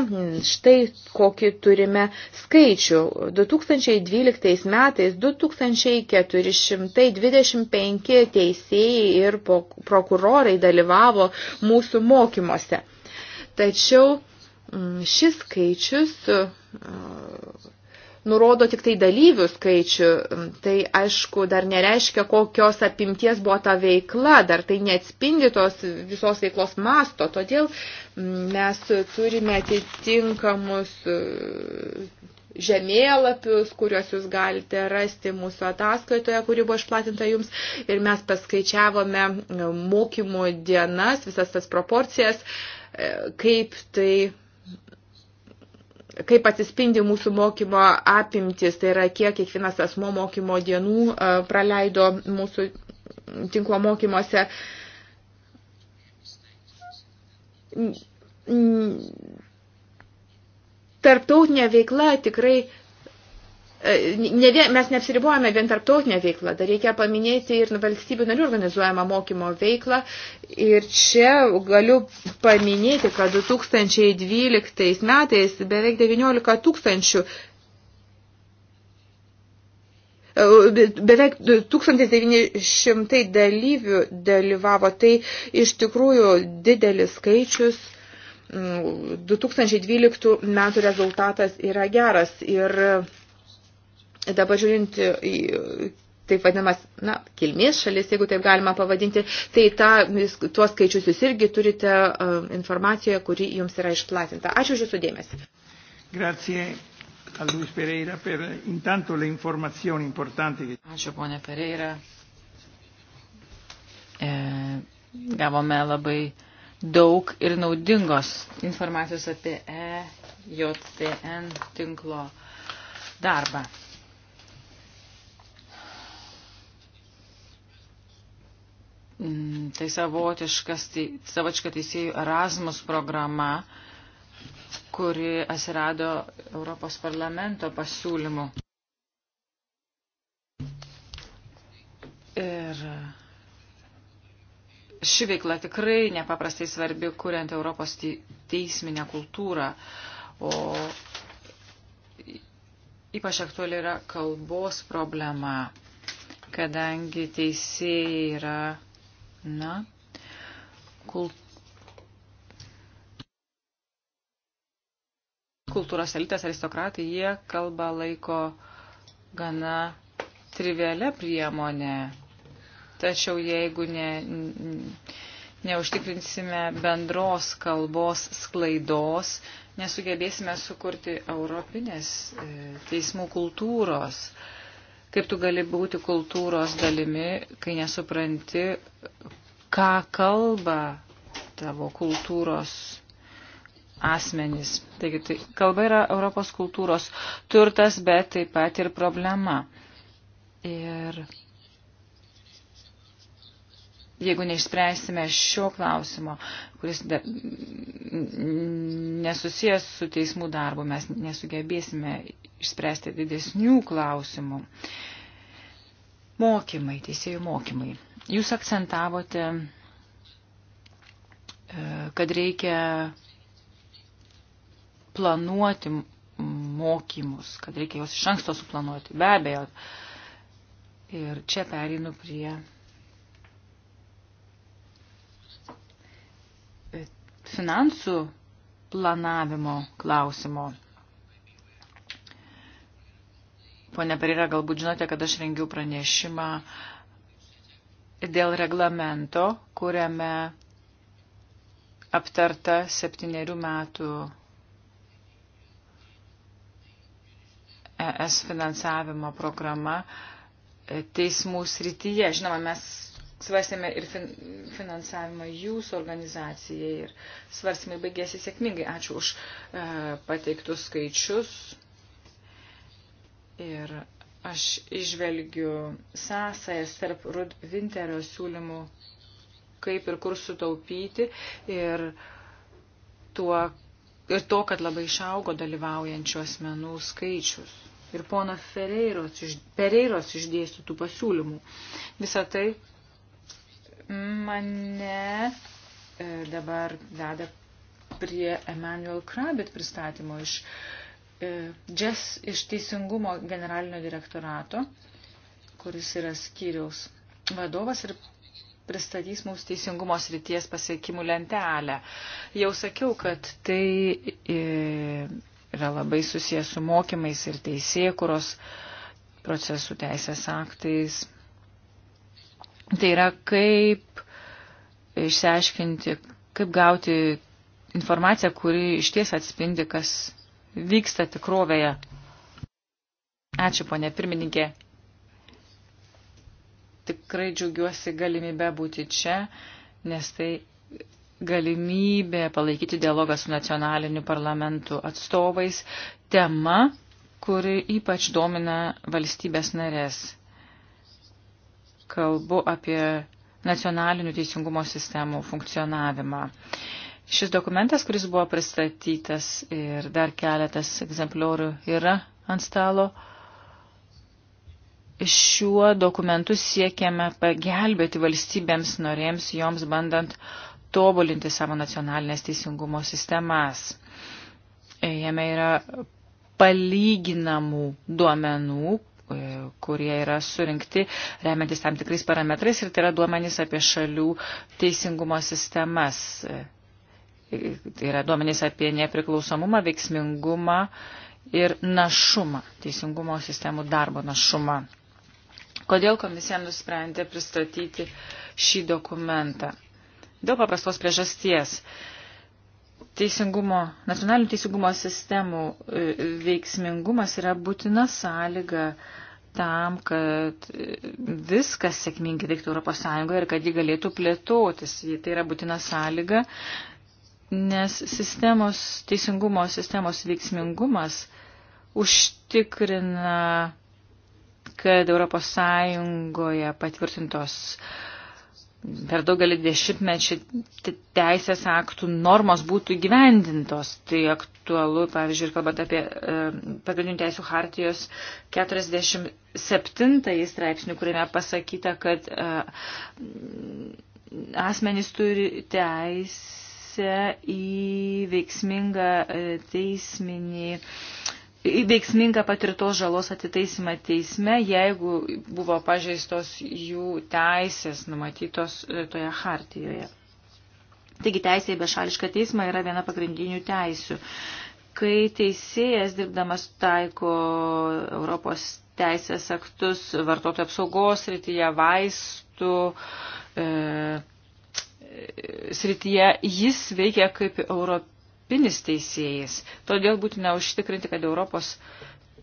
štai kokį turime skaičių. 2012 metais 2425 teisėjai ir prokurorai dalyvavo mūsų mokymuose. Tačiau šis skaičius nurodo tik tai dalyvių skaičių. Mm, tai aišku, dar nereiškia, kokios apimties buvo ta veikla, dar tai neatspindi tos visos veiklos masto. Todėl mm, mes turime atitinkamus e, žemėlapius, kuriuos jūs galite rasti mūsų ataskaitoje, kuri buvo išplatinta jums. Ir mes paskaičiavome e, mokymų dienas, visas tas proporcijas, e, kaip tai kaip atsispindi mūsų mokymo apimtis, tai yra kiek kiekvienas asmo mokymo dienų e, praleido mūsų tinklo mokymuose. Tarptautinė veikla tikrai E, ne, mes neapsiribuojame vien tarptautinę veiklą, dar reikia paminėti ir valstybių narių organizuojamą mokymo veiklą. Ir čia galiu paminėti, kad 2012 metais beveik 19 tūkstančių e, beveik 1900 dalyvių dalyvavo. Tai iš tikrųjų didelis skaičius. 2012 mm, metų rezultatas yra geras ir dabar žiūrint į taip vadinamas, na, kilmės šalis, jeigu taip galima pavadinti, tai ta, tuos skaičius jūs irgi turite uh, informacijoje, kuri jums yra išplatinta. Ačiū už jūsų dėmesį. Grazie. Luis Pereira per intanto le informazioni importanti. Ačiū, ponė Pereira. E, gavome labai daug ir naudingos informacijos apie EJTN tinklo darbą. Mm, tai savotiškas, tai, savotiška teisėjų Erasmus programa, kuri atsirado Europos parlamento pasiūlymu. Ir ši veikla tikrai nepaprastai svarbi, kuriant Europos teisminę kultūrą. O ypač aktuali yra kalbos problema, kadangi teisėjai yra Na, kultūra. kultūros elitės aristokratai, jie kalba laiko gana trivialia priemonė. Tačiau jeigu ne, neužtikrinsime bendros kalbos sklaidos, nesugebėsime sukurti europinės e, teismų kultūros. E, Kaip tu gali būti kultūros dalimi, kai nesupranti, ką kalba tavo kultūros asmenys. Taigi, tai kalba yra Europos kultūros turtas, bet taip pat ir problema. Ir jeigu neišspręsime šio klausimo, kuris da, nesusijęs su teismų darbu, mes nesugebėsime išspręsti didesnių klausimų. Mokymai, teisėjų mokymai. Jūs akcentavote, e, kad reikia planuoti mokymus, kad reikia juos iš anksto suplanuoti. Be abejo. Ir čia pereinu prie finansų planavimo klausimo. Pone Perira, galbūt žinote, kad aš rengiu pranešimą dėl reglamento, kuriame aptarta septyniarių metų ES finansavimo programa teismų srityje. Žinoma, mes svarstėme ir fin, finansavimą jūsų organizacijai ir svarstymai baigėsi sėkmingai. Ačiū už e, pateiktus skaičius. Ir aš išvelgiu sąsajas tarp Rudvinterio siūlymų, kaip ir kur sutaupyti ir, tuo, ir to, kad labai išaugo dalyvaujančių asmenų skaičius ir pono Pereiros, iš, Pereiros išdėstytų pasiūlymų. Visą tai mane e, dabar veda prie Emanuel Krabit pristatymo iš, e, Jazz, iš Teisingumo generalinio direktorato, kuris yra skyriaus vadovas ir pristatys mums teisingumo srities pasiekimų lentelę. Jau sakiau, kad tai e, yra labai susijęs su mokymais ir teisėkuros procesų teisės aktais Tai yra, kaip išsiaiškinti, kaip gauti informaciją, kuri išties atspindi, kas vyksta tikrovėje. Ačiū, ponė pirmininkė. Tikrai džiaugiuosi galimybę būti čia, nes tai galimybė palaikyti dialogą su nacionaliniu parlamentu atstovais tema, kuri ypač domina valstybės narės kalbu apie nacionalinių teisingumo sistemų funkcionavimą. Šis dokumentas, kuris buvo pristatytas ir dar keletas egzempliorių yra ant stalo, šiuo dokumentu siekiame pagelbėti valstybėms norėms joms bandant tobulinti savo nacionalinės teisingumo sistemas. Jame yra palyginamų duomenų, E, kurie yra surinkti remiantis tam tikrais parametrais ir tai yra duomenys apie šalių teisingumo sistemas. E, tai yra duomenys apie nepriklausomumą, veiksmingumą ir našumą, teisingumo sistemų darbo našumą. Kodėl komisija nusprendė pristatyti šį dokumentą? Dėl paprastos priežasties. Uh, teisingumo, nacionalinių teisingumo sistemų e, veiksmingumas yra būtina sąlyga tam, kad viskas sėkmingai veiktų Europos Sąjungoje ir kad ji galėtų plėtotis. Tai yra būtina sąlyga, nes sistemos, teisingumo sistemos veiksmingumas užtikrina, kad Europos Sąjungoje patvirtintos uh, per daugelį dešimtmečių teisės aktų normos būtų gyvendintos. Tai aktualu, pavyzdžiui, kalbant apie e, pagrindinių teisų hartijos 47 straipsnių, kuriame pasakyta, kad e, asmenys turi teisę į veiksmingą e, teisminį e, veiksmingą patirtos žalos atitaisimą teisme, jeigu buvo pažeistos jų teisės numatytos e, toje hartijoje. Taigi teisė į bešališką teismą yra viena pagrindinių teisių. Kai teisėjas dirbdamas taiko Europos teisės aktus vartotojų apsaugos srityje, vaistų e, e srityje, jis veikia kaip Europos europinis teisėjas. Todėl būtina užtikrinti, kad Europos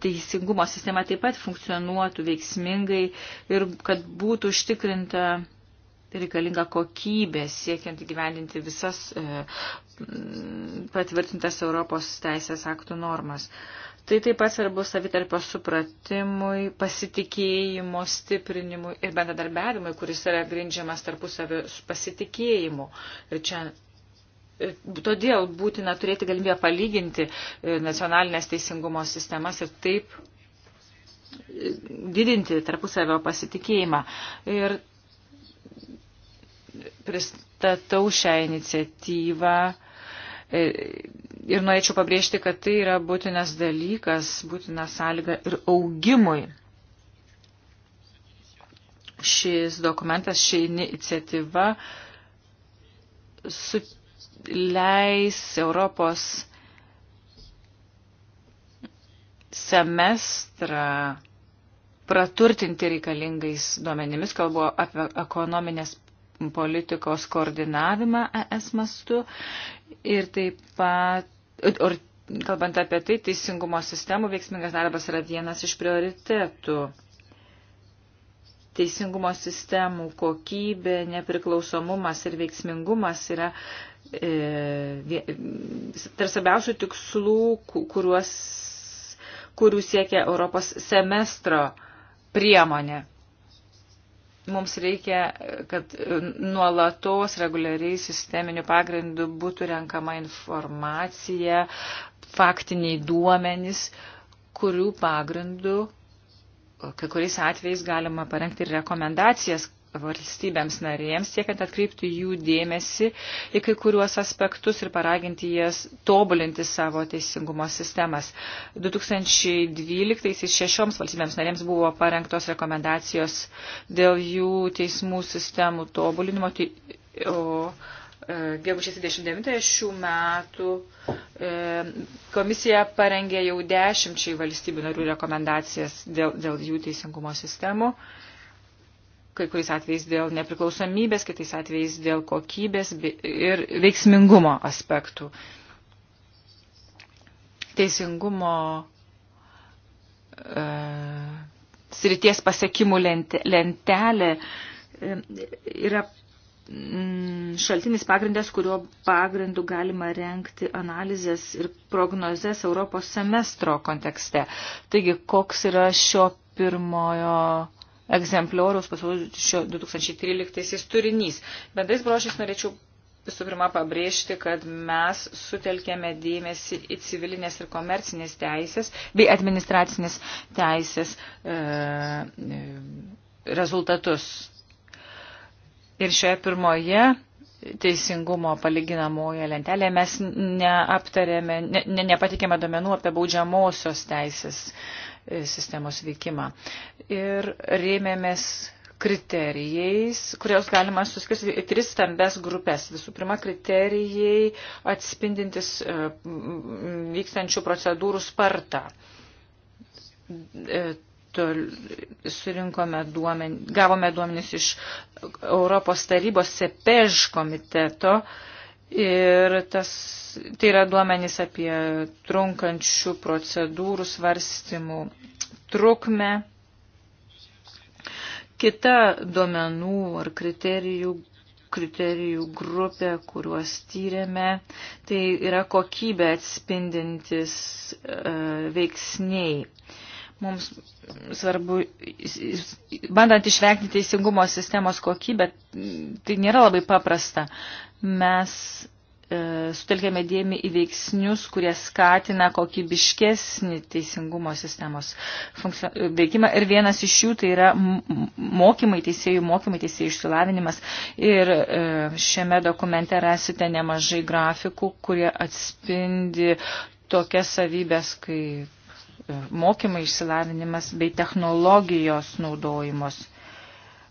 teisingumo sistema taip pat funkcionuotų veiksmingai ir kad būtų užtikrinta reikalinga kokybė siekiant įgyvendinti visas e, patvirtintas Europos teisės aktų normas. Tai taip pat svarbu savitarpio supratimui, pasitikėjimo stiprinimui ir bendradarbiavimui, kuris yra grindžiamas tarpusavio pasitikėjimu. Ir čia E, todėl būtina turėti galimybę palyginti e, nacionalinės teisingumo sistemas ir taip e, didinti tarpusavio pasitikėjimą. Ir pristatau šią iniciatyvą ir norėčiau pabrėžti, kad tai yra būtinas dalykas, būtina sąlyga ir augimui. Šis dokumentas, ši iniciatyva su leis Europos semestrą praturtinti reikalingais duomenimis, kalbu apie ekonominės politikos koordinavimą ES mastu ir taip pat, ir kalbant apie tai, teisingumo sistemų veiksmingas darbas yra vienas iš prioritetų. Teisingumo sistemų kokybė, nepriklausomumas ir veiksmingumas yra E, tarp svarbiausių tikslų, kuriuos, kurių siekia Europos semestro priemonė. Mums reikia, kad nuolatos reguliariai sisteminių pagrindų būtų renkama informacija, faktiniai duomenys, kurių pagrindų kai kuriais atvejais galima parengti ir rekomendacijas, valstybėms narėms, siekiant atkreipti jų dėmesį į kai kuriuos aspektus ir paraginti jas tobulinti savo teisingumo sistemas. 2012-aisiais šešioms valstybėms narėms buvo parengtos rekomendacijos dėl jų teismų sistemų tobulinimo, tai, o e, gegužės 29 šių metų e, komisija parengė jau dešimčiai valstybių narių rekomendacijas dėl, dėl jų teisingumo sistemų kai kuriais atvejais dėl nepriklausomybės, kitais atvejais dėl kokybės ir veiksmingumo aspektų. Teisingumo e, srities pasiekimų lentelė e, yra mm, šaltinis pagrindas, kurio pagrindu galima renkti analizės ir prognozes Europos semestro kontekste. Taigi, koks yra šio pirmojo egzemplioriaus pasirodžiusio 2013 turinys. Bendrais brošiais norėčiau visų pirma pabrėžti, kad mes sutelkėme dėmesį į civilinės ir komercinės teisės bei administracinės teisės e, e, rezultatus. Ir šioje pirmoje teisingumo palyginamoje lentelėje mes neaptarėme, ne, ne, nepatikėme domenų apie baudžiamosios teisės sistemos veikimą. Ir rėmėmės kriterijais, kurios galima suskirstyti į tris stambes grupės. Visų pirma, kriterijai atspindintis e, vykstančių procedūrų spartą. E, surinkome duomenį, gavome duomenis iš Europos tarybos CEPEŽ komiteto, Ir tas, tai yra duomenys apie trunkančių procedūrų svarstymų trukmę. Kita duomenų ar kriterijų, kriterijų grupė, kuriuos tyrėme, tai yra kokybė atspindintis uh, e, veiksniai. Mums svarbu, bandant išvengti teisingumo sistemos kokybę, tai nėra labai paprasta. Uh, mes e, sutelkėme dėmį į veiksnius, kurie skatina kokybiškesnį teisingumo sistemos veikimą. Ir vienas iš jų tai yra mokymai teisėjų, mokymai teisėjų išsilavinimas. Ir e, šiame dokumente rasite nemažai grafikų, kurie atspindi tokias savybės kaip e, mokymai išsilavinimas bei technologijos naudojimos.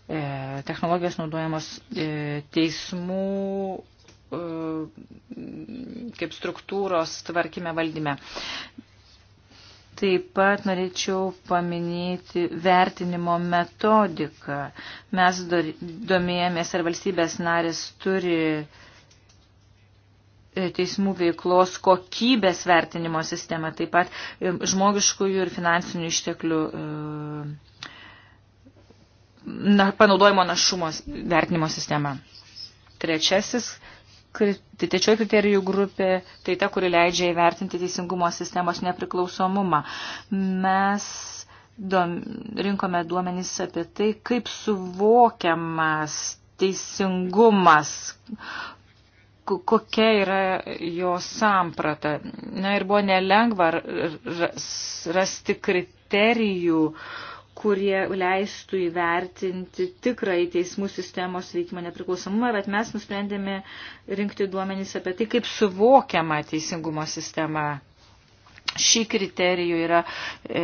E, technologijos naudojamos e, teismų e, kaip struktūros tvarkime valdyme. Taip pat norėčiau paminėti vertinimo metodiką. Mes domėjomės, ar valstybės narės turi teismų veiklos kokybės vertinimo sistemą, taip pat žmogiškųjų ir finansinių išteklių e, na, panaudojimo našumos vertinimo sistema. Trečiasis, tai trečioji kriterijų grupė, tai ta, kuri leidžia įvertinti teisingumo sistemos nepriklausomumą. Mes duom, rinkome duomenys apie tai, kaip suvokiamas teisingumas, kokia yra jo samprata. Na ir buvo nelengva rasti kriterijų, uh, kurie leistų įvertinti tikrai teismų sistemos veikimo nepriklausomumą, bet mes nusprendėme rinkti duomenys apie tai, kaip suvokiama teisingumo sistema. Šį kriterijų yra, e,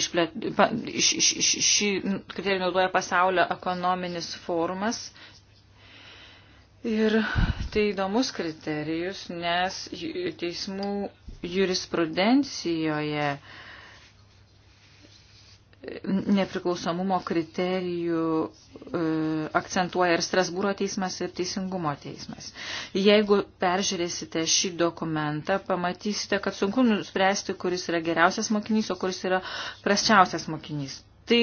išplėt, pa, š, š, š, šį kriterijų naudoja pasaulio ekonominis forumas. Ir tai įdomus kriterijus, nes teismų jurisprudencijoje e, nepriklausomumo kriterijų e, akcentuoja ir Strasbūro teismas, ir Teisingumo teismas. Jeigu peržiūrėsite šį dokumentą, pamatysite, kad sunku nuspręsti, kuris yra geriausias mokinys, o kuris yra prasčiausias mokinys. Tai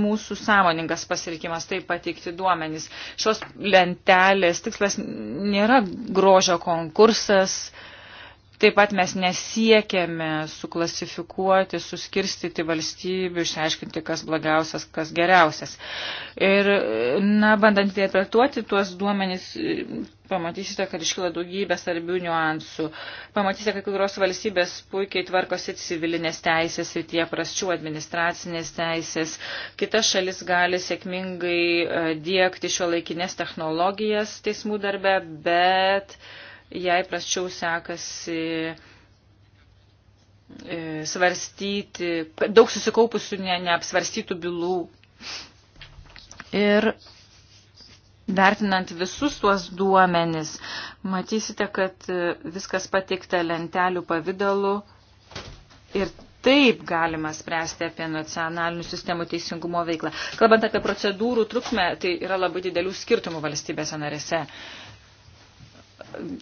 mūsų sąmoningas pasirinkimas taip pateikti duomenys. Šios lentelės tikslas nėra grožio konkursas, uh, Taip pat mes nesiekėme suklasifikuoti, suskirstyti valstybių, išaiškinti, kas blogiausias, kas geriausias. Ir, na, bandant interpretuoti tuos duomenys, pamatysite, kad iškyla daugybė svarbių niuansų. Pamatysite, kad kai kurios valstybės puikiai tvarkosi civilinės teisės ir tie prasčių administracinės teisės. Kita šalis gali sėkmingai e, diegti šio laikinės technologijas teismų darbe, bet. Uh, jai prasčiau sekasi e, svarstyti, daug susikaupusių ne, neapsvarstytų bylų. Ir vertinant visus tuos duomenis, matysite, kad e, viskas patikta lentelių pavydalu ir taip galima spręsti apie nacionalinių sistemų teisingumo veiklą. Kalbant apie procedūrų trukmę, tai yra labai didelių skirtumų valstybėse narėse. Uh,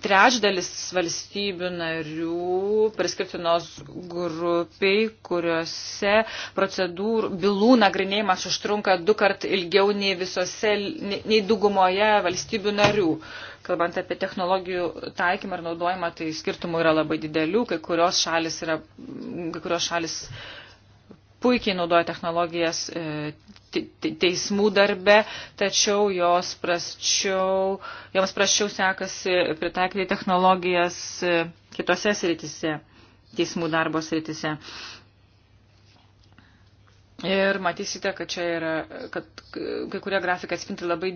trečdalis valstybių narių priskirtinos grupiai, kuriuose procedūrų bylų nagrinėjimas užtrunka du kart ilgiau nei visose, nei dugumoje valstybių narių. Kalbant apie technologijų taikymą ir naudojimą, tai skirtumų yra labai didelių, kai kurios šalis, yra, kai kurios šalis uh, puikiai naudoja technologijas e, teismų darbe, tačiau jos prasčiau, joms prasčiau sekasi pritaikyti technologijas e, kitose sritise, teismų darbo sritise. Ir matysite, kad čia yra, kad kai kurie grafikai atspinti labai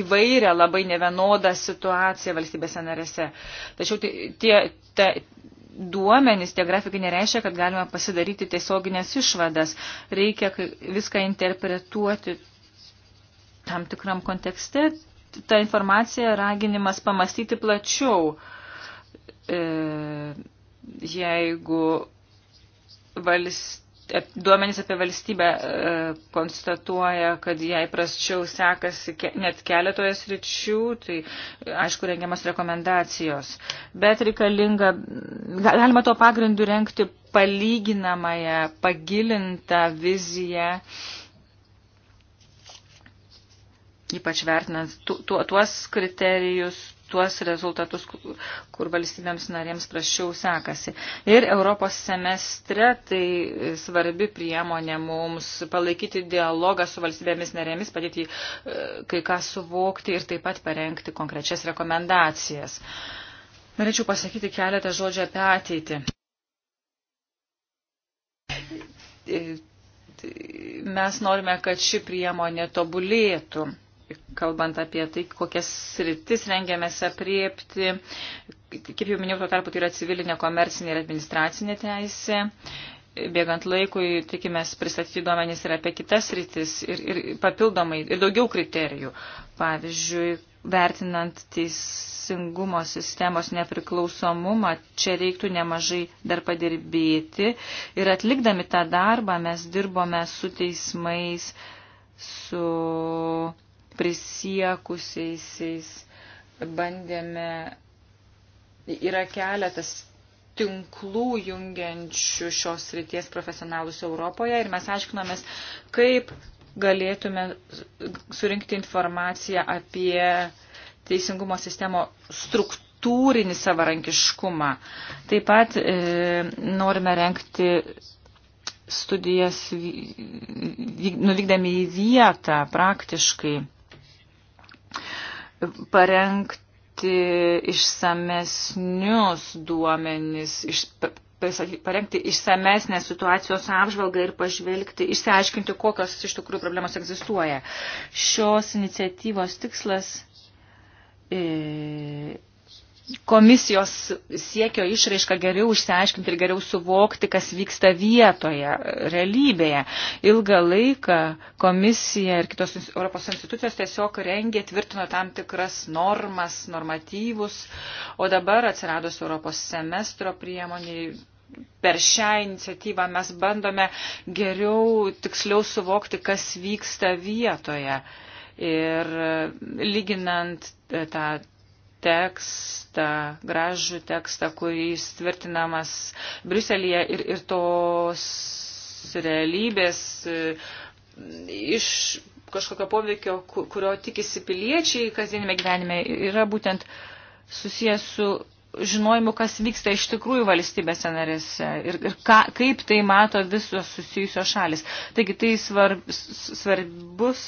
įvairią, labai nevienodą situaciją valstybėse narėse. Tačiau tie, tie, duomenys, tie grafikai nereiškia, kad galima pasidaryti tiesioginės išvadas. Reikia viską interpretuoti tam tikram kontekste. Ta informacija raginimas pamastyti plačiau. E, jeigu valstybė duomenys apie valstybę e, konstatuoja, kad jai prasčiau sekasi ke, net keletoje sričių, tai aišku rengiamas rekomendacijos. Bet reikalinga, galima tuo pagrindu renkti palyginamąją, pagilintą viziją, ypač vertinant tu, tu, tuos kriterijus, tuos rezultatus, kur valstybėms narėms prašiau sekasi. Ir Europos semestre tai svarbi priemonė mums palaikyti dialogą su valstybėmis narėmis, padėti e, kai ką suvokti ir taip pat parengti konkrečias rekomendacijas. Norėčiau pasakyti keletą žodžių apie ateitį. E, mes norime, kad ši priemonė tobulėtų kalbant apie tai, kokias sritis rengiamės apriepti. Kaip jau minėjau, tuo tarpu tai yra civilinė, komercinė ir administracinė teisė. Bėgant laikui, tikimės pristatyti duomenys ir apie kitas sritis ir, ir papildomai, ir daugiau kriterijų. Pavyzdžiui, vertinant teisingumo sistemos nepriklausomumą, čia reiktų nemažai dar padirbėti. Ir atlikdami tą darbą mes dirbome su teismais, su prisiekusiais bandėme, yra keletas tinklų jungiančių šios ryties profesionalus Europoje ir mes aiškinomės, kaip galėtume surinkti informaciją apie teisingumo sistemo struktūrinį savarankiškumą. Taip pat e, norime renkti studijas vy, nuvykdami į vietą praktiškai parengti išsamesnius duomenis, iš, parengti išsamesnę situacijos apžvalgą ir pažvelgti, išsiaiškinti, kokios iš tikrųjų problemos egzistuoja. Šios iniciatyvos tikslas e, komisijos siekio išraišką geriau išsiaiškinti ir geriau suvokti, kas vyksta vietoje, realybėje. Ilgą laiką komisija ir kitos Europos institucijos tiesiog rengė, tvirtino tam tikras normas, normatyvus, o dabar atsiradus Europos semestro priemoniai per šią iniciatyvą mes bandome geriau, tiksliau suvokti, kas vyksta vietoje. Ir lyginant tą tekstą, gražų tekstą, kuris tvirtinamas Briuselėje ir, ir tos realybės e, iš kažkokio poveikio, kurio tikisi piliečiai kasdienime gyvenime, yra būtent susijęs su žinojimu, kas vyksta iš tikrųjų valstybėse narėse ir, ir ka, kaip tai mato visos susijusios šalis. Taigi tai svarb, svarbus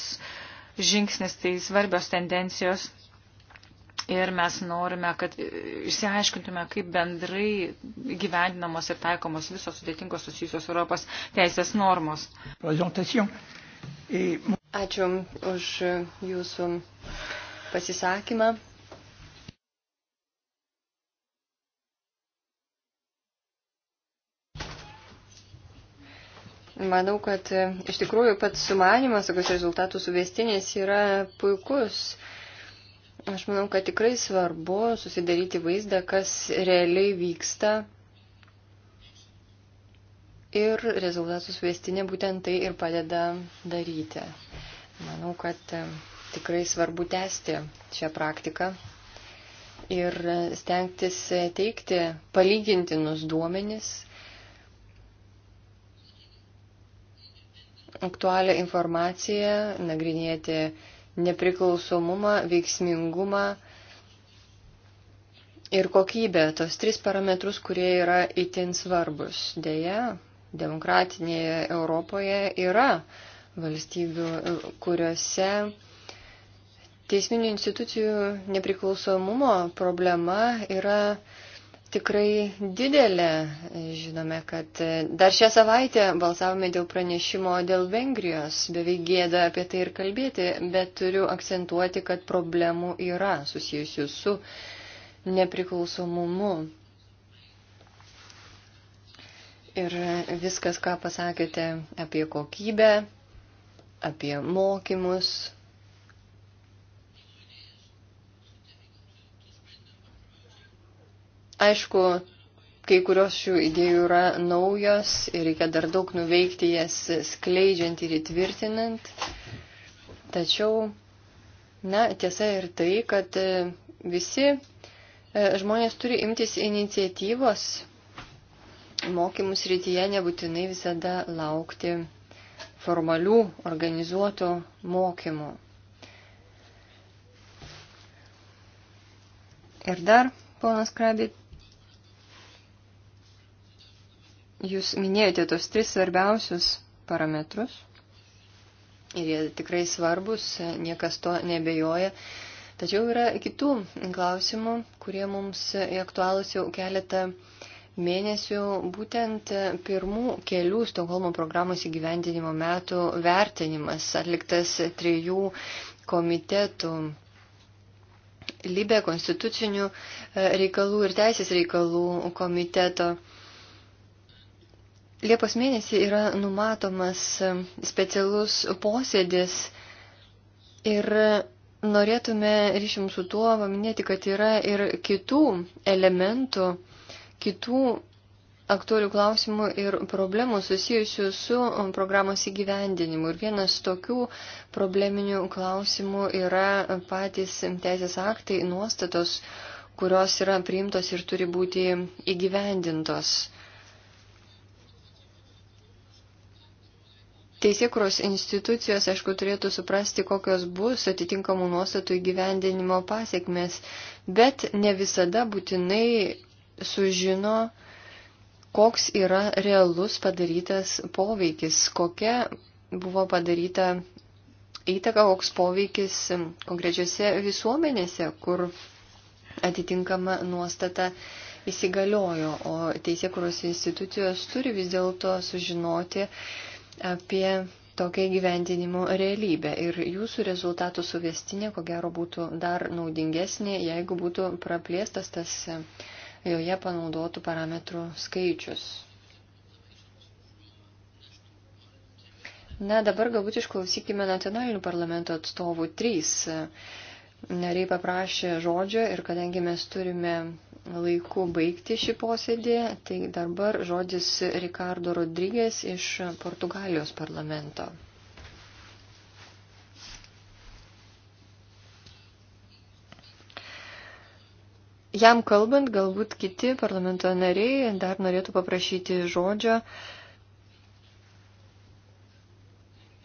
žingsnis, tai svarbios tendencijos Ir mes norime, kad išsiaiškintume, kaip bendrai gyvendinamos ir taikomos visos sudėtingos susijusios Europos teisės normos. Ačiū už jūsų pasisakymą. Manau, kad e, iš tikrųjų pats sumanimas, tokius rezultatų suvestinės yra puikus. Aš manau, kad tikrai svarbu susidaryti vaizdą, kas realiai vyksta ir rezultatų suvestinė būtent tai ir padeda daryti. Manau, kad e, tikrai svarbu tęsti šią praktiką ir stengtis teikti palygintinus duomenis, aktualią informaciją, nagrinėti nepriklausomumą, veiksmingumą ir kokybę, tos tris parametrus, kurie yra itin svarbus. Deja, demokratinėje Europoje yra valstybių, kuriuose teisminių institucijų nepriklausomumo problema yra tikrai didelė. Žinome, kad dar šią savaitę balsavome dėl pranešimo dėl Vengrijos. Beveik gėda apie tai ir kalbėti, bet turiu akcentuoti, kad problemų yra susijusių su nepriklausomumu. Ir viskas, ką pasakėte apie kokybę, apie mokymus, Aišku, kai kurios šių idėjų yra naujos ir reikia dar daug nuveikti jas skleidžiant ir įtvirtinant. Tačiau, na, tiesa ir tai, kad e, visi e, žmonės turi imtis iniciatyvos mokymų srityje nebūtinai visada laukti formalių organizuotų mokymų. Ir dar ponas Krabit Jūs minėjote tos tris svarbiausius parametrus ir jie tikrai svarbus, niekas to nebejoja. Tačiau yra kitų klausimų, kurie mums aktualūs jau keletą mėnesių būtent pirmų kelių Stokholmo programos įgyvendinimo metų vertinimas atliktas trijų komitetų. Libė konstitucinių reikalų ir teisės reikalų komiteto Liepos mėnesį yra numatomas e, specialus posėdis ir norėtume ryšim su tuo paminėti, kad yra ir kitų elementų, kitų aktualių klausimų ir problemų susijusių su e, programos įgyvendinimu. Ir vienas tokių probleminių klausimų yra patys teisės aktai, nuostatos, kurios yra priimtos ir turi būti įgyvendintos. Teisėkuros institucijos, aišku, turėtų suprasti, kokios bus atitinkamų nuostatų įgyvendinimo pasiekmes, bet ne visada būtinai sužino, koks yra realus padarytas poveikis, kokia buvo padaryta įtaka, koks poveikis konkrečiose visuomenėse, kur atitinkama nuostata įsigaliojo, o teisėkuros institucijos turi vis dėlto sužinoti, apie tokią gyventinimo realybę. Ir jūsų rezultatų suvestinė, ko gero, būtų dar naudingesnė, jeigu būtų praplėstas tas e, joje panaudotų parametrų skaičius. Na, dabar galbūt išklausykime nacionalinių parlamento atstovų. Trys nariai paprašė žodžio ir kadangi mes turime laiku baigti šį posėdį. Tai dabar žodis Ricardo Rodrygės iš Portugalijos parlamento. Jam kalbant, galbūt kiti parlamento nariai dar norėtų paprašyti žodžio,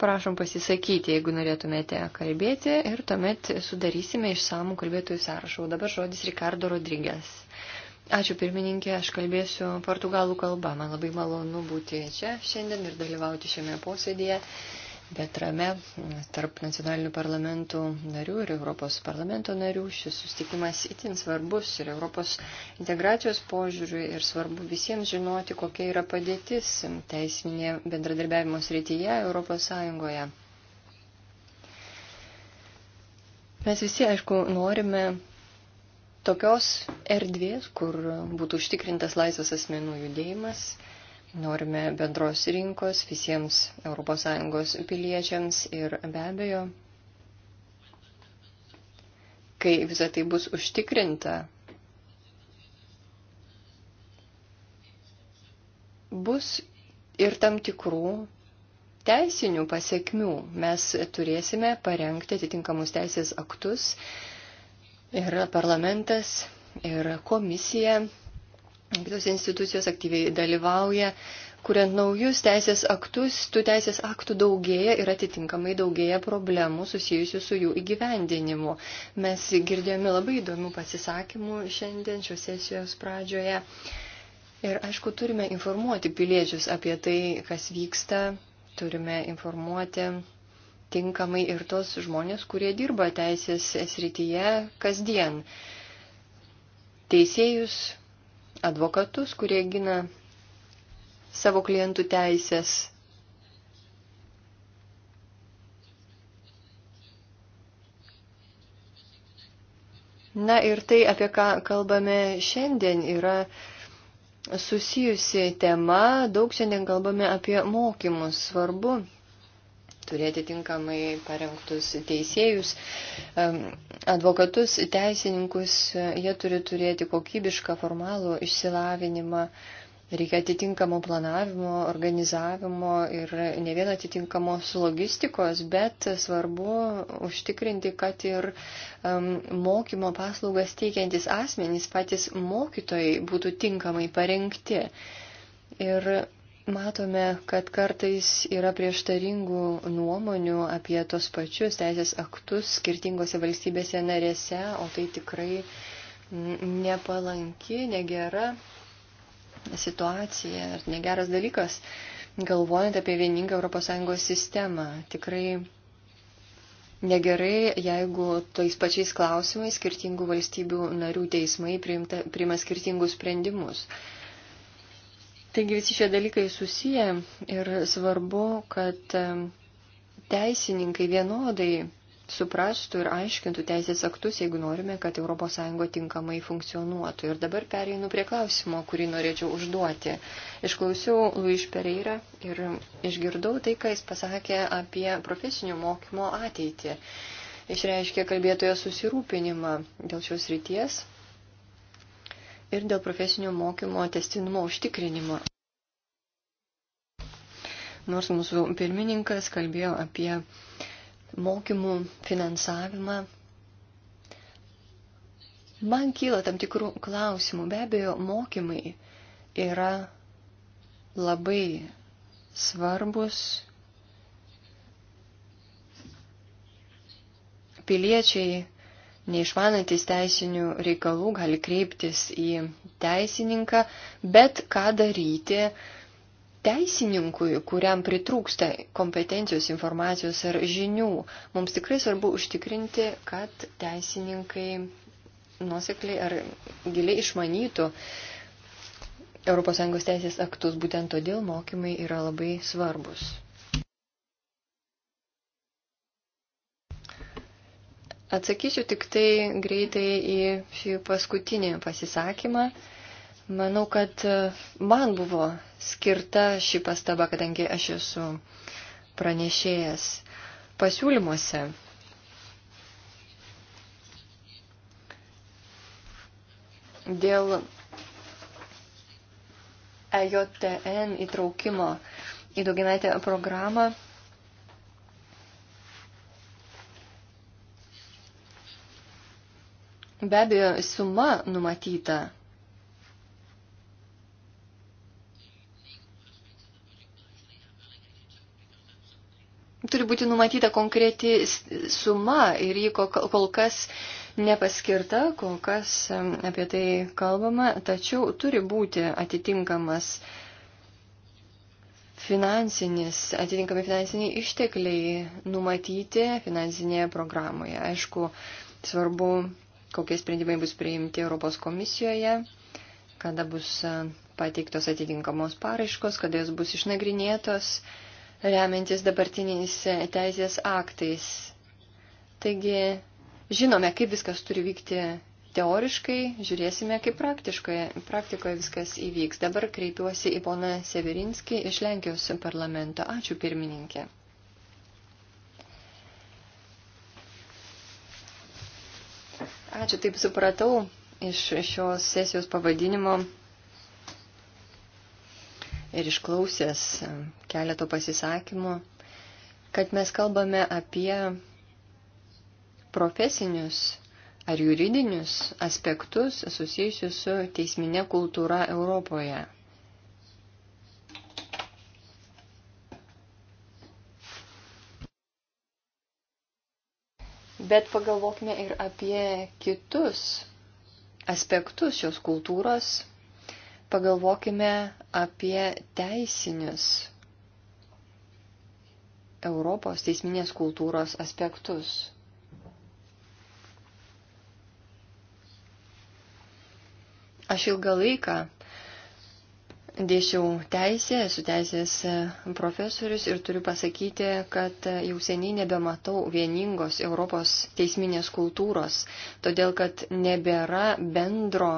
Prašom pasisakyti, jeigu norėtumėte kalbėti ir tuomet sudarysime išsamų kalbėtojų sąrašą. O dabar žodis Ricardo Rodrygės. Ačiū pirmininkė, aš kalbėsiu portugalų kalbą. Man labai malonu būti čia šiandien ir dalyvauti šiame posėdėje. Betrame tarp nacionalinių parlamentų narių ir Europos parlamento narių. Šis sustikimas itin svarbus ir Europos integracijos požiūriui ir svarbu visiems žinoti, kokia yra padėtis teisinė bendradarbiavimo srityje Europos Sąjungoje. Mes visi, aišku, norime tokios erdvės, kur būtų užtikrintas laisvas asmenų judėjimas Norime bendros rinkos visiems ES piliečiams ir be abejo, kai visa tai bus užtikrinta, bus ir tam tikrų teisinių pasiekmių. Mes turėsime parengti atitinkamus teisės aktus ir parlamentas, ir komisija kitos institucijos aktyviai dalyvauja, kuriant naujus teisės aktus, tų teisės aktų daugėja ir atitinkamai daugėja problemų susijusių su jų įgyvendinimu. Mes girdėjome labai įdomių pasisakymų šiandien šios sesijos pradžioje. Ir aišku, turime informuoti piliečius apie tai, kas vyksta, turime informuoti tinkamai ir tos žmonės, kurie dirba teisės srityje kasdien. Teisėjus, advokatus, kurie gina savo klientų teisės. Na ir tai, apie ką kalbame šiandien, yra susijusi tema. Daug šiandien kalbame apie mokymus. Svarbu turėti tinkamai parengtus teisėjus, advokatus, teisininkus, jie turi turėti kokybišką formalų išsilavinimą, reikia atitinkamo planavimo, organizavimo ir ne vien atitinkamos logistikos, bet svarbu užtikrinti, kad ir mokymo paslaugas teikiantis asmenys patys mokytojai būtų tinkamai parengti. Ir Matome, kad kartais yra prieštaringų nuomonių apie tos pačius teisės aktus skirtingose valstybėse narėse, o tai tikrai nepalanki, negera situacija ir negeras dalykas, galvojant apie vieningą ES sistemą. Tikrai negerai, jeigu tais pačiais klausimais skirtingų valstybių narių teismai priimta, priima skirtingus sprendimus. Uh, Taigi visi šie dalykai susiję ir svarbu, kad teisininkai vienodai suprastų ir aiškintų teisės aktus, jeigu norime, kad ES tinkamai funkcionuotų. Ir dabar pereinu prie klausimo, kurį norėčiau užduoti. Išklausiau Luis Pereira ir išgirdau tai, ką jis pasakė apie profesinio mokymo ateitį. Išreiškė kalbėtojo susirūpinimą dėl šios ryties ir dėl profesinio mokymo testinumo užtikrinimo. Nors mūsų pirmininkas kalbėjo apie mokymų finansavimą, man kyla tam tikrų klausimų. Be abejo, mokymai yra labai svarbus piliečiai neišmanantis teisinių reikalų gali kreiptis į teisininką, bet ką daryti teisininkui, kuriam pritrūksta kompetencijos, informacijos ar žinių. Mums tikrai svarbu užtikrinti, kad teisininkai nuosekliai ar giliai išmanytų ES teisės aktus. Būtent todėl mokymai yra labai svarbus. Atsakysiu tik tai greitai į šį paskutinį pasisakymą. Manau, kad man buvo skirta ši pastaba, kadangi aš esu pranešėjas pasiūlymuose. Dėl EJTN įtraukimo į daugiametę programą Be abejo, suma numatyta turi būti numatyta konkreti suma ir ji kol kas nepaskirta, kol kas apie tai kalbama, tačiau turi būti atitinkamas finansinis, atitinkami finansiniai ištekliai numatyti finansinėje programoje. Aišku, svarbu kokie sprendimai bus priimti Europos komisijoje, kada bus e, pateiktos atitinkamos paraiškos, kada jos bus išnagrinėtos, remiantis dabartiniais e, teisės aktais. Taigi, žinome, kaip viskas turi vykti teoriškai, žiūrėsime, kaip praktikoje viskas įvyks. Dabar kreipiuosi į poną Severinskį iš Lenkijos parlamento. Ačiū pirmininkė. Ačiū, taip supratau iš šios sesijos pavadinimo ir išklausęs keleto pasisakymų, kad mes kalbame apie profesinius ar juridinius aspektus susijusius su teisminė kultūra Europoje. Bet pagalvokime ir apie kitus aspektus šios kultūros. Pagalvokime apie teisinius Europos teisminės kultūros aspektus. Aš ilgą laiką dėšiau teisę, esu teisės e, profesorius ir turiu pasakyti, kad e, jau seniai nebematau vieningos Europos teisminės kultūros, todėl kad nebėra bendro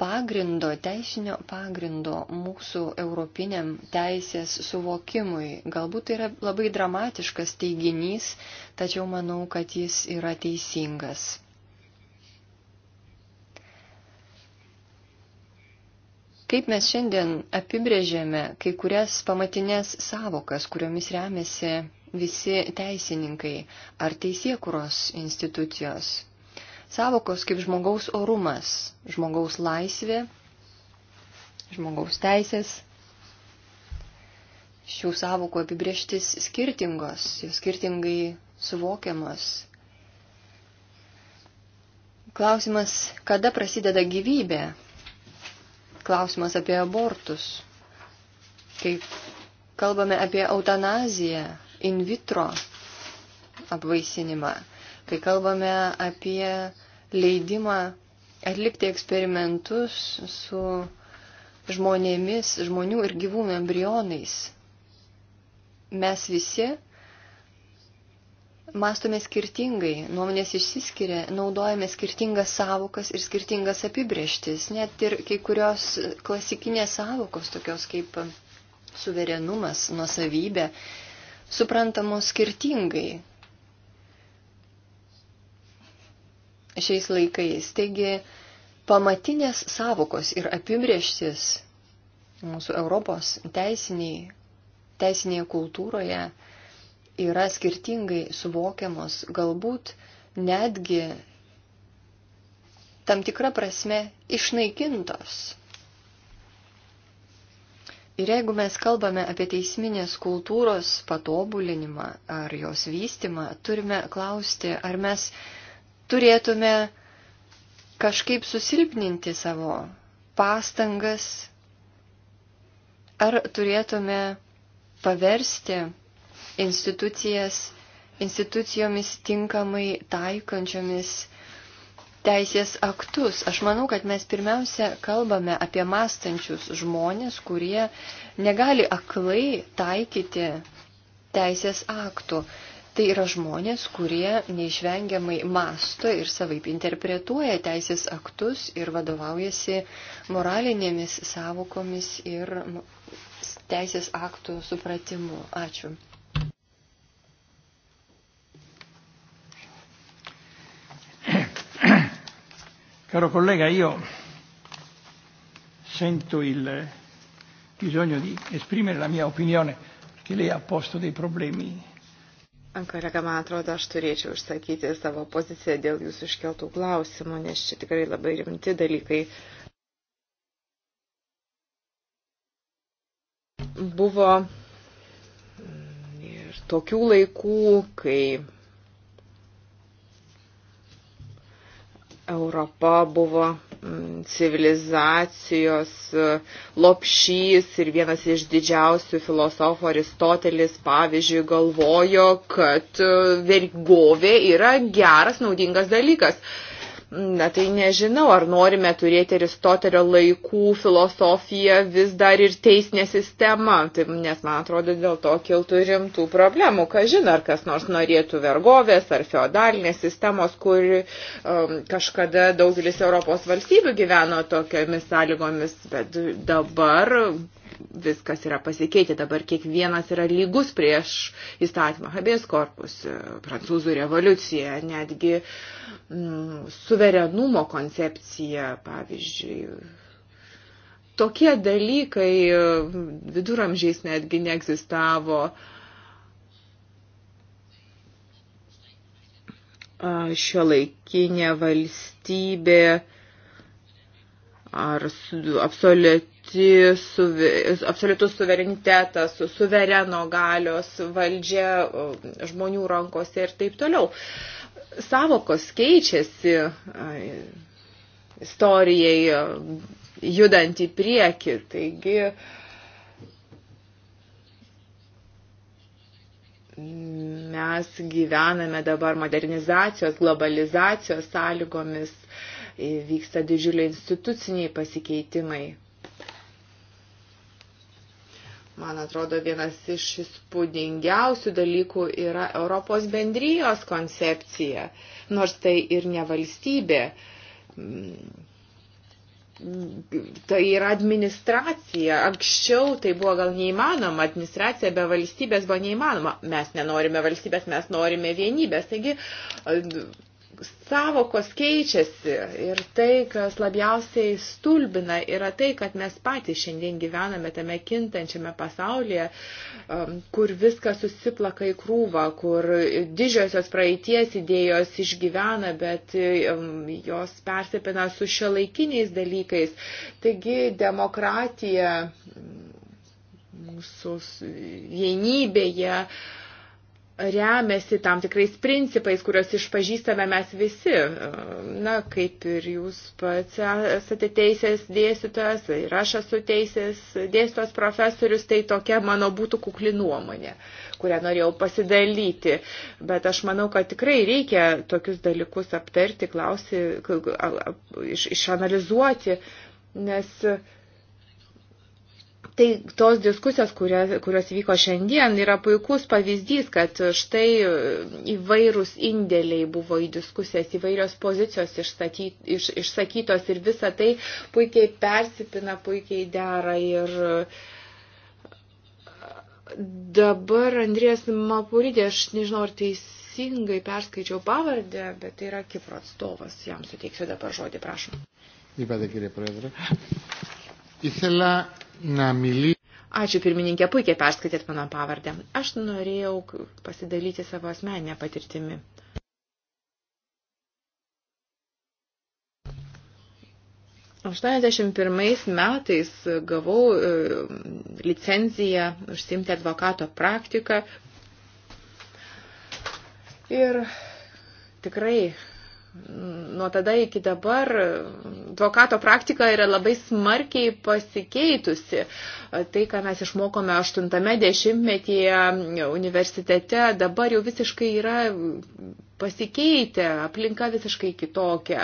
pagrindo, teisinio pagrindo mūsų europiniam teisės suvokimui. Galbūt tai yra labai dramatiškas teiginys, tačiau manau, kad jis yra teisingas. Kaip mes šiandien apibrėžėme kai kurias pamatinės savokas, kuriomis remiasi visi teisininkai ar teisėkuros institucijos. Savokos kaip žmogaus orumas, žmogaus laisvė, žmogaus teisės. Šių savokų apibrieštis skirtingos, jos skirtingai suvokiamos. Klausimas, kada prasideda gyvybė, klausimas apie abortus. Kai kalbame apie eutanaziją, in vitro apvaisinimą, kai kalbame apie leidimą atlikti eksperimentus su žmonėmis, žmonių ir gyvūnų embrionais, mes visi mastome skirtingai, nuomonės išsiskiria, naudojame skirtingas savokas ir skirtingas apibrieštis, net ir kai kurios klasikinės savokos, tokios kaip suverenumas, nuosavybė, suprantamos skirtingai šiais laikais. Taigi, pamatinės savokos ir apibrieštis mūsų Europos teisiniai, teisinėje kultūroje, yra skirtingai suvokiamos, galbūt netgi tam tikra prasme išnaikintos. Ir jeigu mes kalbame apie teisminės kultūros patobulinimą ar jos vystimą, turime klausti, ar mes turėtume kažkaip susilpninti savo pastangas, ar turėtume paversti institucijas, institucijomis tinkamai taikančiomis teisės aktus. Aš manau, kad mes pirmiausia kalbame apie mąstančius žmonės, kurie negali aklai taikyti teisės aktų. Tai yra žmonės, kurie neišvengiamai masto ir savaip interpretuoja teisės aktus ir vadovaujasi moralinėmis savokomis ir teisės aktų supratimu. Ačiū. Caro collega, io sento il bisogno di esprimere la mia opinione che lei ha posto dei problemi. Kolega, man atrodo, aš turėčiau išsakyti savo poziciją dėl jūsų iškeltų klausimų, nes čia tikrai labai rimti dalykai. Buvo ir tokių laikų, kai Europa buvo mm, civilizacijos e, lopšys ir vienas iš didžiausių filosofų Aristotelis, pavyzdžiui, galvojo, kad e, vergovė yra geras, naudingas dalykas. Na tai nežinau, ar norime turėti Aristotelio laikų filosofiją vis dar ir teisinę sistemą, tai, nes man atrodo dėl to kiltų rimtų problemų. Kažin, ar kas nors norėtų vergovės ar feodalinės sistemos, kur um, kažkada daugelis Europos valstybių gyveno tokiamis sąlygomis, bet dabar viskas yra pasikeitę, dabar kiekvienas yra lygus prieš įstatymą, habės korpus, e, prancūzų revoliucija, netgi mm, suverenumo koncepcija, pavyzdžiui. Tokie dalykai e, viduramžiais netgi neegzistavo. Šio laikinė valstybė ar absoliuti susijusi su absoliutus suverenitetas, su suvereno galios valdžia žmonių rankose ir taip toliau. Savokos keičiasi istorijai judant į priekį. Taigi, mes gyvename dabar modernizacijos, globalizacijos sąlygomis, vyksta didžiuliai instituciniai pasikeitimai. Man atrodo, vienas iš įspūdingiausių dalykų yra Europos bendrijos koncepcija, nors tai ir ne valstybė. Tai yra administracija. Anksčiau tai buvo gal neįmanoma, administracija be valstybės buvo neįmanoma. Mes nenorime valstybės, mes norime vienybės. Taigi savokos keičiasi ir tai, kas labiausiai stulbina, yra tai, kad mes patys šiandien gyvename tame kintančiame pasaulyje, um, kur viskas susiplaka į krūvą, kur didžiosios praeities idėjos išgyvena, bet um, jos persipina su šio laikiniais dalykais. Taigi demokratija mūsų vienybėje remiasi tam tikrais principais, kuriuos išpažįstame mes visi. Na, kaip ir jūs pats esate teisės dėstytojas, ir aš esu teisės dėstytojas profesorius, tai tokia mano būtų kukli nuomonė, kurią norėjau pasidalyti. Bet aš manau, kad tikrai reikia tokius dalykus aptarti, klausi, iš, išanalizuoti, nes uh, Tai tos diskusijos, kurios, kurios vyko šiandien, yra puikus pavyzdys, kad štai e, įvairūs indėliai buvo į diskusijas, įvairios pozicijos išsaty, iš, išsakytos ir visa tai puikiai persipina, puikiai dera. Ir e, dabar Andrės Mapuridė, aš nežinau, ar teisingai perskaičiau pavardę, bet tai yra Kipro atstovas, jam suteiksiu dabar žodį, prašom. Είπατε κύριε Πρόεδρε. Ήθελα namily. Ačiū pirmininkė, puikiai perskaitėt mano pavardę. Aš norėjau pasidalyti savo asmeninę patirtimi. O 81 metais gavau e, licenciją užsimti advokato praktiką ir tikrai nuo tada iki dabar advokato praktika yra labai smarkiai pasikeitusi. Tai, ką mes išmokome 80-metyje universitete, dabar jau visiškai yra pasikeitę, aplinka visiškai kitokia,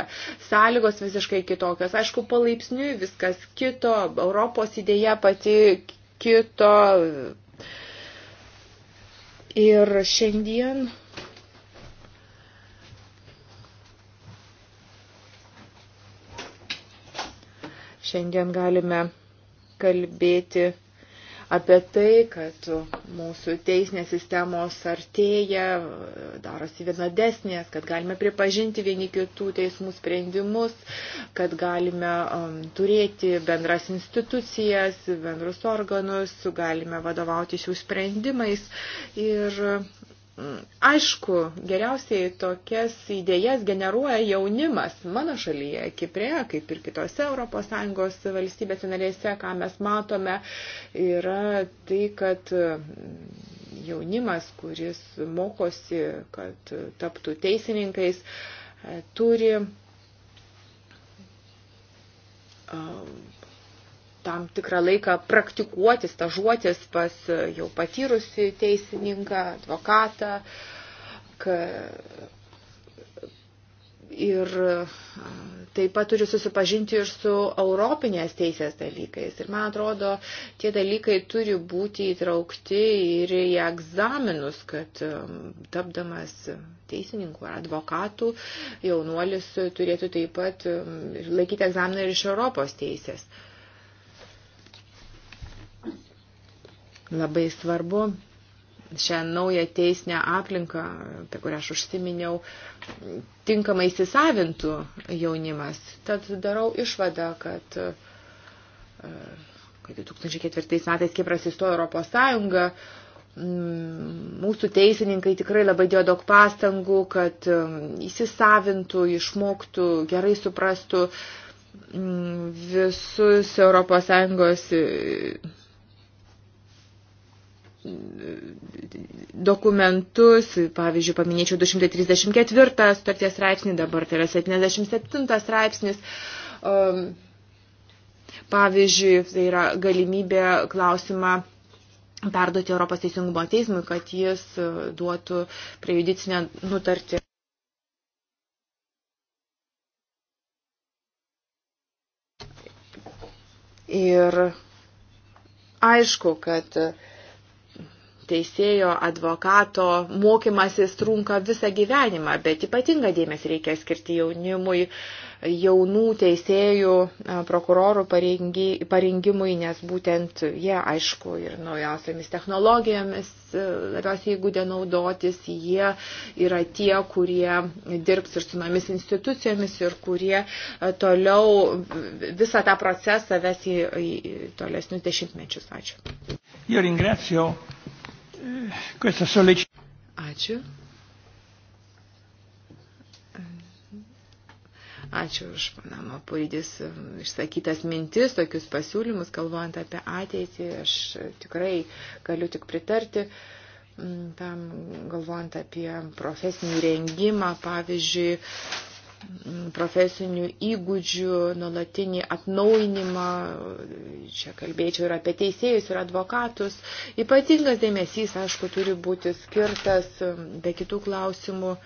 sąlygos visiškai kitokios. Aišku, palaipsniui viskas kito, Europos idėja pati kito. Ir šiandien Šiandien galime kalbėti apie tai, kad mūsų teisinės sistemos artėja, darosi vienodesnės, kad galime pripažinti vieni kitų teismų sprendimus, kad galime um, turėti bendras institucijas, bendrus organus, galime vadovauti šių sprendimais. Ir Aišku, geriausiai tokias idėjas generuoja jaunimas mano šalyje, Kiprė, kaip ir kitose ES valstybėse narėse, ką mes matome, yra tai, kad mm, jaunimas, kuris mokosi, kad taptų teisininkais, e, turi um, tam tikrą laiką praktikuoti, stažuotis pas e, jau patyrusi teisininką, advokatą. Ir e, taip pat turi susipažinti ir su europinės teisės dalykais. Ir man atrodo, tie dalykai turi būti įtraukti ir į egzaminus, kad e, tapdamas teisininkų ar advokatų jaunuolis turėtų taip pat laikyti egzaminą ir iš Europos teisės. Uh, Labai svarbu šią naują teisinę aplinką, apie kurią aš užsiminiau, tinkamai įsisavintų jaunimas. Tad darau išvadą, kad, e, kad 2004 metais Kipras įstojo Europos Sąjungą, mm, mūsų teisininkai tikrai labai dėjo daug pastangų, kad e, įsisavintų, išmoktų, gerai suprastų mm, visus ES dokumentus, pavyzdžiui, paminėčiau 234 sutarties straipsnį, dabar tai yra 77 straipsnis. Um, pavyzdžiui, tai yra galimybė klausimą perduoti Europos Teisingumo teismui, kad jis uh, duotų prejudicinę nutartį. Ir aišku, kad uh, teisėjo, advokato mokymasis trunka visą gyvenimą, bet ypatinga dėmesį reikia skirti jaunimui, jaunų teisėjų, prokurorų parengimui, nes būtent jie, aišku, ir naujausiamis technologijomis labiausiai įgūdę naudotis, jie yra tie, kurie dirbs ir su namis institucijomis ir kurie toliau visą tą procesą ves į, į tolesnius dešimtmečius. Ačiū. Io ringrazio Questa sollecitazione. Ačiū. Ačiū už Panamo Puidis išsakytas mintis, tokius pasiūlymus, kalbant apie ateitį. Aš tikrai galiu tik pritarti mm, tam, galvojant apie profesinį rengimą, pavyzdžiui, profesinių įgūdžių, nuolatinį atnaujinimą, čia kalbėčiau ir apie teisėjus, ir advokatus. Ypatingas dėmesys, aišku, turi būti skirtas be kitų klausimų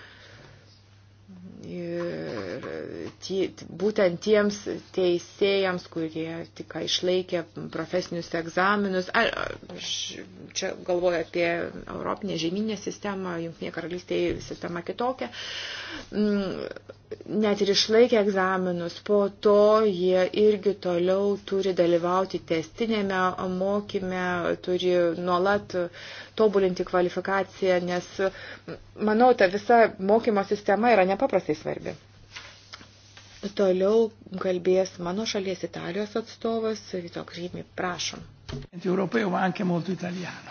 Ir e, tie, būtent tiems teisėjams, kurie tik išlaikė profesinius egzaminus, ar, aš čia galvoju apie Europinę žemynę sistemą, Junktinė karalystėje sistema kitokia, mm, net ir išlaikė egzaminus, po to jie irgi toliau turi dalyvauti testinėme mokyme, turi nuolat tobulinti kvalifikaciją, nes, manau, ta visa mokymo sistema yra nepaprastai labai svarbi. Toliau kalbės mano šalies Italijos atstovas Vito Krymi, prašom. Europeo, ma anche molto italiano.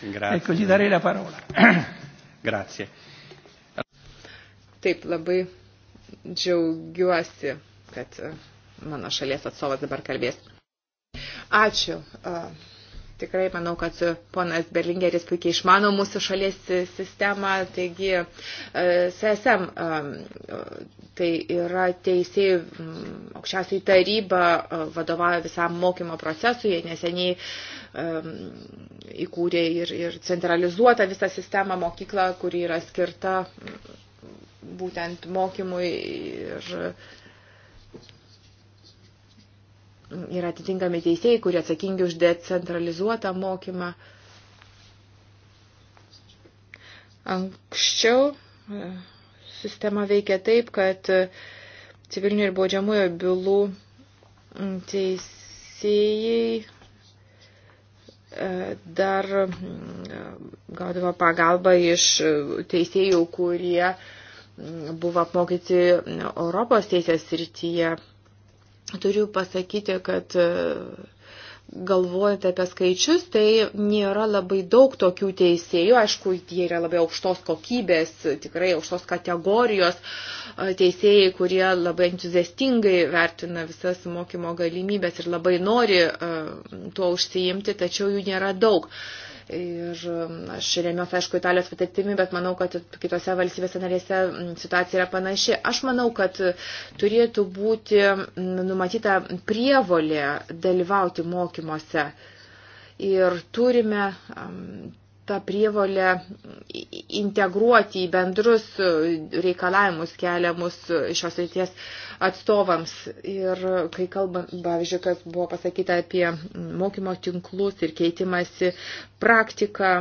Grazie. Ecco, gli darei la parola. Grazie. Taip, labai džiaugiuosi, kad mano šalies atstovas dabar kalbės. Ačiū. Uh, Tikrai manau, kad ponas Berlingeris puikiai išmano mūsų šalies sistemą, taigi e, SSM e, tai yra teisėjų aukščiausiai taryba e, vadovauja visam mokymo procesui, jie neseniai įkūrė ir, ir centralizuotą visą sistemą mokyklą, kuri yra skirta būtent mokymui ir yra atitinkami teisėjai, kurie atsakingi už decentralizuotą mokymą. Anksčiau e, sistema veikia taip, kad e, civilinių ir baudžiamųjų bylų teisėjai e, dar gaudavo pagalbą iš teisėjų, kurie buvo apmokyti Europos teisės srityje Turiu pasakyti, kad e, galvojant apie skaičius, tai nėra labai daug tokių teisėjų. Aišku, jie yra labai aukštos kokybės, tikrai aukštos kategorijos e, teisėjai, kurie labai entuziastingai vertina visas mokymo galimybės ir labai nori e, tuo užsiimti, tačiau jų nėra daug. Uh, Ir um, aš remiuosi, aišku, Italijos patirtimi, bet manau, kad kitose valstybėse narėse mm, situacija yra panaši. Aš manau, kad turėtų būti mm, numatyta prievolė dalyvauti mokymuose. Ir turime mm, tą prievolę integruoti į bendrus reikalavimus keliamus šios ryties atstovams. Ir kai kalbam, pavyzdžiui, kas buvo pasakyta apie mokymo tinklus ir keitimąsi praktiką.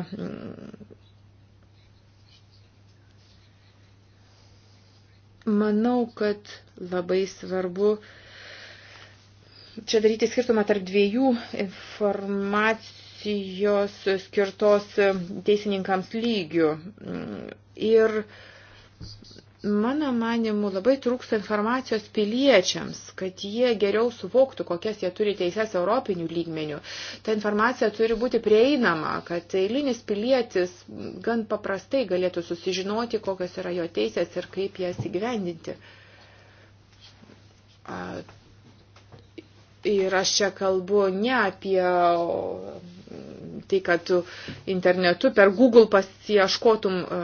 Manau, kad labai svarbu čia daryti skirtumą tarp dviejų informacijų konvencijos skirtos teisininkams lygių. Ir mano manimu labai trūksta informacijos piliečiams, kad jie geriau suvoktų, kokias jie turi teises europinių lygmenių. Ta informacija turi būti prieinama, kad eilinis pilietis gan paprastai galėtų susižinoti, kokios yra jo teisės ir kaip jas įgyvendinti. Ir aš čia kalbu ne apie tai, kad tu internetu per Google pasieškotum e,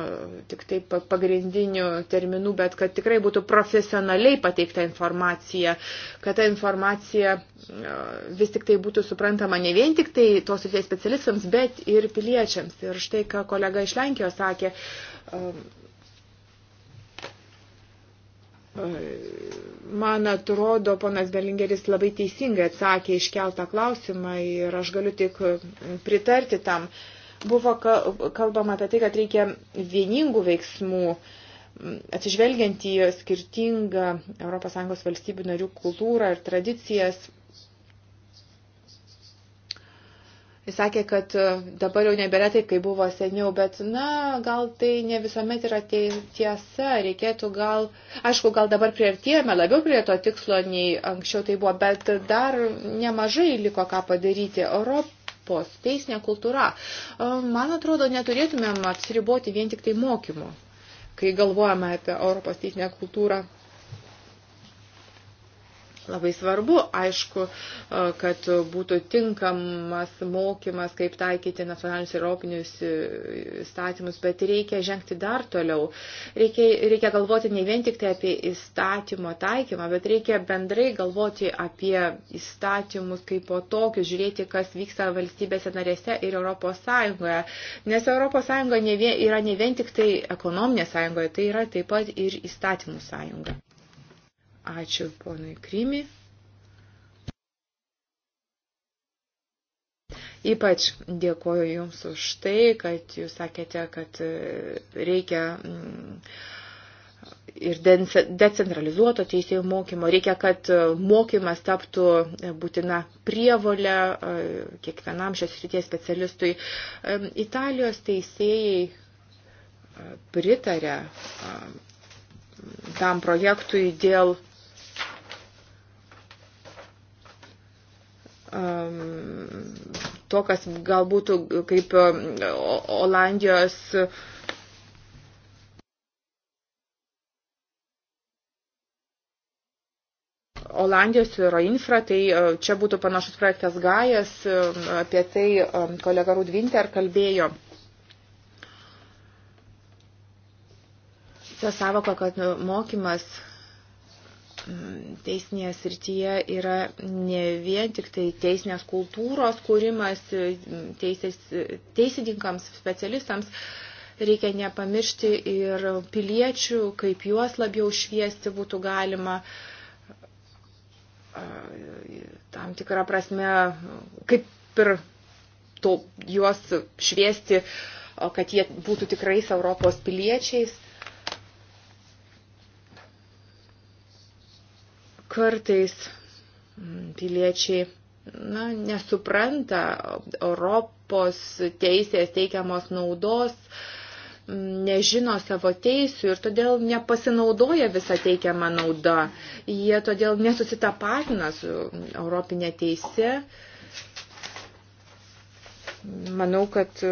tik tai pagrindinių terminų, bet kad tikrai būtų profesionaliai pateikta informacija, kad ta informacija e, vis tik tai būtų suprantama ne vien tik tai tos srities specialistams, bet ir piliečiams. Ir štai, ką kolega iš Lenkijos sakė, e, Man atrodo, ponas Belingeris labai teisingai atsakė iškeltą klausimą ir aš galiu tik mm, pritarti tam. Buvo kalbama apie tai, kad reikia vieningų veiksmų, mm, atsižvelgiant į skirtingą ES valstybių narių kultūrą ir tradicijas, Jis sakė, kad e, dabar jau nebėra taip, kaip buvo seniau, bet, na, gal tai ne visuomet yra tiesa, reikėtų gal, aišku, gal dabar prieartėjame labiau prie to tikslo, nei anksčiau tai buvo, bet dar nemažai liko ką padaryti. Europos teisinė kultūra. E, man atrodo, neturėtumėm apsiriboti vien tik tai mokymu, kai galvojame apie Europos teisinę kultūrą. Labai svarbu, aišku, e, kad būtų tinkamas mokymas, kaip taikyti nacionalinius ir europinius e, įstatymus, bet reikia žengti dar toliau. Reikia, reikia galvoti ne vien tik tai apie įstatymo taikymą, bet reikia bendrai galvoti apie įstatymus kaip po tokius, žiūrėti, kas vyksta valstybėse narėse ir Europos Sąjungoje. Nes Europos Sąjunga ne vien, yra ne vien tik tai ekonominė sąjungoje, tai yra taip pat ir įstatymų sąjunga. Ačiū ponui Krymi. Ypač dėkoju Jums už tai, kad Jūs sakėte, kad e, reikia mm, ir decentralizuoto teisėjų mokymo. Reikia, kad e, mokymas taptų e, būtina prievolė kiekvienam šios ryties specialistui. Italijos teisėjai pritarė tam projektui dėl Um, to, kas galbūt kaip um, Olandijos Olandijos ir infra, tai uh, čia būtų panašus projektas Gajas, um, apie tai kolega Rudvinter kalbėjo. Ta savoka, kad mokymas teisinėje srityje yra ne vien tik tai teisinės kultūros kūrimas teisės, teisininkams, specialistams. Reikia nepamiršti ir piliečių, kaip juos labiau šviesti būtų galima. Tam tikrą prasme, kaip ir to, juos šviesti, kad jie būtų tikrais Europos piliečiais Kartais piliečiai na, nesupranta Europos teisės teikiamos naudos, nežino savo teisių ir todėl nepasinaudoja visą teikiamą naudą. Jie todėl nesusitapatina su Europinė teise. Manau, kad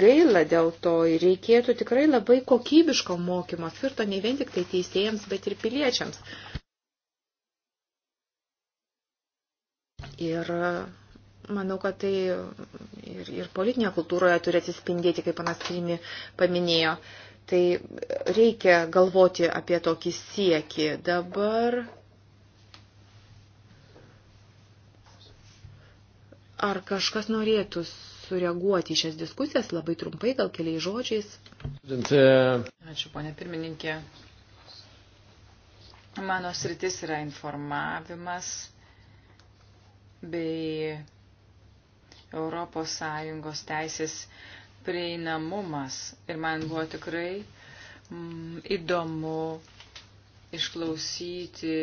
gaila dėl to ir reikėtų tikrai labai kokybiško mokymo skirto ne vien tik tai teisėjams, bet ir piliečiams. Ir manau, kad tai ir, ir politinėje kultūroje turi atsispindėti, kaip panas Krimi paminėjo. Tai reikia galvoti apie tokį siekį. Dabar ar kažkas norėtų sureaguoti į šias diskusijas labai trumpai, gal keliais žodžiais? Ačiū, ponė pirmininkė. Mano sritis yra informavimas bei ES teisės prieinamumas. Ir man buvo tikrai mm, įdomu išklausyti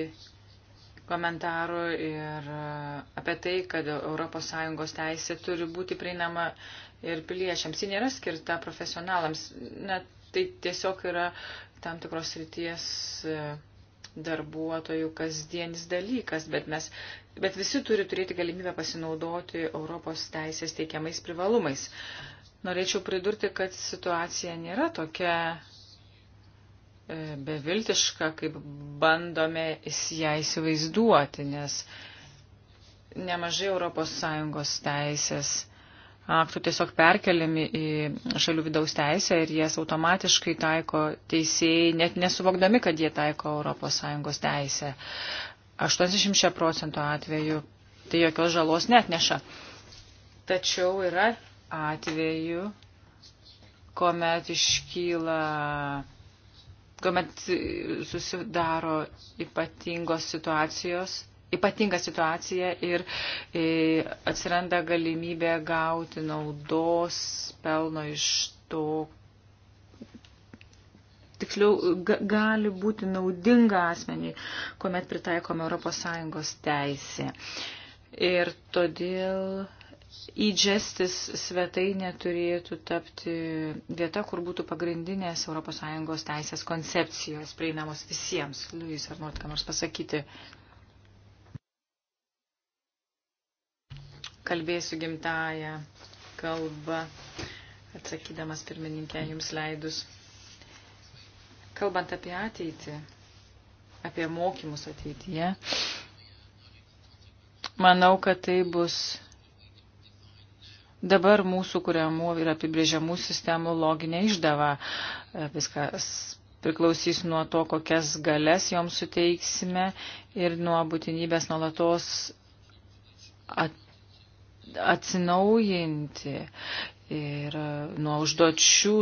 komentarų ir e, apie tai, kad ES teisė turi būti prieinama ir piliečiams. Ji nėra skirta profesionalams. Net tai tiesiog yra tam tikros ryties. E, darbuotojų kasdienis dalykas, bet, mes, bet visi turi turėti galimybę pasinaudoti Europos teisės teikiamais privalumais. Norėčiau pridurti, kad situacija nėra tokia e, beviltiška, kaip bandome ją įsivaizduoti, nes nemažai ES teisės aktų tiesiog perkeliami į šalių vidaus teisę ir jas automatiškai taiko teisėjai, net nesuvokdami, kad jie taiko ES teisę. 80 procentų atveju tai jokios žalos net neša. Tačiau yra atveju, kuomet iškyla kuomet susidaro ypatingos situacijos ypatinga situacija ir e, atsiranda galimybė gauti naudos, pelno iš to. Tiksliau, gali būti naudinga asmeniai, kuomet pritaikome ES teisė. Ir todėl įdžestis svetainė turėtų tapti vieta, kur būtų pagrindinės ES teisės koncepcijos prieinamos visiems. Liujus, ar norite ką nors pasakyti? kalbėsiu gimtają kalbą, atsakydamas pirmininkę jums leidus. Kalbant apie ateitį, apie mokymus ateityje, manau, kad tai bus dabar mūsų kuriamų ir apibrėžiamų sistemų loginė išdava. Viskas priklausys nuo to, kokias galės joms suteiksime ir nuo būtinybės nuolatos at atsinaujinti ir nuo užduočių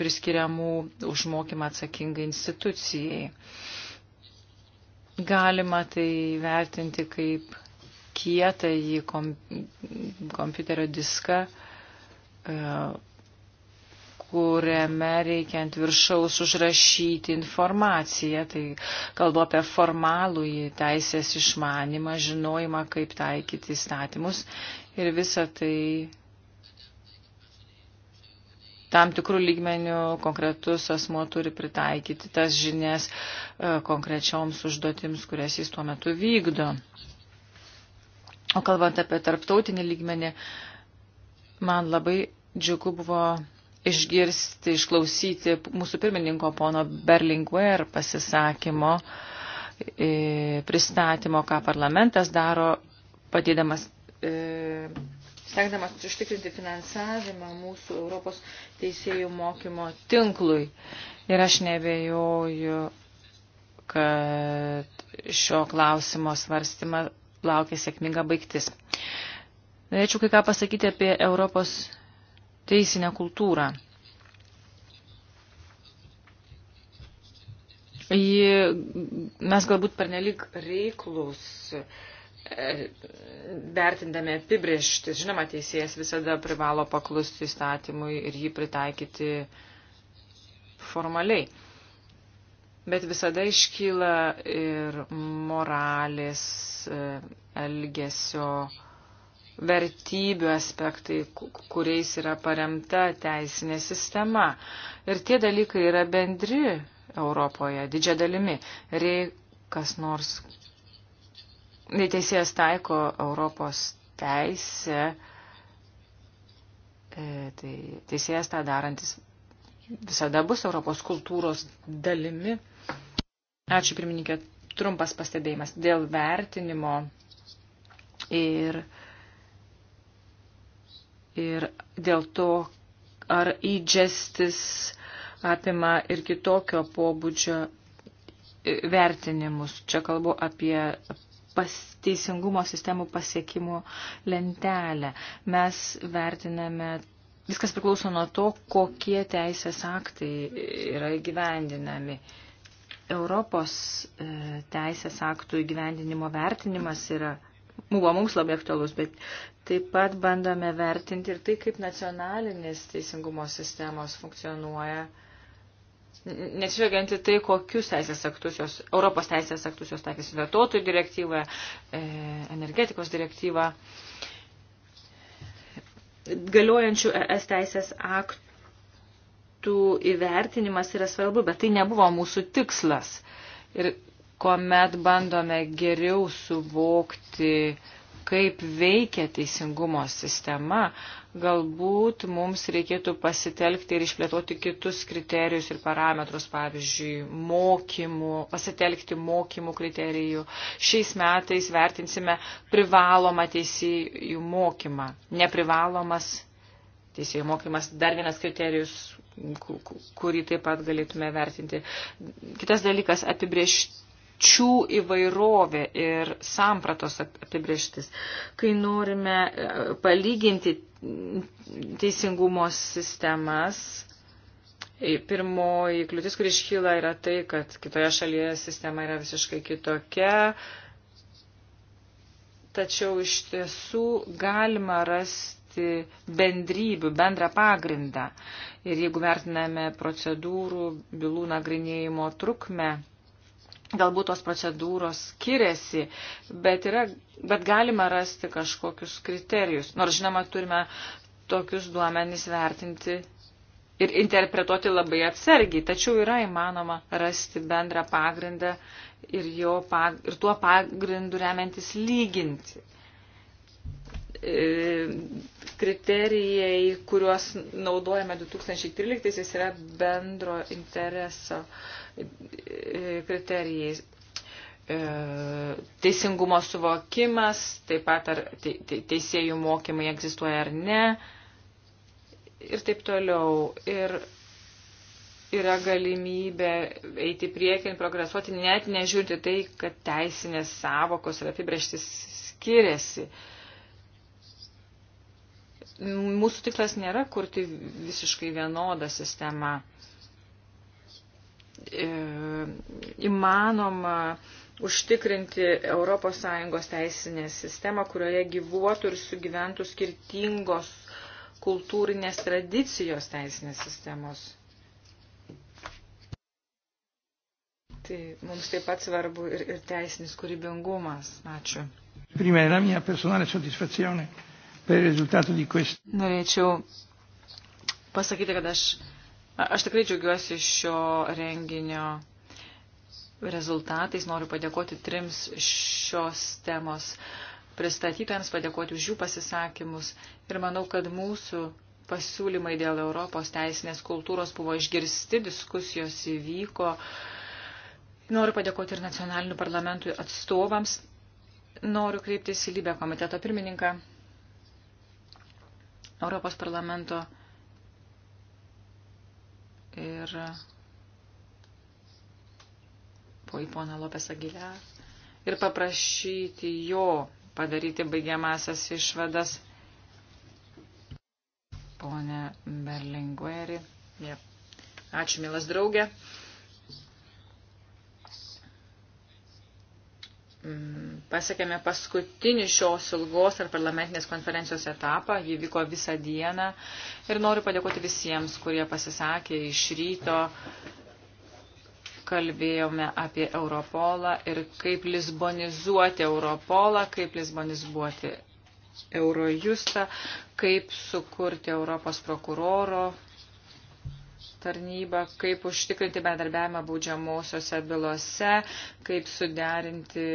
priskiriamų užmokymą atsakingai institucijai. Galima tai vertinti kaip kietą į kom, kompiuterio diską, e, kuriame reikia ant viršaus užrašyti informaciją. Tai kalbu apie formalų į teisės išmanimą, žinojimą, kaip taikyti įstatymus ir visa tai tam tikrų lygmenių konkretus asmo turi pritaikyti tas žinias e, konkrečioms užduotims, kurias jis tuo metu vykdo. O kalbant apie tarptautinį lygmenį, man labai džiugu buvo išgirsti, išklausyti mūsų pirmininko pono Berlinguer pasisakymo, e, pristatymo, ką parlamentas daro, padėdamas E, stengdamas užtikrinti finansavimą mūsų Europos teisėjų mokymo tinklui. Ir aš nebejoju, kad šio klausimo svarstymą laukia sėkminga baigtis. Norėčiau kai ką pasakyti apie Europos teisinę kultūrą. Ji, mes galbūt pernelik reiklus uh, vertindami apibrieštis, žinoma, teisėjas visada privalo paklusti įstatymui ir jį pritaikyti formaliai. Bet visada iškyla ir moralės, e, elgesio, vertybių aspektai, kuriais yra paremta teisinė sistema. Ir tie dalykai yra bendri Europoje, didžia dalimi. Rei kas nors teisėjas taiko Europos teisę, e, tai teisėjas tą darantis visada bus Europos kultūros dalimi. Ačiū, pirmininkė, trumpas pastebėjimas dėl vertinimo ir, ir dėl to, ar įdžestis apima ir kitokio pobūdžio e, vertinimus. Čia kalbu apie pas, teisingumo sistemų pasiekimų lentelę. Mes vertiname, viskas priklauso nuo to, kokie teisės aktai yra įgyvendinami. Europos e, teisės aktų įgyvendinimo vertinimas yra buvo mums labai aktualus, bet taip pat bandome vertinti ir tai, kaip nacionalinės teisingumo sistemos funkcionuoja Nesižvelgiant į tai, kokius teisės aktus jos, Europos teisės aktus jos taikys vartotojų direktyvą, e, energetikos direktyvą, galiojančių ES teisės aktų įvertinimas yra svarbu, bet tai nebuvo mūsų tikslas. Ir kuomet bandome geriau suvokti, kaip veikia teisingumo sistema, galbūt mums reikėtų pasitelkti ir išplėtoti kitus kriterijus ir parametrus, pavyzdžiui, mokymų, pasitelkti mokymų kriterijų. Šiais metais vertinsime privalomą teisėjų mokymą. Neprivalomas teisėjų mokymas dar vienas kriterijus, kurį taip pat galėtume vertinti. Kitas dalykas - apibriešti minčių įvairovė ir sampratos apibrieštis. Kai norime e, palyginti teisingumo sistemas, e, pirmoji kliūtis, kuri iškyla, yra tai, kad kitoje šalyje sistema yra visiškai kitokia. Tačiau iš tiesų galima rasti bendrybių, bendrą pagrindą. Ir jeigu vertiname procedūrų, bylų nagrinėjimo trukmę, Galbūt tos procedūros skiriasi, bet, yra, bet galima rasti kažkokius kriterijus. Nors, žinoma, turime tokius duomenys vertinti ir interpretuoti labai atsargiai, tačiau yra įmanoma rasti bendrą pagrindą ir, jo, pag, ir tuo pagrindu remiantis lyginti. E, kriterijai, kuriuos naudojame 2013, yra bendro intereso e, kriterijai. E, teisingumo suvokimas, taip pat ar teisėjų mokymai egzistuoja ar ne ir taip toliau. Ir yra galimybė eiti priekin, progresuoti, net nežiūrinti tai, kad teisinės savokos ir apibrėžtis skiriasi. Uh, mūsų tikslas nėra kurti visiškai vienodą sistemą. E, įmanoma užtikrinti ES teisinę sistemą, kurioje gyvuotų ir sugyventų skirtingos kultūrinės tradicijos teisinės sistemos. Tai mums taip pat svarbu ir, ir teisinis kūrybingumas. Ačiū. Prima, la mia personale soddisfazione Norėčiau pasakyti, kad aš, aš tikrai džiaugiuosi šio renginio rezultatais. Noriu padėkoti trims šios temos pristatytojams, padėkoti už jų pasisakymus. Ir manau, kad mūsų pasiūlymai dėl Europos teisinės kultūros buvo išgirsti, diskusijos įvyko. Noriu padėkoti ir nacionalinių parlamentų atstovams. Noriu kreiptis į Libę komiteto pirmininką Europos parlamento ir po į poną Lopes Agilę ir paprašyti jo padaryti baigiamasias išvadas. Pone Berlingueri. Yep. Ačiū, mielas draugė. Mm, pasiekėme paskutinį šios ilgos ar parlamentinės konferencijos etapą, jį vyko visą dieną ir noriu padėkoti visiems, kurie pasisakė iš ryto, kalbėjome apie Europolą ir kaip lisbonizuoti Europolą, kaip lisbonizuoti Eurojustą, kaip sukurti Europos prokuroro tarnybą, kaip užtikrinti bendarbiavimą būdžiamosiose bylose, kaip suderinti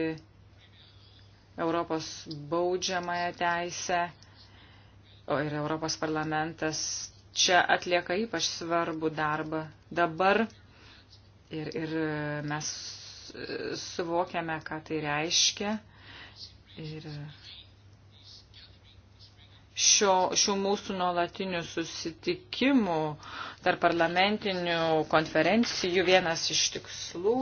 Europos baudžiamąją teisę. O ir Europos parlamentas čia atlieka ypač svarbų darbą dabar. Ir, ir mes suvokiame, ką tai reiškia. Ir šio, šių mūsų nuolatinių susitikimų, tarp parlamentinių konferencijų vienas iš tikslų,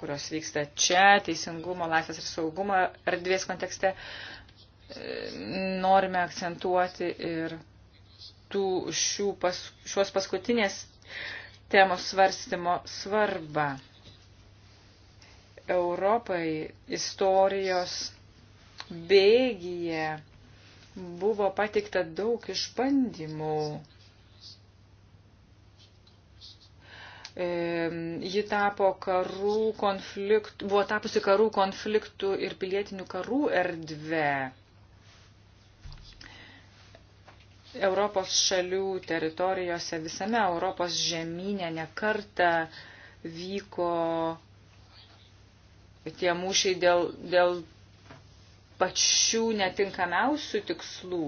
kurios vyksta čia, teisingumo, laisvės ir saugumo erdvės kontekste, e, norime akcentuoti ir tų, šių pas, šios paskutinės temos svarstymo svarbą. Europai istorijos bėgyje buvo pateikta daug išbandymų. Ji tapo karų konfliktų, buvo tapusi karų konfliktų ir pilietinių karų erdvė. Europos šalių teritorijose visame Europos žemynė nekarta vyko tie mūšiai dėl, dėl pačių netinkamiausių tikslų.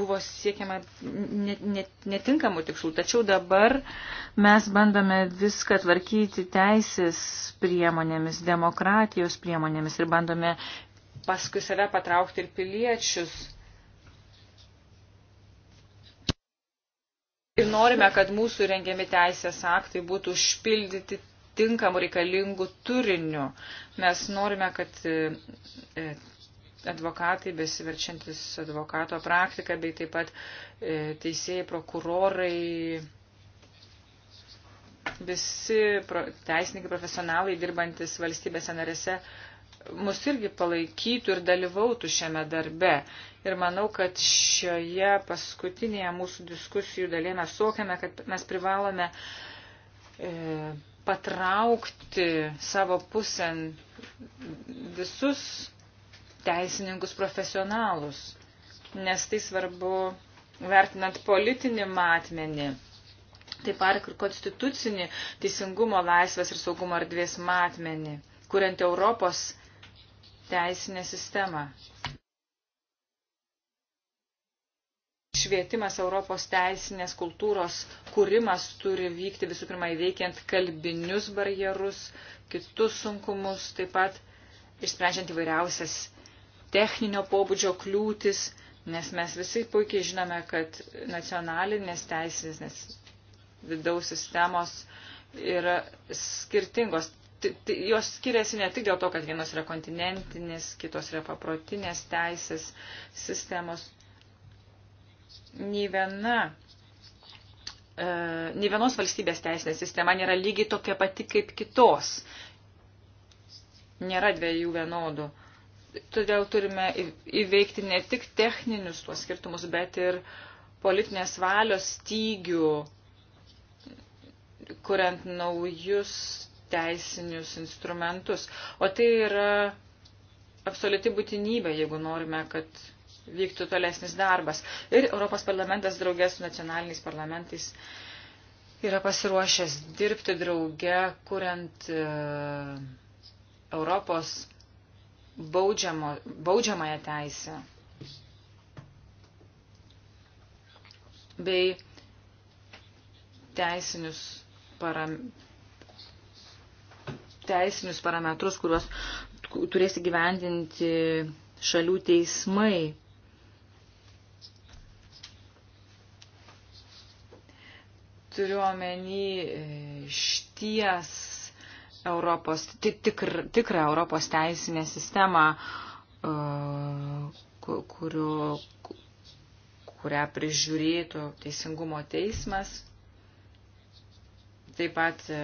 Buvo siekiama net, net, netinkamų tikslų, tačiau dabar mes bandome viską tvarkyti teisės priemonėmis, demokratijos priemonėmis ir bandome paskui save patraukti ir piliečius. Ir norime, kad mūsų rengiami teisės aktai būtų užpildyti tinkamų reikalingų turinių. Mes norime, kad e, advokatai, besiverčiantis advokato praktika, bei taip pat e, teisėjai, prokurorai, visi teisininkai, profesionalai dirbantis valstybėse narėse mus irgi palaikytų ir dalyvautų šiame darbe. Ir manau, kad šioje paskutinėje mūsų diskusijų dalyje mes suokiame, kad mes privalome e, patraukti savo pusėn visus teisininkus profesionalus, nes tai svarbu vertinant politinį matmenį, taip pat ir konstitucinį teisingumo, laisvės ir saugumo erdvės matmenį, kuriant Europos teisinę sistemą. švietimas Europos teisinės kultūros kūrimas turi vykti visų pirma įveikiant kalbinius barjerus, kitus sunkumus, taip pat išsprendžiant įvairiausias techninio pobūdžio kliūtis, nes mes visi puikiai žinome, kad nacionalinės teisinės nes vidaus sistemos yra skirtingos. T -t jos skiriasi ne tik dėl to, kad vienos yra kontinentinės, kitos yra paprotinės teisės sistemos, nei viena e, ne vienos valstybės teisinė sistema nėra lygiai tokia pati kaip kitos. Nėra dviejų vienodų. Todėl turime įveikti ne tik techninius tuos skirtumus, bet ir politinės valios stygių, kuriant naujus teisinius instrumentus. O tai yra absoliuti būtinybė, jeigu norime, kad vyktų tolesnis darbas. Ir Europos parlamentas draugės su nacionaliniais parlamentais yra pasiruošęs dirbti drauge, kuriant e, Europos baudžiamo, baudžiamąją teisę. bei teisinius, param, teisinius parametrus, kuriuos turės įgyvendinti šalių teismai Turiu omeny e, šties Europos, tikr, tikrą Europos teisinę sistemą, e, kurio, kurią prižiūrėtų Teisingumo teismas. Taip pat, e,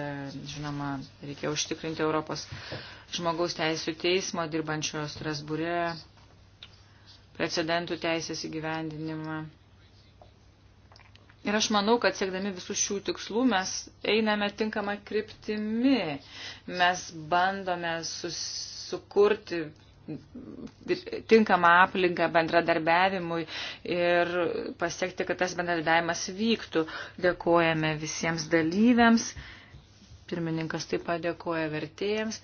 žinoma, reikia užtikrinti Europos žmogaus teisų teismo dirbančio Strasbūre precedentų teisės įgyvendinimą. Ir aš manau, kad siekdami visų šių tikslų mes einame tinkamą kryptimi. Mes bandome sukurti tinkamą aplinką bendradarbiavimui ir pasiekti, kad tas bendradarbiavimas vyktų. Dėkojame visiems dalyviams. Pirmininkas taip pat dėkoja vertėjams.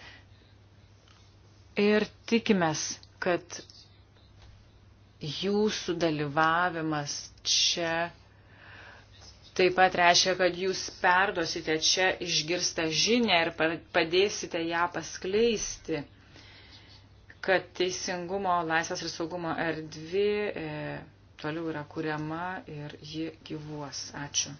Ir tikimės, kad jūsų dalyvavimas čia taip pat reiškia, kad jūs perdosite čia išgirstą žinę ir padėsite ją paskleisti, kad teisingumo, laisvės ir saugumo erdvė e, toliau yra kuriama ir ji gyvuos. Ačiū.